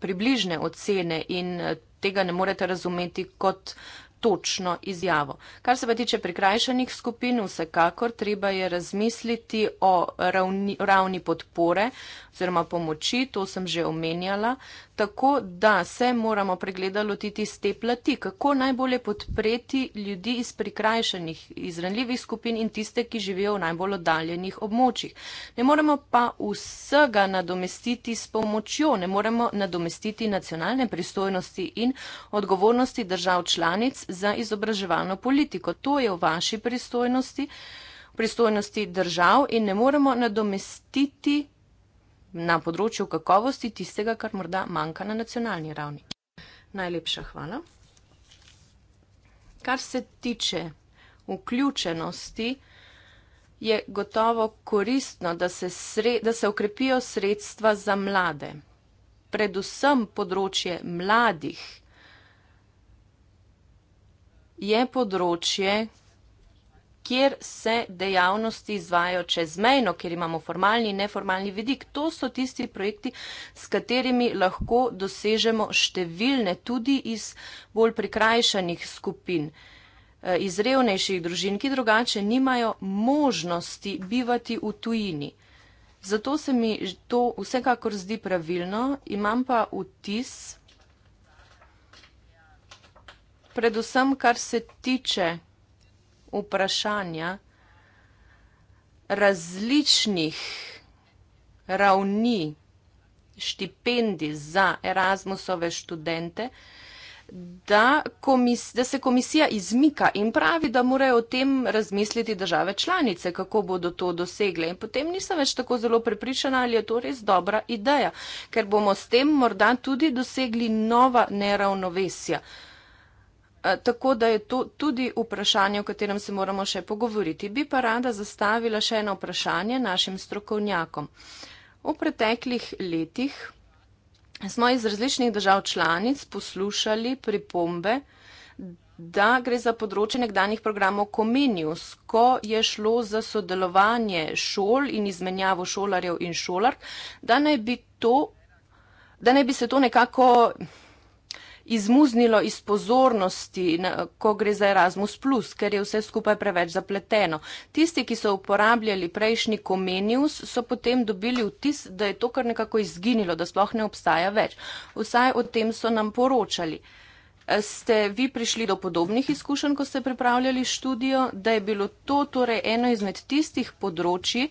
približne ocene in eh, tega ne morete razumeti kot točno izjavo. Kar se pa tiče prikrajšanih skupin, vsekakor treba je razmisliti o ravni, ravni podpore oziroma pomoči, to sem že omenjala, tako da se moramo pregleda lotiti z te plati, kako najbolje podpreti ljudi iz prikrajšanih, iz ranljivih skupin in tiste, ki živijo v najbolj oddaljenih območjih. Ne moramo pa vsega nadomestiti s pomočjo, ne moramo nadomestiti nacionalne pristojnosti in odgovornosti držav članic za izobraževalno politiko. To je v vaši pristojnosti, pristojnosti držav in ne moramo nadomestiti na področju kakovosti tistega, kar morda manjka na nacionalni ravni. Najlepša hvala. Kar se tiče vključenosti, je gotovo koristno, da se, sre, da se okrepijo sredstva za mlade. Predvsem področje mladih je področje, kjer se dejavnosti izvajo čezmejno, kjer imamo formalni in neformalni vidik. To so tisti projekti, s katerimi lahko dosežemo številne, tudi iz bolj prikrajšanih skupin, eh, iz revnejših družin, ki drugače nimajo možnosti bivati v tujini. Zato se mi to vsekakor zdi pravilno, imam pa vtis, predvsem kar se tiče vprašanja različnih ravni štipendij za Erasmusove študente, da, komis, da se komisija izmika in pravi, da morajo o tem razmisliti države članice, kako bodo to dosegle. In potem nisem več tako zelo prepričana, ali je to res dobra ideja, ker bomo s tem morda tudi dosegli nova neravnovesja. Uh, Eh, tako da je to tudi vprašanje, o katerem se moramo še pogovoriti. Bi pa rada zastavila še eno vprašanje našim strokovnjakom. V preteklih letih smo iz različnih držav članic poslušali pripombe, da gre za področje nekdanjih programov Comenius, ko je šlo za sodelovanje šol in izmenjavo šolarjev in šolark, da naj bi, to, da naj bi se to nekako izmuznilo iz pozornosti, ko gre za Erasmus, plus, ker je vse skupaj preveč zapleteno. Tisti, ki so uporabljali prejšnji Comenius, so potem dobili vtis, da je to kar nekako izginilo, da sploh ne obstaja več. Vsaj o tem so nam poročali. Ste vi prišli do podobnih izkušenj, ko ste pripravljali študijo, da je bilo to torej eno izmed tistih področji,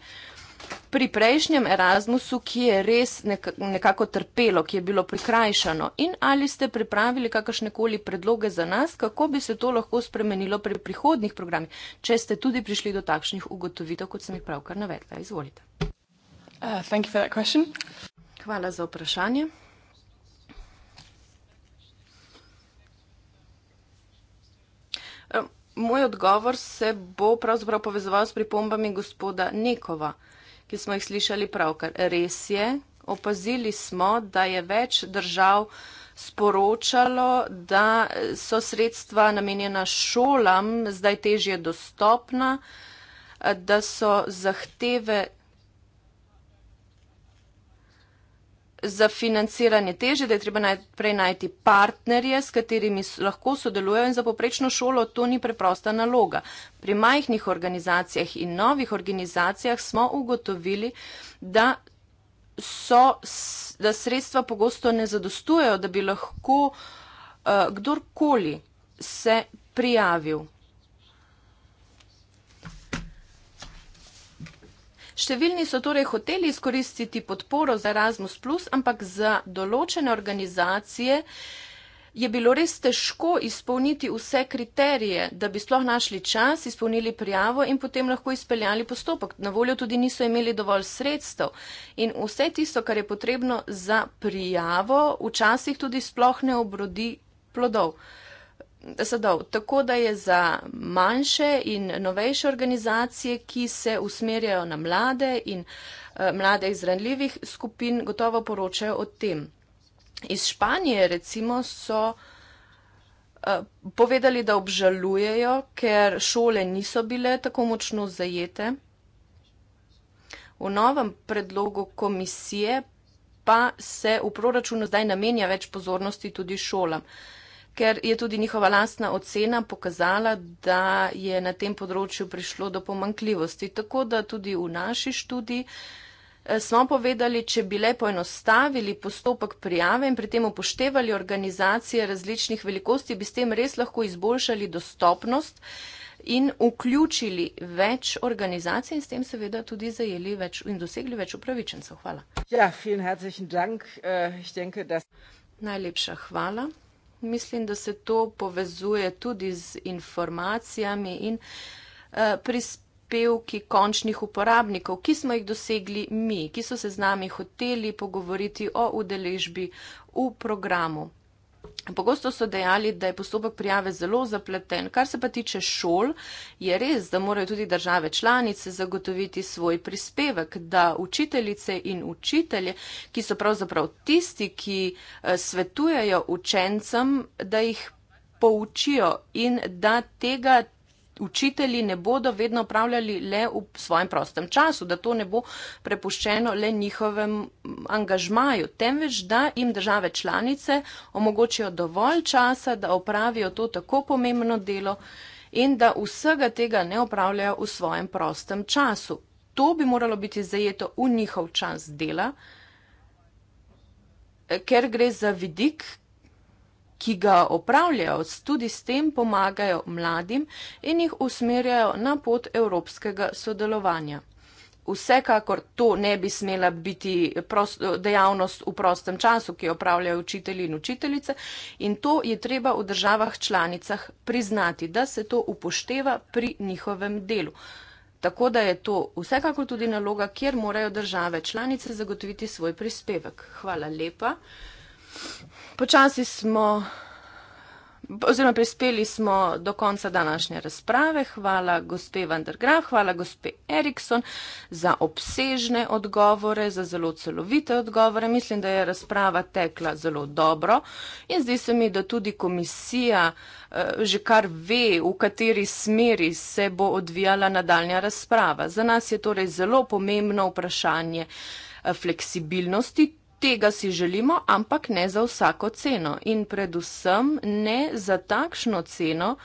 pri prejšnjem Erasmusu, ki je res nekako trpelo, ki je bilo prikrajšano, in ali ste pripravili kakršne koli predloge za nas, kako bi se to lahko spremenilo pri prihodnih programih, če ste tudi prišli do takšnih ugotovitev, kot sem jih pravkar navedla. Izvolite. Uh, Hvala za vprašanje. Moj odgovor se bo pravzaprav povezoval s pripombami gospoda Nekova ki smo jih slišali pravkar. Res je, opazili smo, da je več držav sporočalo, da so sredstva namenjena šolam zdaj težje dostopna, da so zahteve za financiranje teže, da je treba najprej najti partnerje, s katerimi lahko sodelujejo in za poprečno šolo to ni preprosta naloga. Pri majhnih organizacijah in novih organizacijah smo ugotovili, da so, da sredstva pogosto ne zadostujejo, da bi lahko uh, kdorkoli se prijavil. Številni so torej hoteli izkoristiti podporo za Erasmus, ampak za določene organizacije je bilo res težko izpolniti vse kriterije, da bi sploh našli čas, izpolnili prijavo in potem lahko izpeljali postopek. Na voljo tudi niso imeli dovolj sredstev in vse tisto, kar je potrebno za prijavo, včasih tudi sploh ne obrodi plodov sadov. Tako da je za manjše in novejše organizacije, ki se usmerjajo na mlade in eh, mlade iz ranljivih skupin, gotovo poročajo o tem. Iz Španije recimo so eh, povedali, da obžalujejo, ker šole niso bile tako močno zajete. V novem predlogu komisije pa se v proračunu zdaj namenja več pozornosti tudi šolam. Uh, ker je tudi njihova lastna ocena pokazala, da je na tem področju prišlo do pomankljivosti. Tako da tudi v naši študiji eh, smo povedali, če bi le poenostavili postopek prijave in pri tem upoštevali organizacije različnih velikosti, bi s tem res lahko izboljšali dostopnost in vključili več organizacij in s tem seveda tudi zajeli več in dosegli več upravičencev. Hvala. Ja, vielen herzlichen Dank. Uh, ich denke, dass... Najlepša hvala. Mislim, da se to povezuje tudi z informacijami in eh, prispevki končnih uporabnikov, ki smo jih dosegli mi, ki so se z nami hoteli pogovoriti o udeležbi v programu. Pogosto so dejali, da je postopek prijave zelo zapleten. Kar se pa tiče šol, je res, da morajo tudi države članice zagotoviti svoj prispevek, da učiteljice in učitelje, ki so pravzaprav tisti, ki eh, svetujejo učencem, da jih poučijo in da tega učitelji ne bodo vedno upravljali le v svojem prostem času, da to ne bo prepuščeno le njihovem angažmaju, temveč da jim države članice omogočijo dovolj časa, da opravijo to tako pomembno delo in da vsega tega ne upravljajo v svojem prostem času. To bi moralo biti zajeto v njihov čas dela, ker gre za vidik, ki ga opravljajo, tudi s tem pomagajo mladim in jih usmerjajo na pot evropskega sodelovanja. Vsekakor to ne bi smela biti prost, dejavnost v prostem času, ki jo opravljajo učitelji in učiteljice, in to je treba v državah članicah priznati, da se to upošteva pri njihovem delu. Tako da je to vsekakor tudi naloga, kjer morajo države članice zagotoviti svoj prispevek. Hvala lepa. Počasi smo, oziroma prispeli smo do konca današnje razprave. Hvala gospe Vandergraf, hvala gospe Erikson za obsežne odgovore, za zelo celovite odgovore. Mislim, da je razprava tekla zelo dobro in zdi se mi, da tudi komisija eh, že kar ve, v kateri smeri se bo odvijala nadaljna razprava. Za nas je torej zelo pomembno vprašanje eh, fleksibilnosti tega si želimo, ampak ne za vsako ceno in predvsem ne za takšno ceno,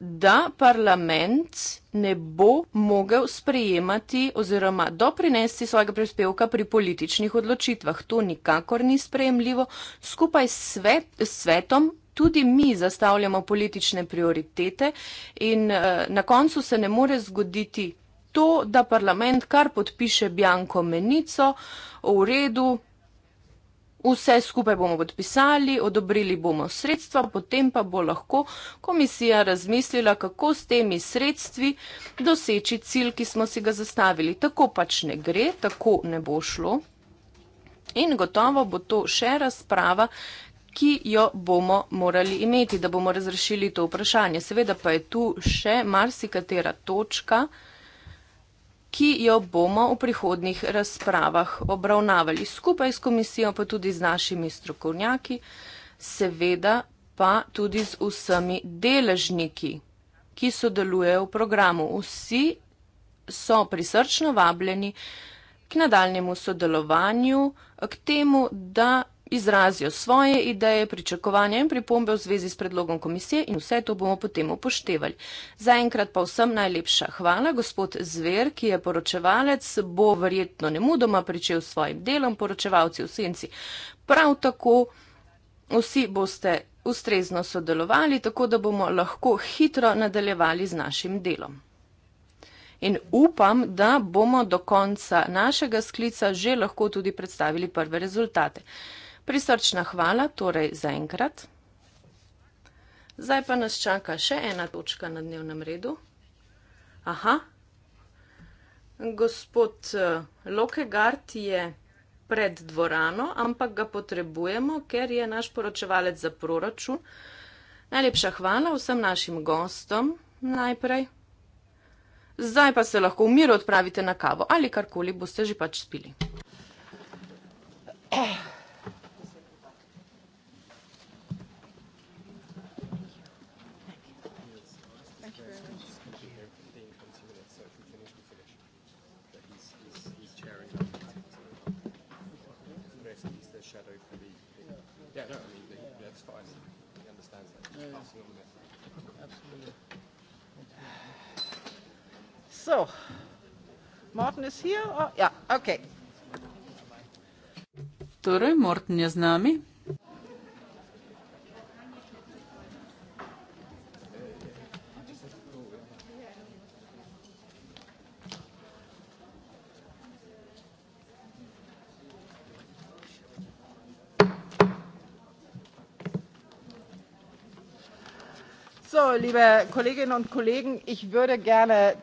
da parlament ne bo mogel sprejemati oziroma doprinesti svojega prispevka pri političnih odločitvah. To nikakor ni sprejemljivo. Skupaj s svet, svetom tudi mi zastavljamo politične prioritete in eh, na koncu se ne more zgoditi to, da parlament kar podpiše bjanko menico, v redu, vse skupaj bomo podpisali, odobrili bomo sredstva, potem pa bo lahko komisija razmislila, kako s temi sredstvi doseči cilj, ki smo si ga zastavili. Tako pač ne gre, tako ne bo šlo. In gotovo bo to še razprava, ki jo bomo morali imeti, da bomo razrešili to vprašanje. Seveda pa je tu še marsikatera točka ki jo bomo v prihodnih razpravah obravnavali skupaj s komisijo, pa tudi z našimi strokovnjaki, seveda pa tudi z vsemi deležniki, ki sodelujejo v programu. Vsi so prisrčno vabljeni k nadaljnemu sodelovanju, k temu, da izrazijo svoje ideje, pričakovanja in pripombe v zvezi s predlogom komisije in vse to bomo potem upoštevali. Zaenkrat pa vsem najlepša hvala. Gospod Zver, ki je poročevalec, bo verjetno nemudoma pričel s svojim delom, poročevalci v senci. Prav tako vsi boste ustrezno sodelovali, tako da bomo lahko hitro nadaljevali z našim delom. In upam, da bomo do konca našega sklica že lahko tudi predstavili prve rezultate. Prisrčna hvala torej za enkrat. Zdaj pa nas čaka še ena točka na dnevnem redu. Aha, gospod eh, Lokegard je pred dvorano, ampak ga potrebujemo, ker je naš poročevalec za proračun. Najlepša hvala vsem našim gostom najprej. Zdaj pa se lahko v miru odpravite na kavo ali karkoli boste že pač spili. Eh. *clears throat* So, Morten je tukaj. Ja, ok. Torej, Morten je z nami. So, liebe Kolleginnen und Kollegen, ich würde gerne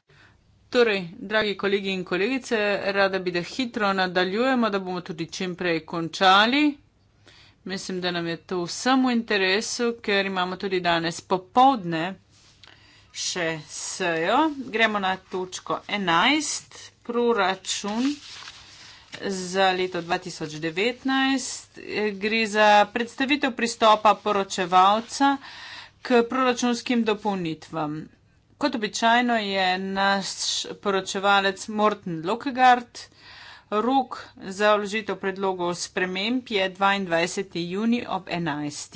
Torej, dragi kolegi in kolegice, rada bi, da hitro nadaljujemo, da bomo tudi čim prej končali. Mislim, da nam je to vsem v interesu, ker imamo tudi danes popovdne še sejo. Gremo na točko 11, proračun za leto 2019. Gre za predstavitev pristopa poročevalca k proračunskim dopolnitvam. Kot običajno je naš poročevalec Morten Lokegard. Rok za vložitev predlogov sprememb je 22. juni ob 11.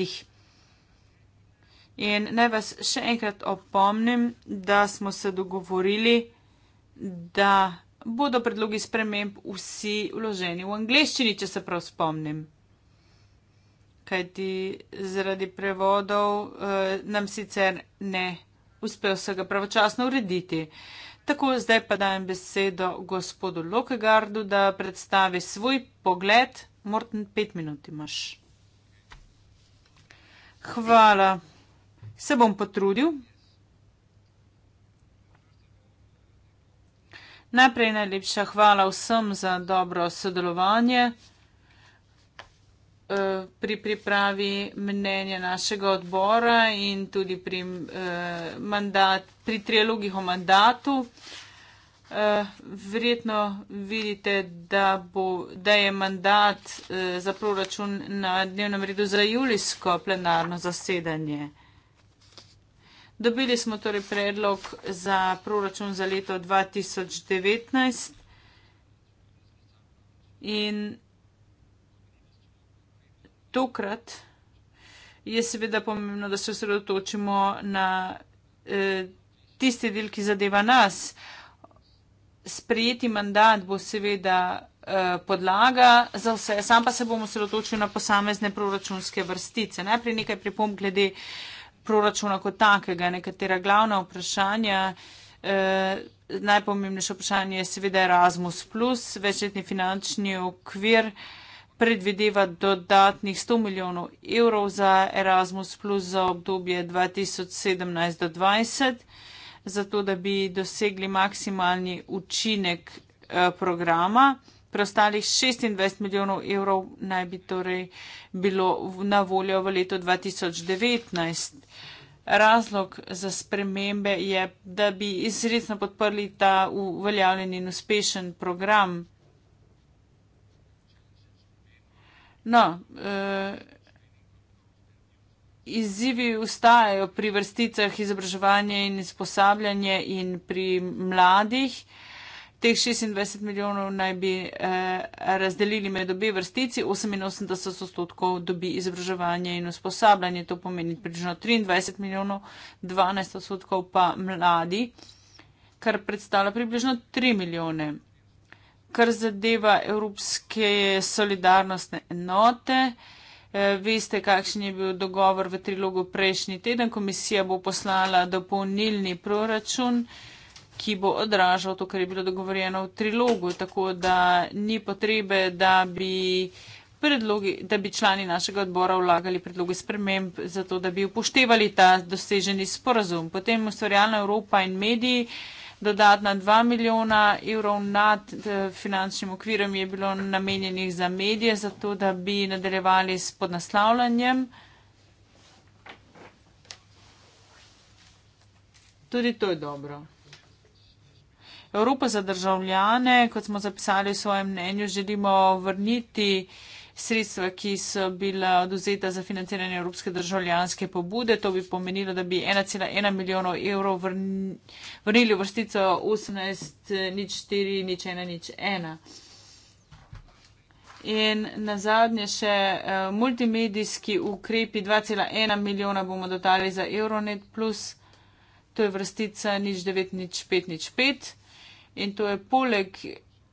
In naj vas še enkrat opomnim, da smo se dogovorili, da bodo predlogi sprememb vsi vloženi v angleščini, če se prav spomnim. Kajti zaradi prevodov eh, nam sicer ne uspel se ga pravočasno urediti. Tako zdaj pa dajem besedo gospodu Lokegardu, da predstavi svoj pogled. Morten, pet minut imaš. Hvala. Se bom potrudil. Najprej najlepša hvala vsem za dobro sodelovanje. Eh, pri pripravi mnenja našega odbora in tudi pri, uh, mandat, pri trilogih o mandatu. Uh, verjetno vidite, da, bo, da je mandat uh, za proračun na dnevnem redu za julijsko plenarno zasedanje. Dobili smo torej predlog za proračun za leto 2019 in tokrat je seveda pomembno, da se osredotočimo na eh, tisti del, ki zadeva nas. Sprejeti mandat bo seveda eh, podlaga za vse. Sam pa se bomo sredotočili na posamezne proračunske vrstice. Najprej nekaj pripomb glede proračuna kot takega. Nekatera glavna vprašanja, eh, najpomembnejše vprašanje je seveda Erasmus, večletni finančni okvir. Eh, predvideva dodatnih 100 milijonov evrov za Erasmus plus za obdobje 2017-2020, zato da bi dosegli maksimalni učinek eh, programa. Preostalih 26 milijonov evrov naj bi torej bilo na voljo v letu 2019. Razlog za spremembe je, da bi izredno podprli ta uveljavljen in uspešen program. No, eh, izzivi ustajajo pri vrsticah izobraževanja in izposabljanje in pri mladih. Teh 26 milijonov naj bi eh, razdelili med obe vrstici, 88 odstotkov dobi izobraževanje in usposabljanje, to pomeni približno 23 milijonov, 12 odstotkov pa mladi, kar predstavlja približno 3 milijone kar zadeva evropske solidarnostne enote. Eh, veste, kakšen je bil dogovor v trilogu prejšnji teden. Komisija bo poslala dopolnilni proračun, ki bo odražal to, kar je bilo dogovorjeno v trilogu. Tako da ni potrebe, da bi, predlogi, da bi člani našega odbora vlagali predloge sprememb, zato da bi upoštevali ta doseženi sporazum. Potem ustvarjalna Evropa in mediji. Dodatna 2 milijona evrov nad eh, finančnim okvirom je bilo namenjenih za medije, zato da bi nadaljevali s podnaslavljanjem. Tudi to je dobro. Evropa za državljane, kot smo zapisali v svojem mnenju, želimo vrniti sredstva, ki so bila oduzeta za financiranje evropske državljanske pobude. To bi pomenilo, da bi 1,1 milijonov evrov vrn, vrnili v vrstico 18, nič 4, nič 1, nič 1. In na zadnje še eh, multimedijski ukrepi 2,1 milijona bomo dodali za Euronet plus. To je vrstica nič 9, nič 5, nič 5. In to je poleg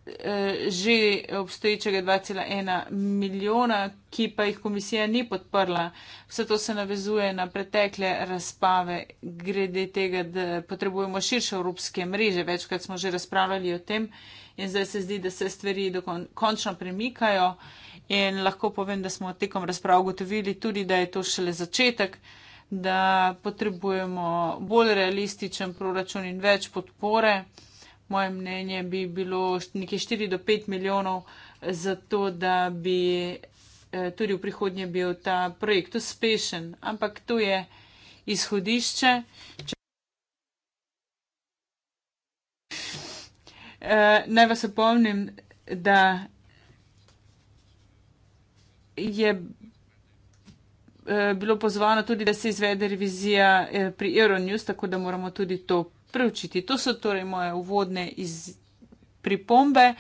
Eh, že obstoječega 2,1 milijona, ki pa jih komisija ni podprla. Vse to se navezuje na pretekle razpave, glede tega, da potrebujemo širše evropske mreže. Večkrat smo že razpravljali o tem in zdaj se zdi, da se stvari dokončno premikajo in lahko povem, da smo tekom razprav gotovili tudi, da je to šele začetek, da potrebujemo bolj realističen proračun in več podpore moje mnenje, bi bilo nekje 4 do 5 milijonov za to, da bi eh, tudi v prihodnje bil ta projekt uspešen. Ampak to je izhodišče. Eh, naj vas opomnim, da je eh, bilo pozvano tudi, da se izvede revizija pri Euronews, tako da moramo tudi to preučiti. To so torej moje uvodne iz pripombe.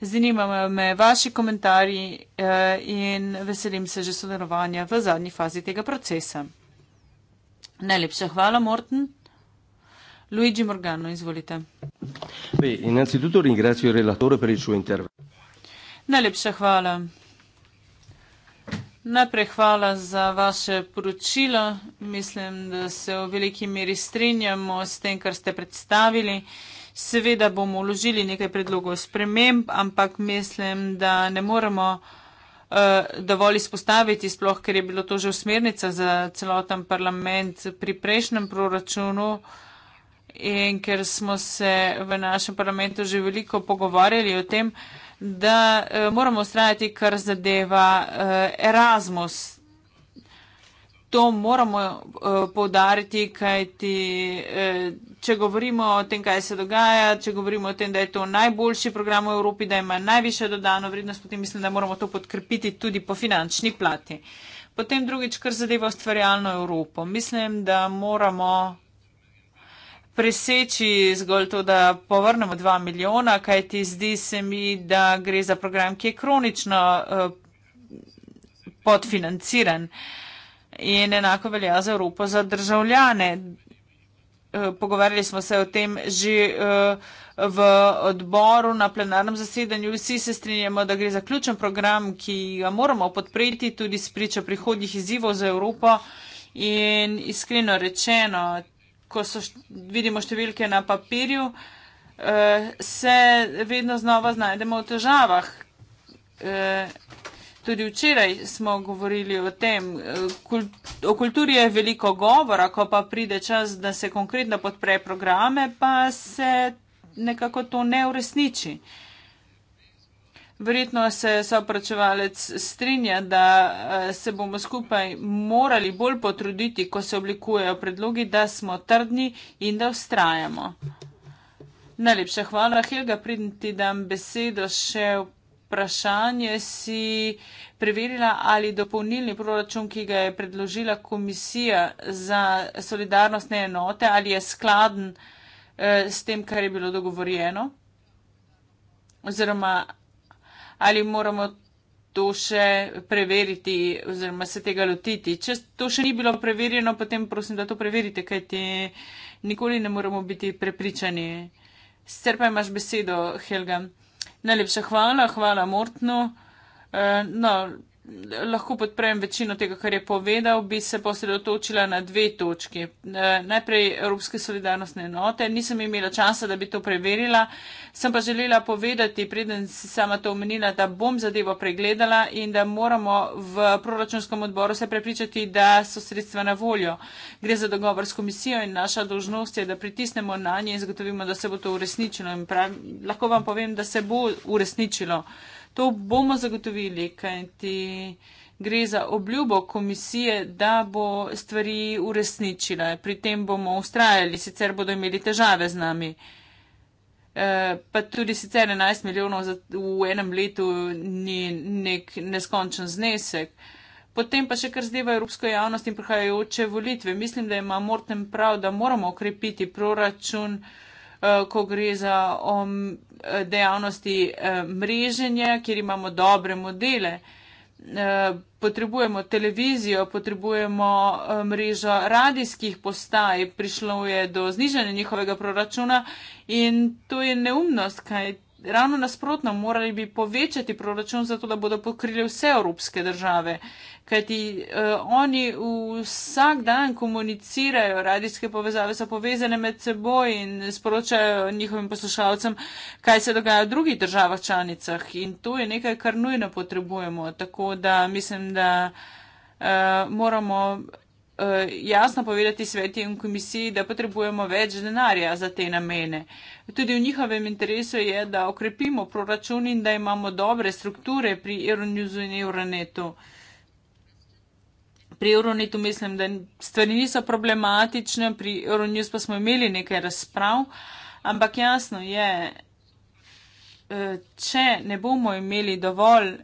Zanimajo me vaši komentarji eh, in veselim se že sodelovanja v zadnji fazi tega procesa. Najlepša hvala, Morten. Luigi Morgano, izvolite. Najlepša hvala. Najprej hvala za vaše poročilo. Mislim, da se v veliki meri strinjamo s tem, kar ste predstavili. Seveda bomo uložili nekaj predlogov sprememb, ampak mislim, da ne moremo uh, dovolj izpostaviti, sploh ker je bilo to že usmernica za celoten parlament pri prejšnjem proračunu in ker smo se v našem parlamentu že veliko pogovarjali o tem, uh, da uh, moramo ustrajati, kar zadeva uh, Erasmus. To moramo uh, eh, povdariti, kajti uh, če govorimo o tem, kaj se dogaja, če govorimo o tem, da je to najboljši program v Evropi, da ima najviše dodano vrednost, potem mislim, da moramo to podkrepiti tudi po finančni plati. Potem drugič, kar zadeva ustvarjalno Evropo. Mislim, da moramo preseči zgolj to, da povrnemo 2 milijona, kaj ti zdi se mi, da gre za program, ki je kronično eh, podfinanciran. In enako velja za Evropo, za državljane. Eh, pogovarjali smo se o tem že eh, v odboru na plenarnem zasedanju. Vsi se strinjamo, da gre za ključen program, ki ga moramo podpreti tudi spričo prihodnjih izzivov za Evropo. In iskreno rečeno, ko so, vidimo številke na papirju, uh, se vedno znova znajdemo v težavah. Uh, tudi včeraj smo govorili o tem, Kult, o kulturi je veliko govora, ko pa pride čas, da se konkretno podpre programe, pa se nekako to ne uresniči. Uh, Verjetno se sopračevalec strinja, da eh, se bomo skupaj morali bolj potruditi, ko se oblikujejo predlogi, da smo trdni in da ustrajamo. Najlepša hvala, Helga, pridem ti dam besedo še vprašanje. Si preverila ali dopolnilni proračun, ki ga je predložila Komisija za solidarnostne enote, ali je skladen eh, s tem, kar je bilo dogovorjeno? Oziroma, ali moramo to še preveriti oziroma se tega lotiti. Če to še ni bilo preverjeno, potem prosim, da to preverite, kajti nikoli ne moramo biti prepričani. Sicer pa imaš besedo, Helga. Najlepša hvala, hvala Mortnu. Eh, no, lahko podprem večino tega, kar je povedal, bi se posredotočila na dve točki. E, najprej Evropske solidarnostne note. Nisem imela časa, da bi to preverila. Sem pa želela povedati, preden si sama to omenila, da bom zadevo pregledala in da moramo v proračunskem odboru se prepričati, da so sredstva na voljo. Gre za dogovor s komisijo in naša dožnost je, da pritisnemo na nje in zagotovimo, da se bo to uresničilo. Prav, lahko vam povem, da se bo uresničilo to bomo zagotovili, kaj ti gre za obljubo komisije, da bo stvari uresničila. Pri tem bomo ustrajali, sicer bodo imeli težave z nami. Eh, pa tudi sicer 11 milijonov v enem letu ni nek neskončen znesek. Potem pa še kar zdeva evropsko javnost in prihajajoče volitve. Mislim, da ima Morten prav, da moramo okrepiti proračun. Eh, ko gre za eh, dejavnosti eh, mreženja, kjer imamo dobre modele. Potrebujemo televizijo, potrebujemo mrežo radijskih postaj, prišlo je do znižanja njihovega proračuna in to je neumnost, kaj ravno nasprotno, morali bi povečati proračun, zato da bodo pokrili vse evropske države. Kajti uh, oni vsak dan komunicirajo, radijske povezave so povezane med seboj in sporočajo njihovim poslušalcem, kaj se dogaja v drugih državah članicah. In to je nekaj, kar nujno potrebujemo. Tako da mislim, da uh, moramo Eh, jasno povedati sveti in komisiji, da potrebujemo več denarja za te namene. Tudi v njihovem interesu je, da okrepimo proračun in da imamo dobre strukture pri Euronewsu in Euronetu. Pri Euronetu mislim, da stvari niso problematične, pri Euronews pa smo imeli nekaj razprav, ampak jasno je, eh, če ne bomo imeli dovolj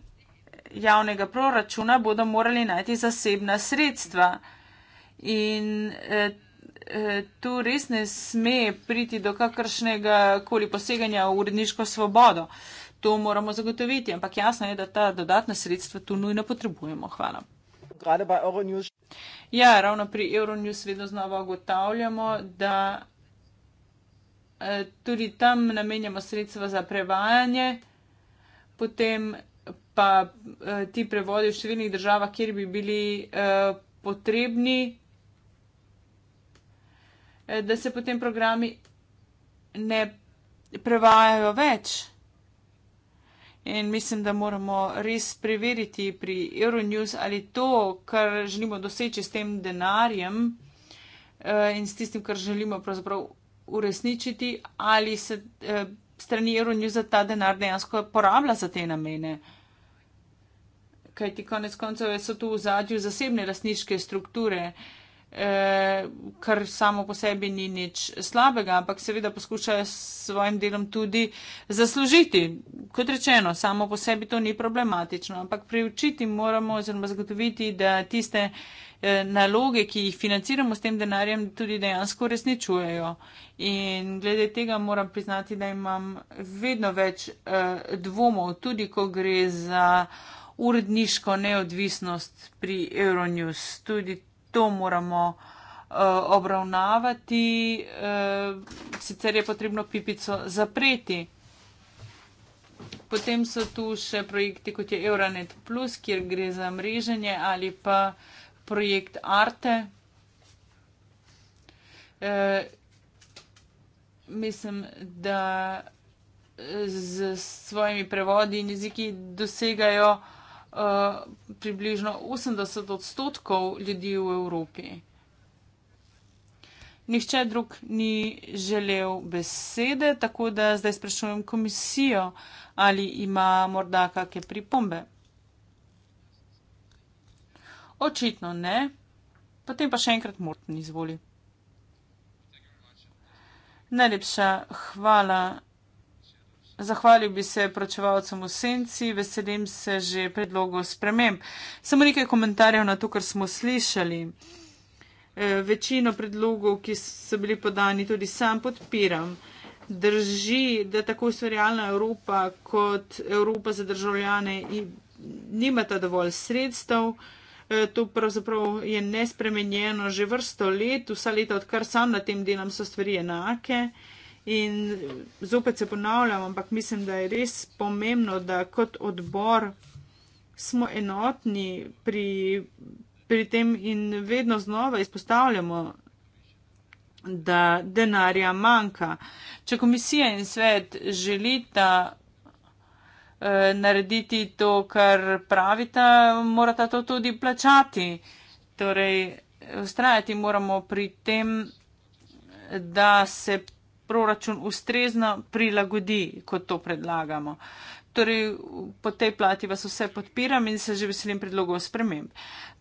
javnega proračuna, bodo morali najti zasebna sredstva. In eh, eh, tu res ne sme priti do kakršnega koli poseganja v uredniško svobodo. To moramo zagotoviti, ampak jasno je, da ta dodatna sredstva tu nujno potrebujemo. Hvala. Ja, ravno pri Euronews vedno znova ugotavljamo, da eh, tudi tam namenjamo sredstva za prevajanje, potem pa ti prevodi v številnih državah, kjer bi bili potrebni, Eh, da se potem programi ne prevajajo več. In mislim, da moramo res preveriti pri Euronews, ali to, kar želimo doseči s tem denarjem eh, in s tistim, kar želimo pravzaprav uresničiti, ali se eh, strani Euronews ta denar dejansko porablja za te namene. Kaj ti konec koncev so tu v zadju zasebne lasniške strukture, eh, kar samo po sebi ni nič slabega, ampak seveda poskušajo s svojim delom tudi zaslužiti. Kot rečeno, samo po sebi to ni problematično, ampak preučiti moramo oziroma zagotoviti, da tiste eh, naloge, ki jih financiramo s tem denarjem, tudi dejansko resničujejo. In glede tega moram priznati, da imam vedno več eh, dvomov, tudi ko gre za uredniško neodvisnost pri Euronews. Tudi to moramo eh, obravnavati, eh, sicer je potrebno pipico zapreti. Potem so tu še projekti kot je Euronet Plus, kjer gre za mreženje ali pa projekt Arte. E, mislim, da z svojimi prevodi in jeziki dosegajo uh, približno 80 odstotkov ljudi v Evropi. Nihče drug ni želel besede, tako da zdaj sprašujem komisijo, ali ima morda kakšne pripombe. Očitno ne, potem pa še enkrat Morten izvoli. Najlepša hvala. Zahvalil bi se pročevalcem v senci, veselim se že predlogov sprememb. Samo nekaj komentarjev na to, kar smo slišali. E, večino predlogov, ki so bili podani, tudi sam podpiram. Drži, da tako ustvarjalna Evropa kot Evropa za državljane nimata dovolj sredstev. E, to pravzaprav je nespremenjeno že vrsto let, vsa leta, odkar sam na tem delam, so stvari enake. E, In zopet se ponavljam, ampak mislim, da je res pomembno, da kot odbor smo enotni pri, pri tem in vedno znova izpostavljamo, da denarja manjka. Če komisija in svet želita eh, narediti to, kar pravita, morata to tudi plačati. Torej, ustrajati moramo pri tem, da se proračun ustrezno prilagodi, kot to predlagamo. Torej, po tej plati vas vse podpiram in se že veselim predlogov sprememb.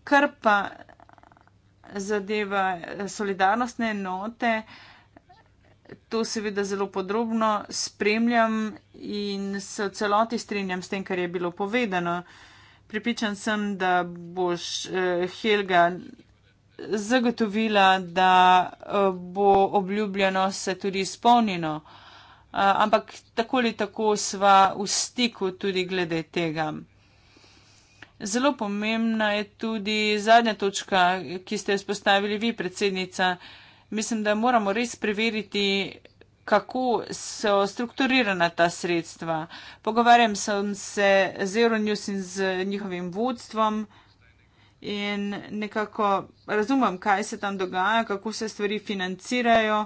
Kar pa zadeva eh, solidarnostne enote, to seveda zelo podrobno spremljam in se v celoti strinjam s tem, kar je bilo povedano. Pripričan sem, da boš eh, Helga zagotovila, da eh, bo obljubljeno se tudi izpolnjeno. Eh, ampak tako ali tako sva v stiku tudi glede tega. Zelo pomembna je tudi zadnja točka, ki ste jo spostavili vi, predsednica. Mislim, da moramo res preveriti, kako so strukturirana ta sredstva. Pogovarjam sem se z Euronews in z njihovim vodstvom in nekako razumem, kaj se tam dogaja, kako se stvari financirajo.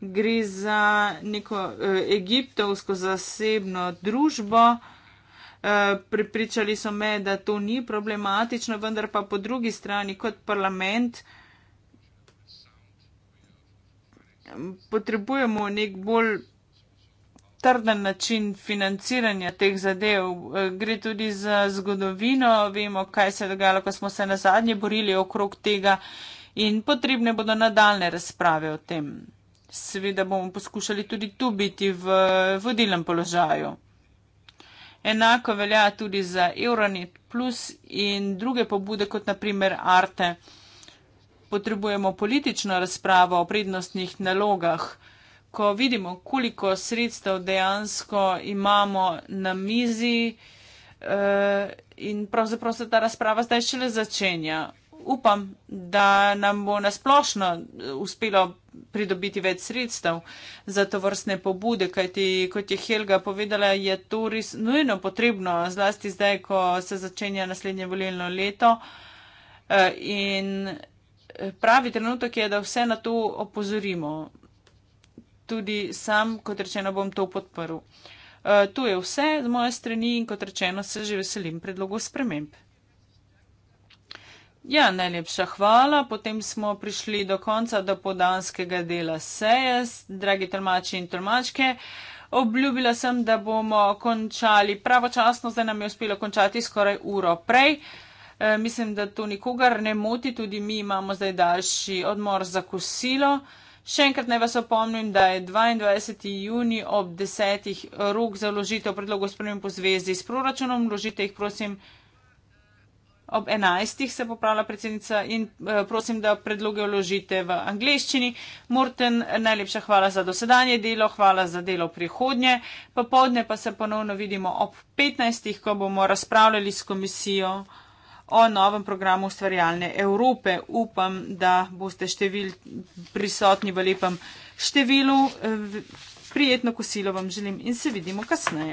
Gre za neko eh, egiptovsko zasebno družbo. Eh, pripričali so me, da to ni problematično, vendar pa po drugi strani kot parlament potrebujemo nek bolj trden način financiranja teh zadev. E, gre tudi za zgodovino, vemo, kaj se je dogajalo, ko smo se na zadnje borili okrog tega in potrebne bodo nadaljne razprave o tem. Seveda bomo poskušali tudi tu biti v vodilnem položaju. Enako velja tudi za Euronet Plus in druge pobude, kot naprimer Arte. Potrebujemo politično razpravo o prednostnih nalogah ko vidimo, koliko sredstev dejansko imamo na mizi eh, in pravzaprav se ta razprava zdaj šele začenja. Upam, da nam bo nasplošno eh, uspelo pridobiti več sredstev za to vrstne pobude, kajti, kot je Helga povedala, je to res nujno potrebno, zlasti zdaj, ko se začenja naslednje volilno leto. Eh, in pravi trenutek je, da vse na to opozorimo tudi sam, kot rečeno, bom to podprl. Uh, e, tu je vse z moje strani in kot rečeno, se že veselim predlogov sprememb. Ja, najlepša hvala. Potem smo prišli do konca do podanskega dela seje, dragi tolmači in tolmačke. Obljubila sem, da bomo končali pravočasno, zdaj nam je uspelo končati skoraj uro prej. E, mislim, da to nikogar ne moti, tudi mi imamo zdaj daljši odmor za kosilo. E, Še enkrat naj vas opomnim, da je 22. juni ob 10. rok za vložitev predlogov spremem po zvezdi s proračunom. Vložite jih, prosim, ob 11. se popravlja predsednica in eh, prosim, da predloge vložite v angliščini. Morten, najlepša hvala za dosedanje delo, hvala za delo prihodnje. Popovdne pa se ponovno vidimo ob 15. ko bomo razpravljali s komisijo o novem programu ustvarjalne Evrope. Upam, da boste števil prisotni v lepem številu. Prijetno kosilo vam želim in se vidimo kasneje.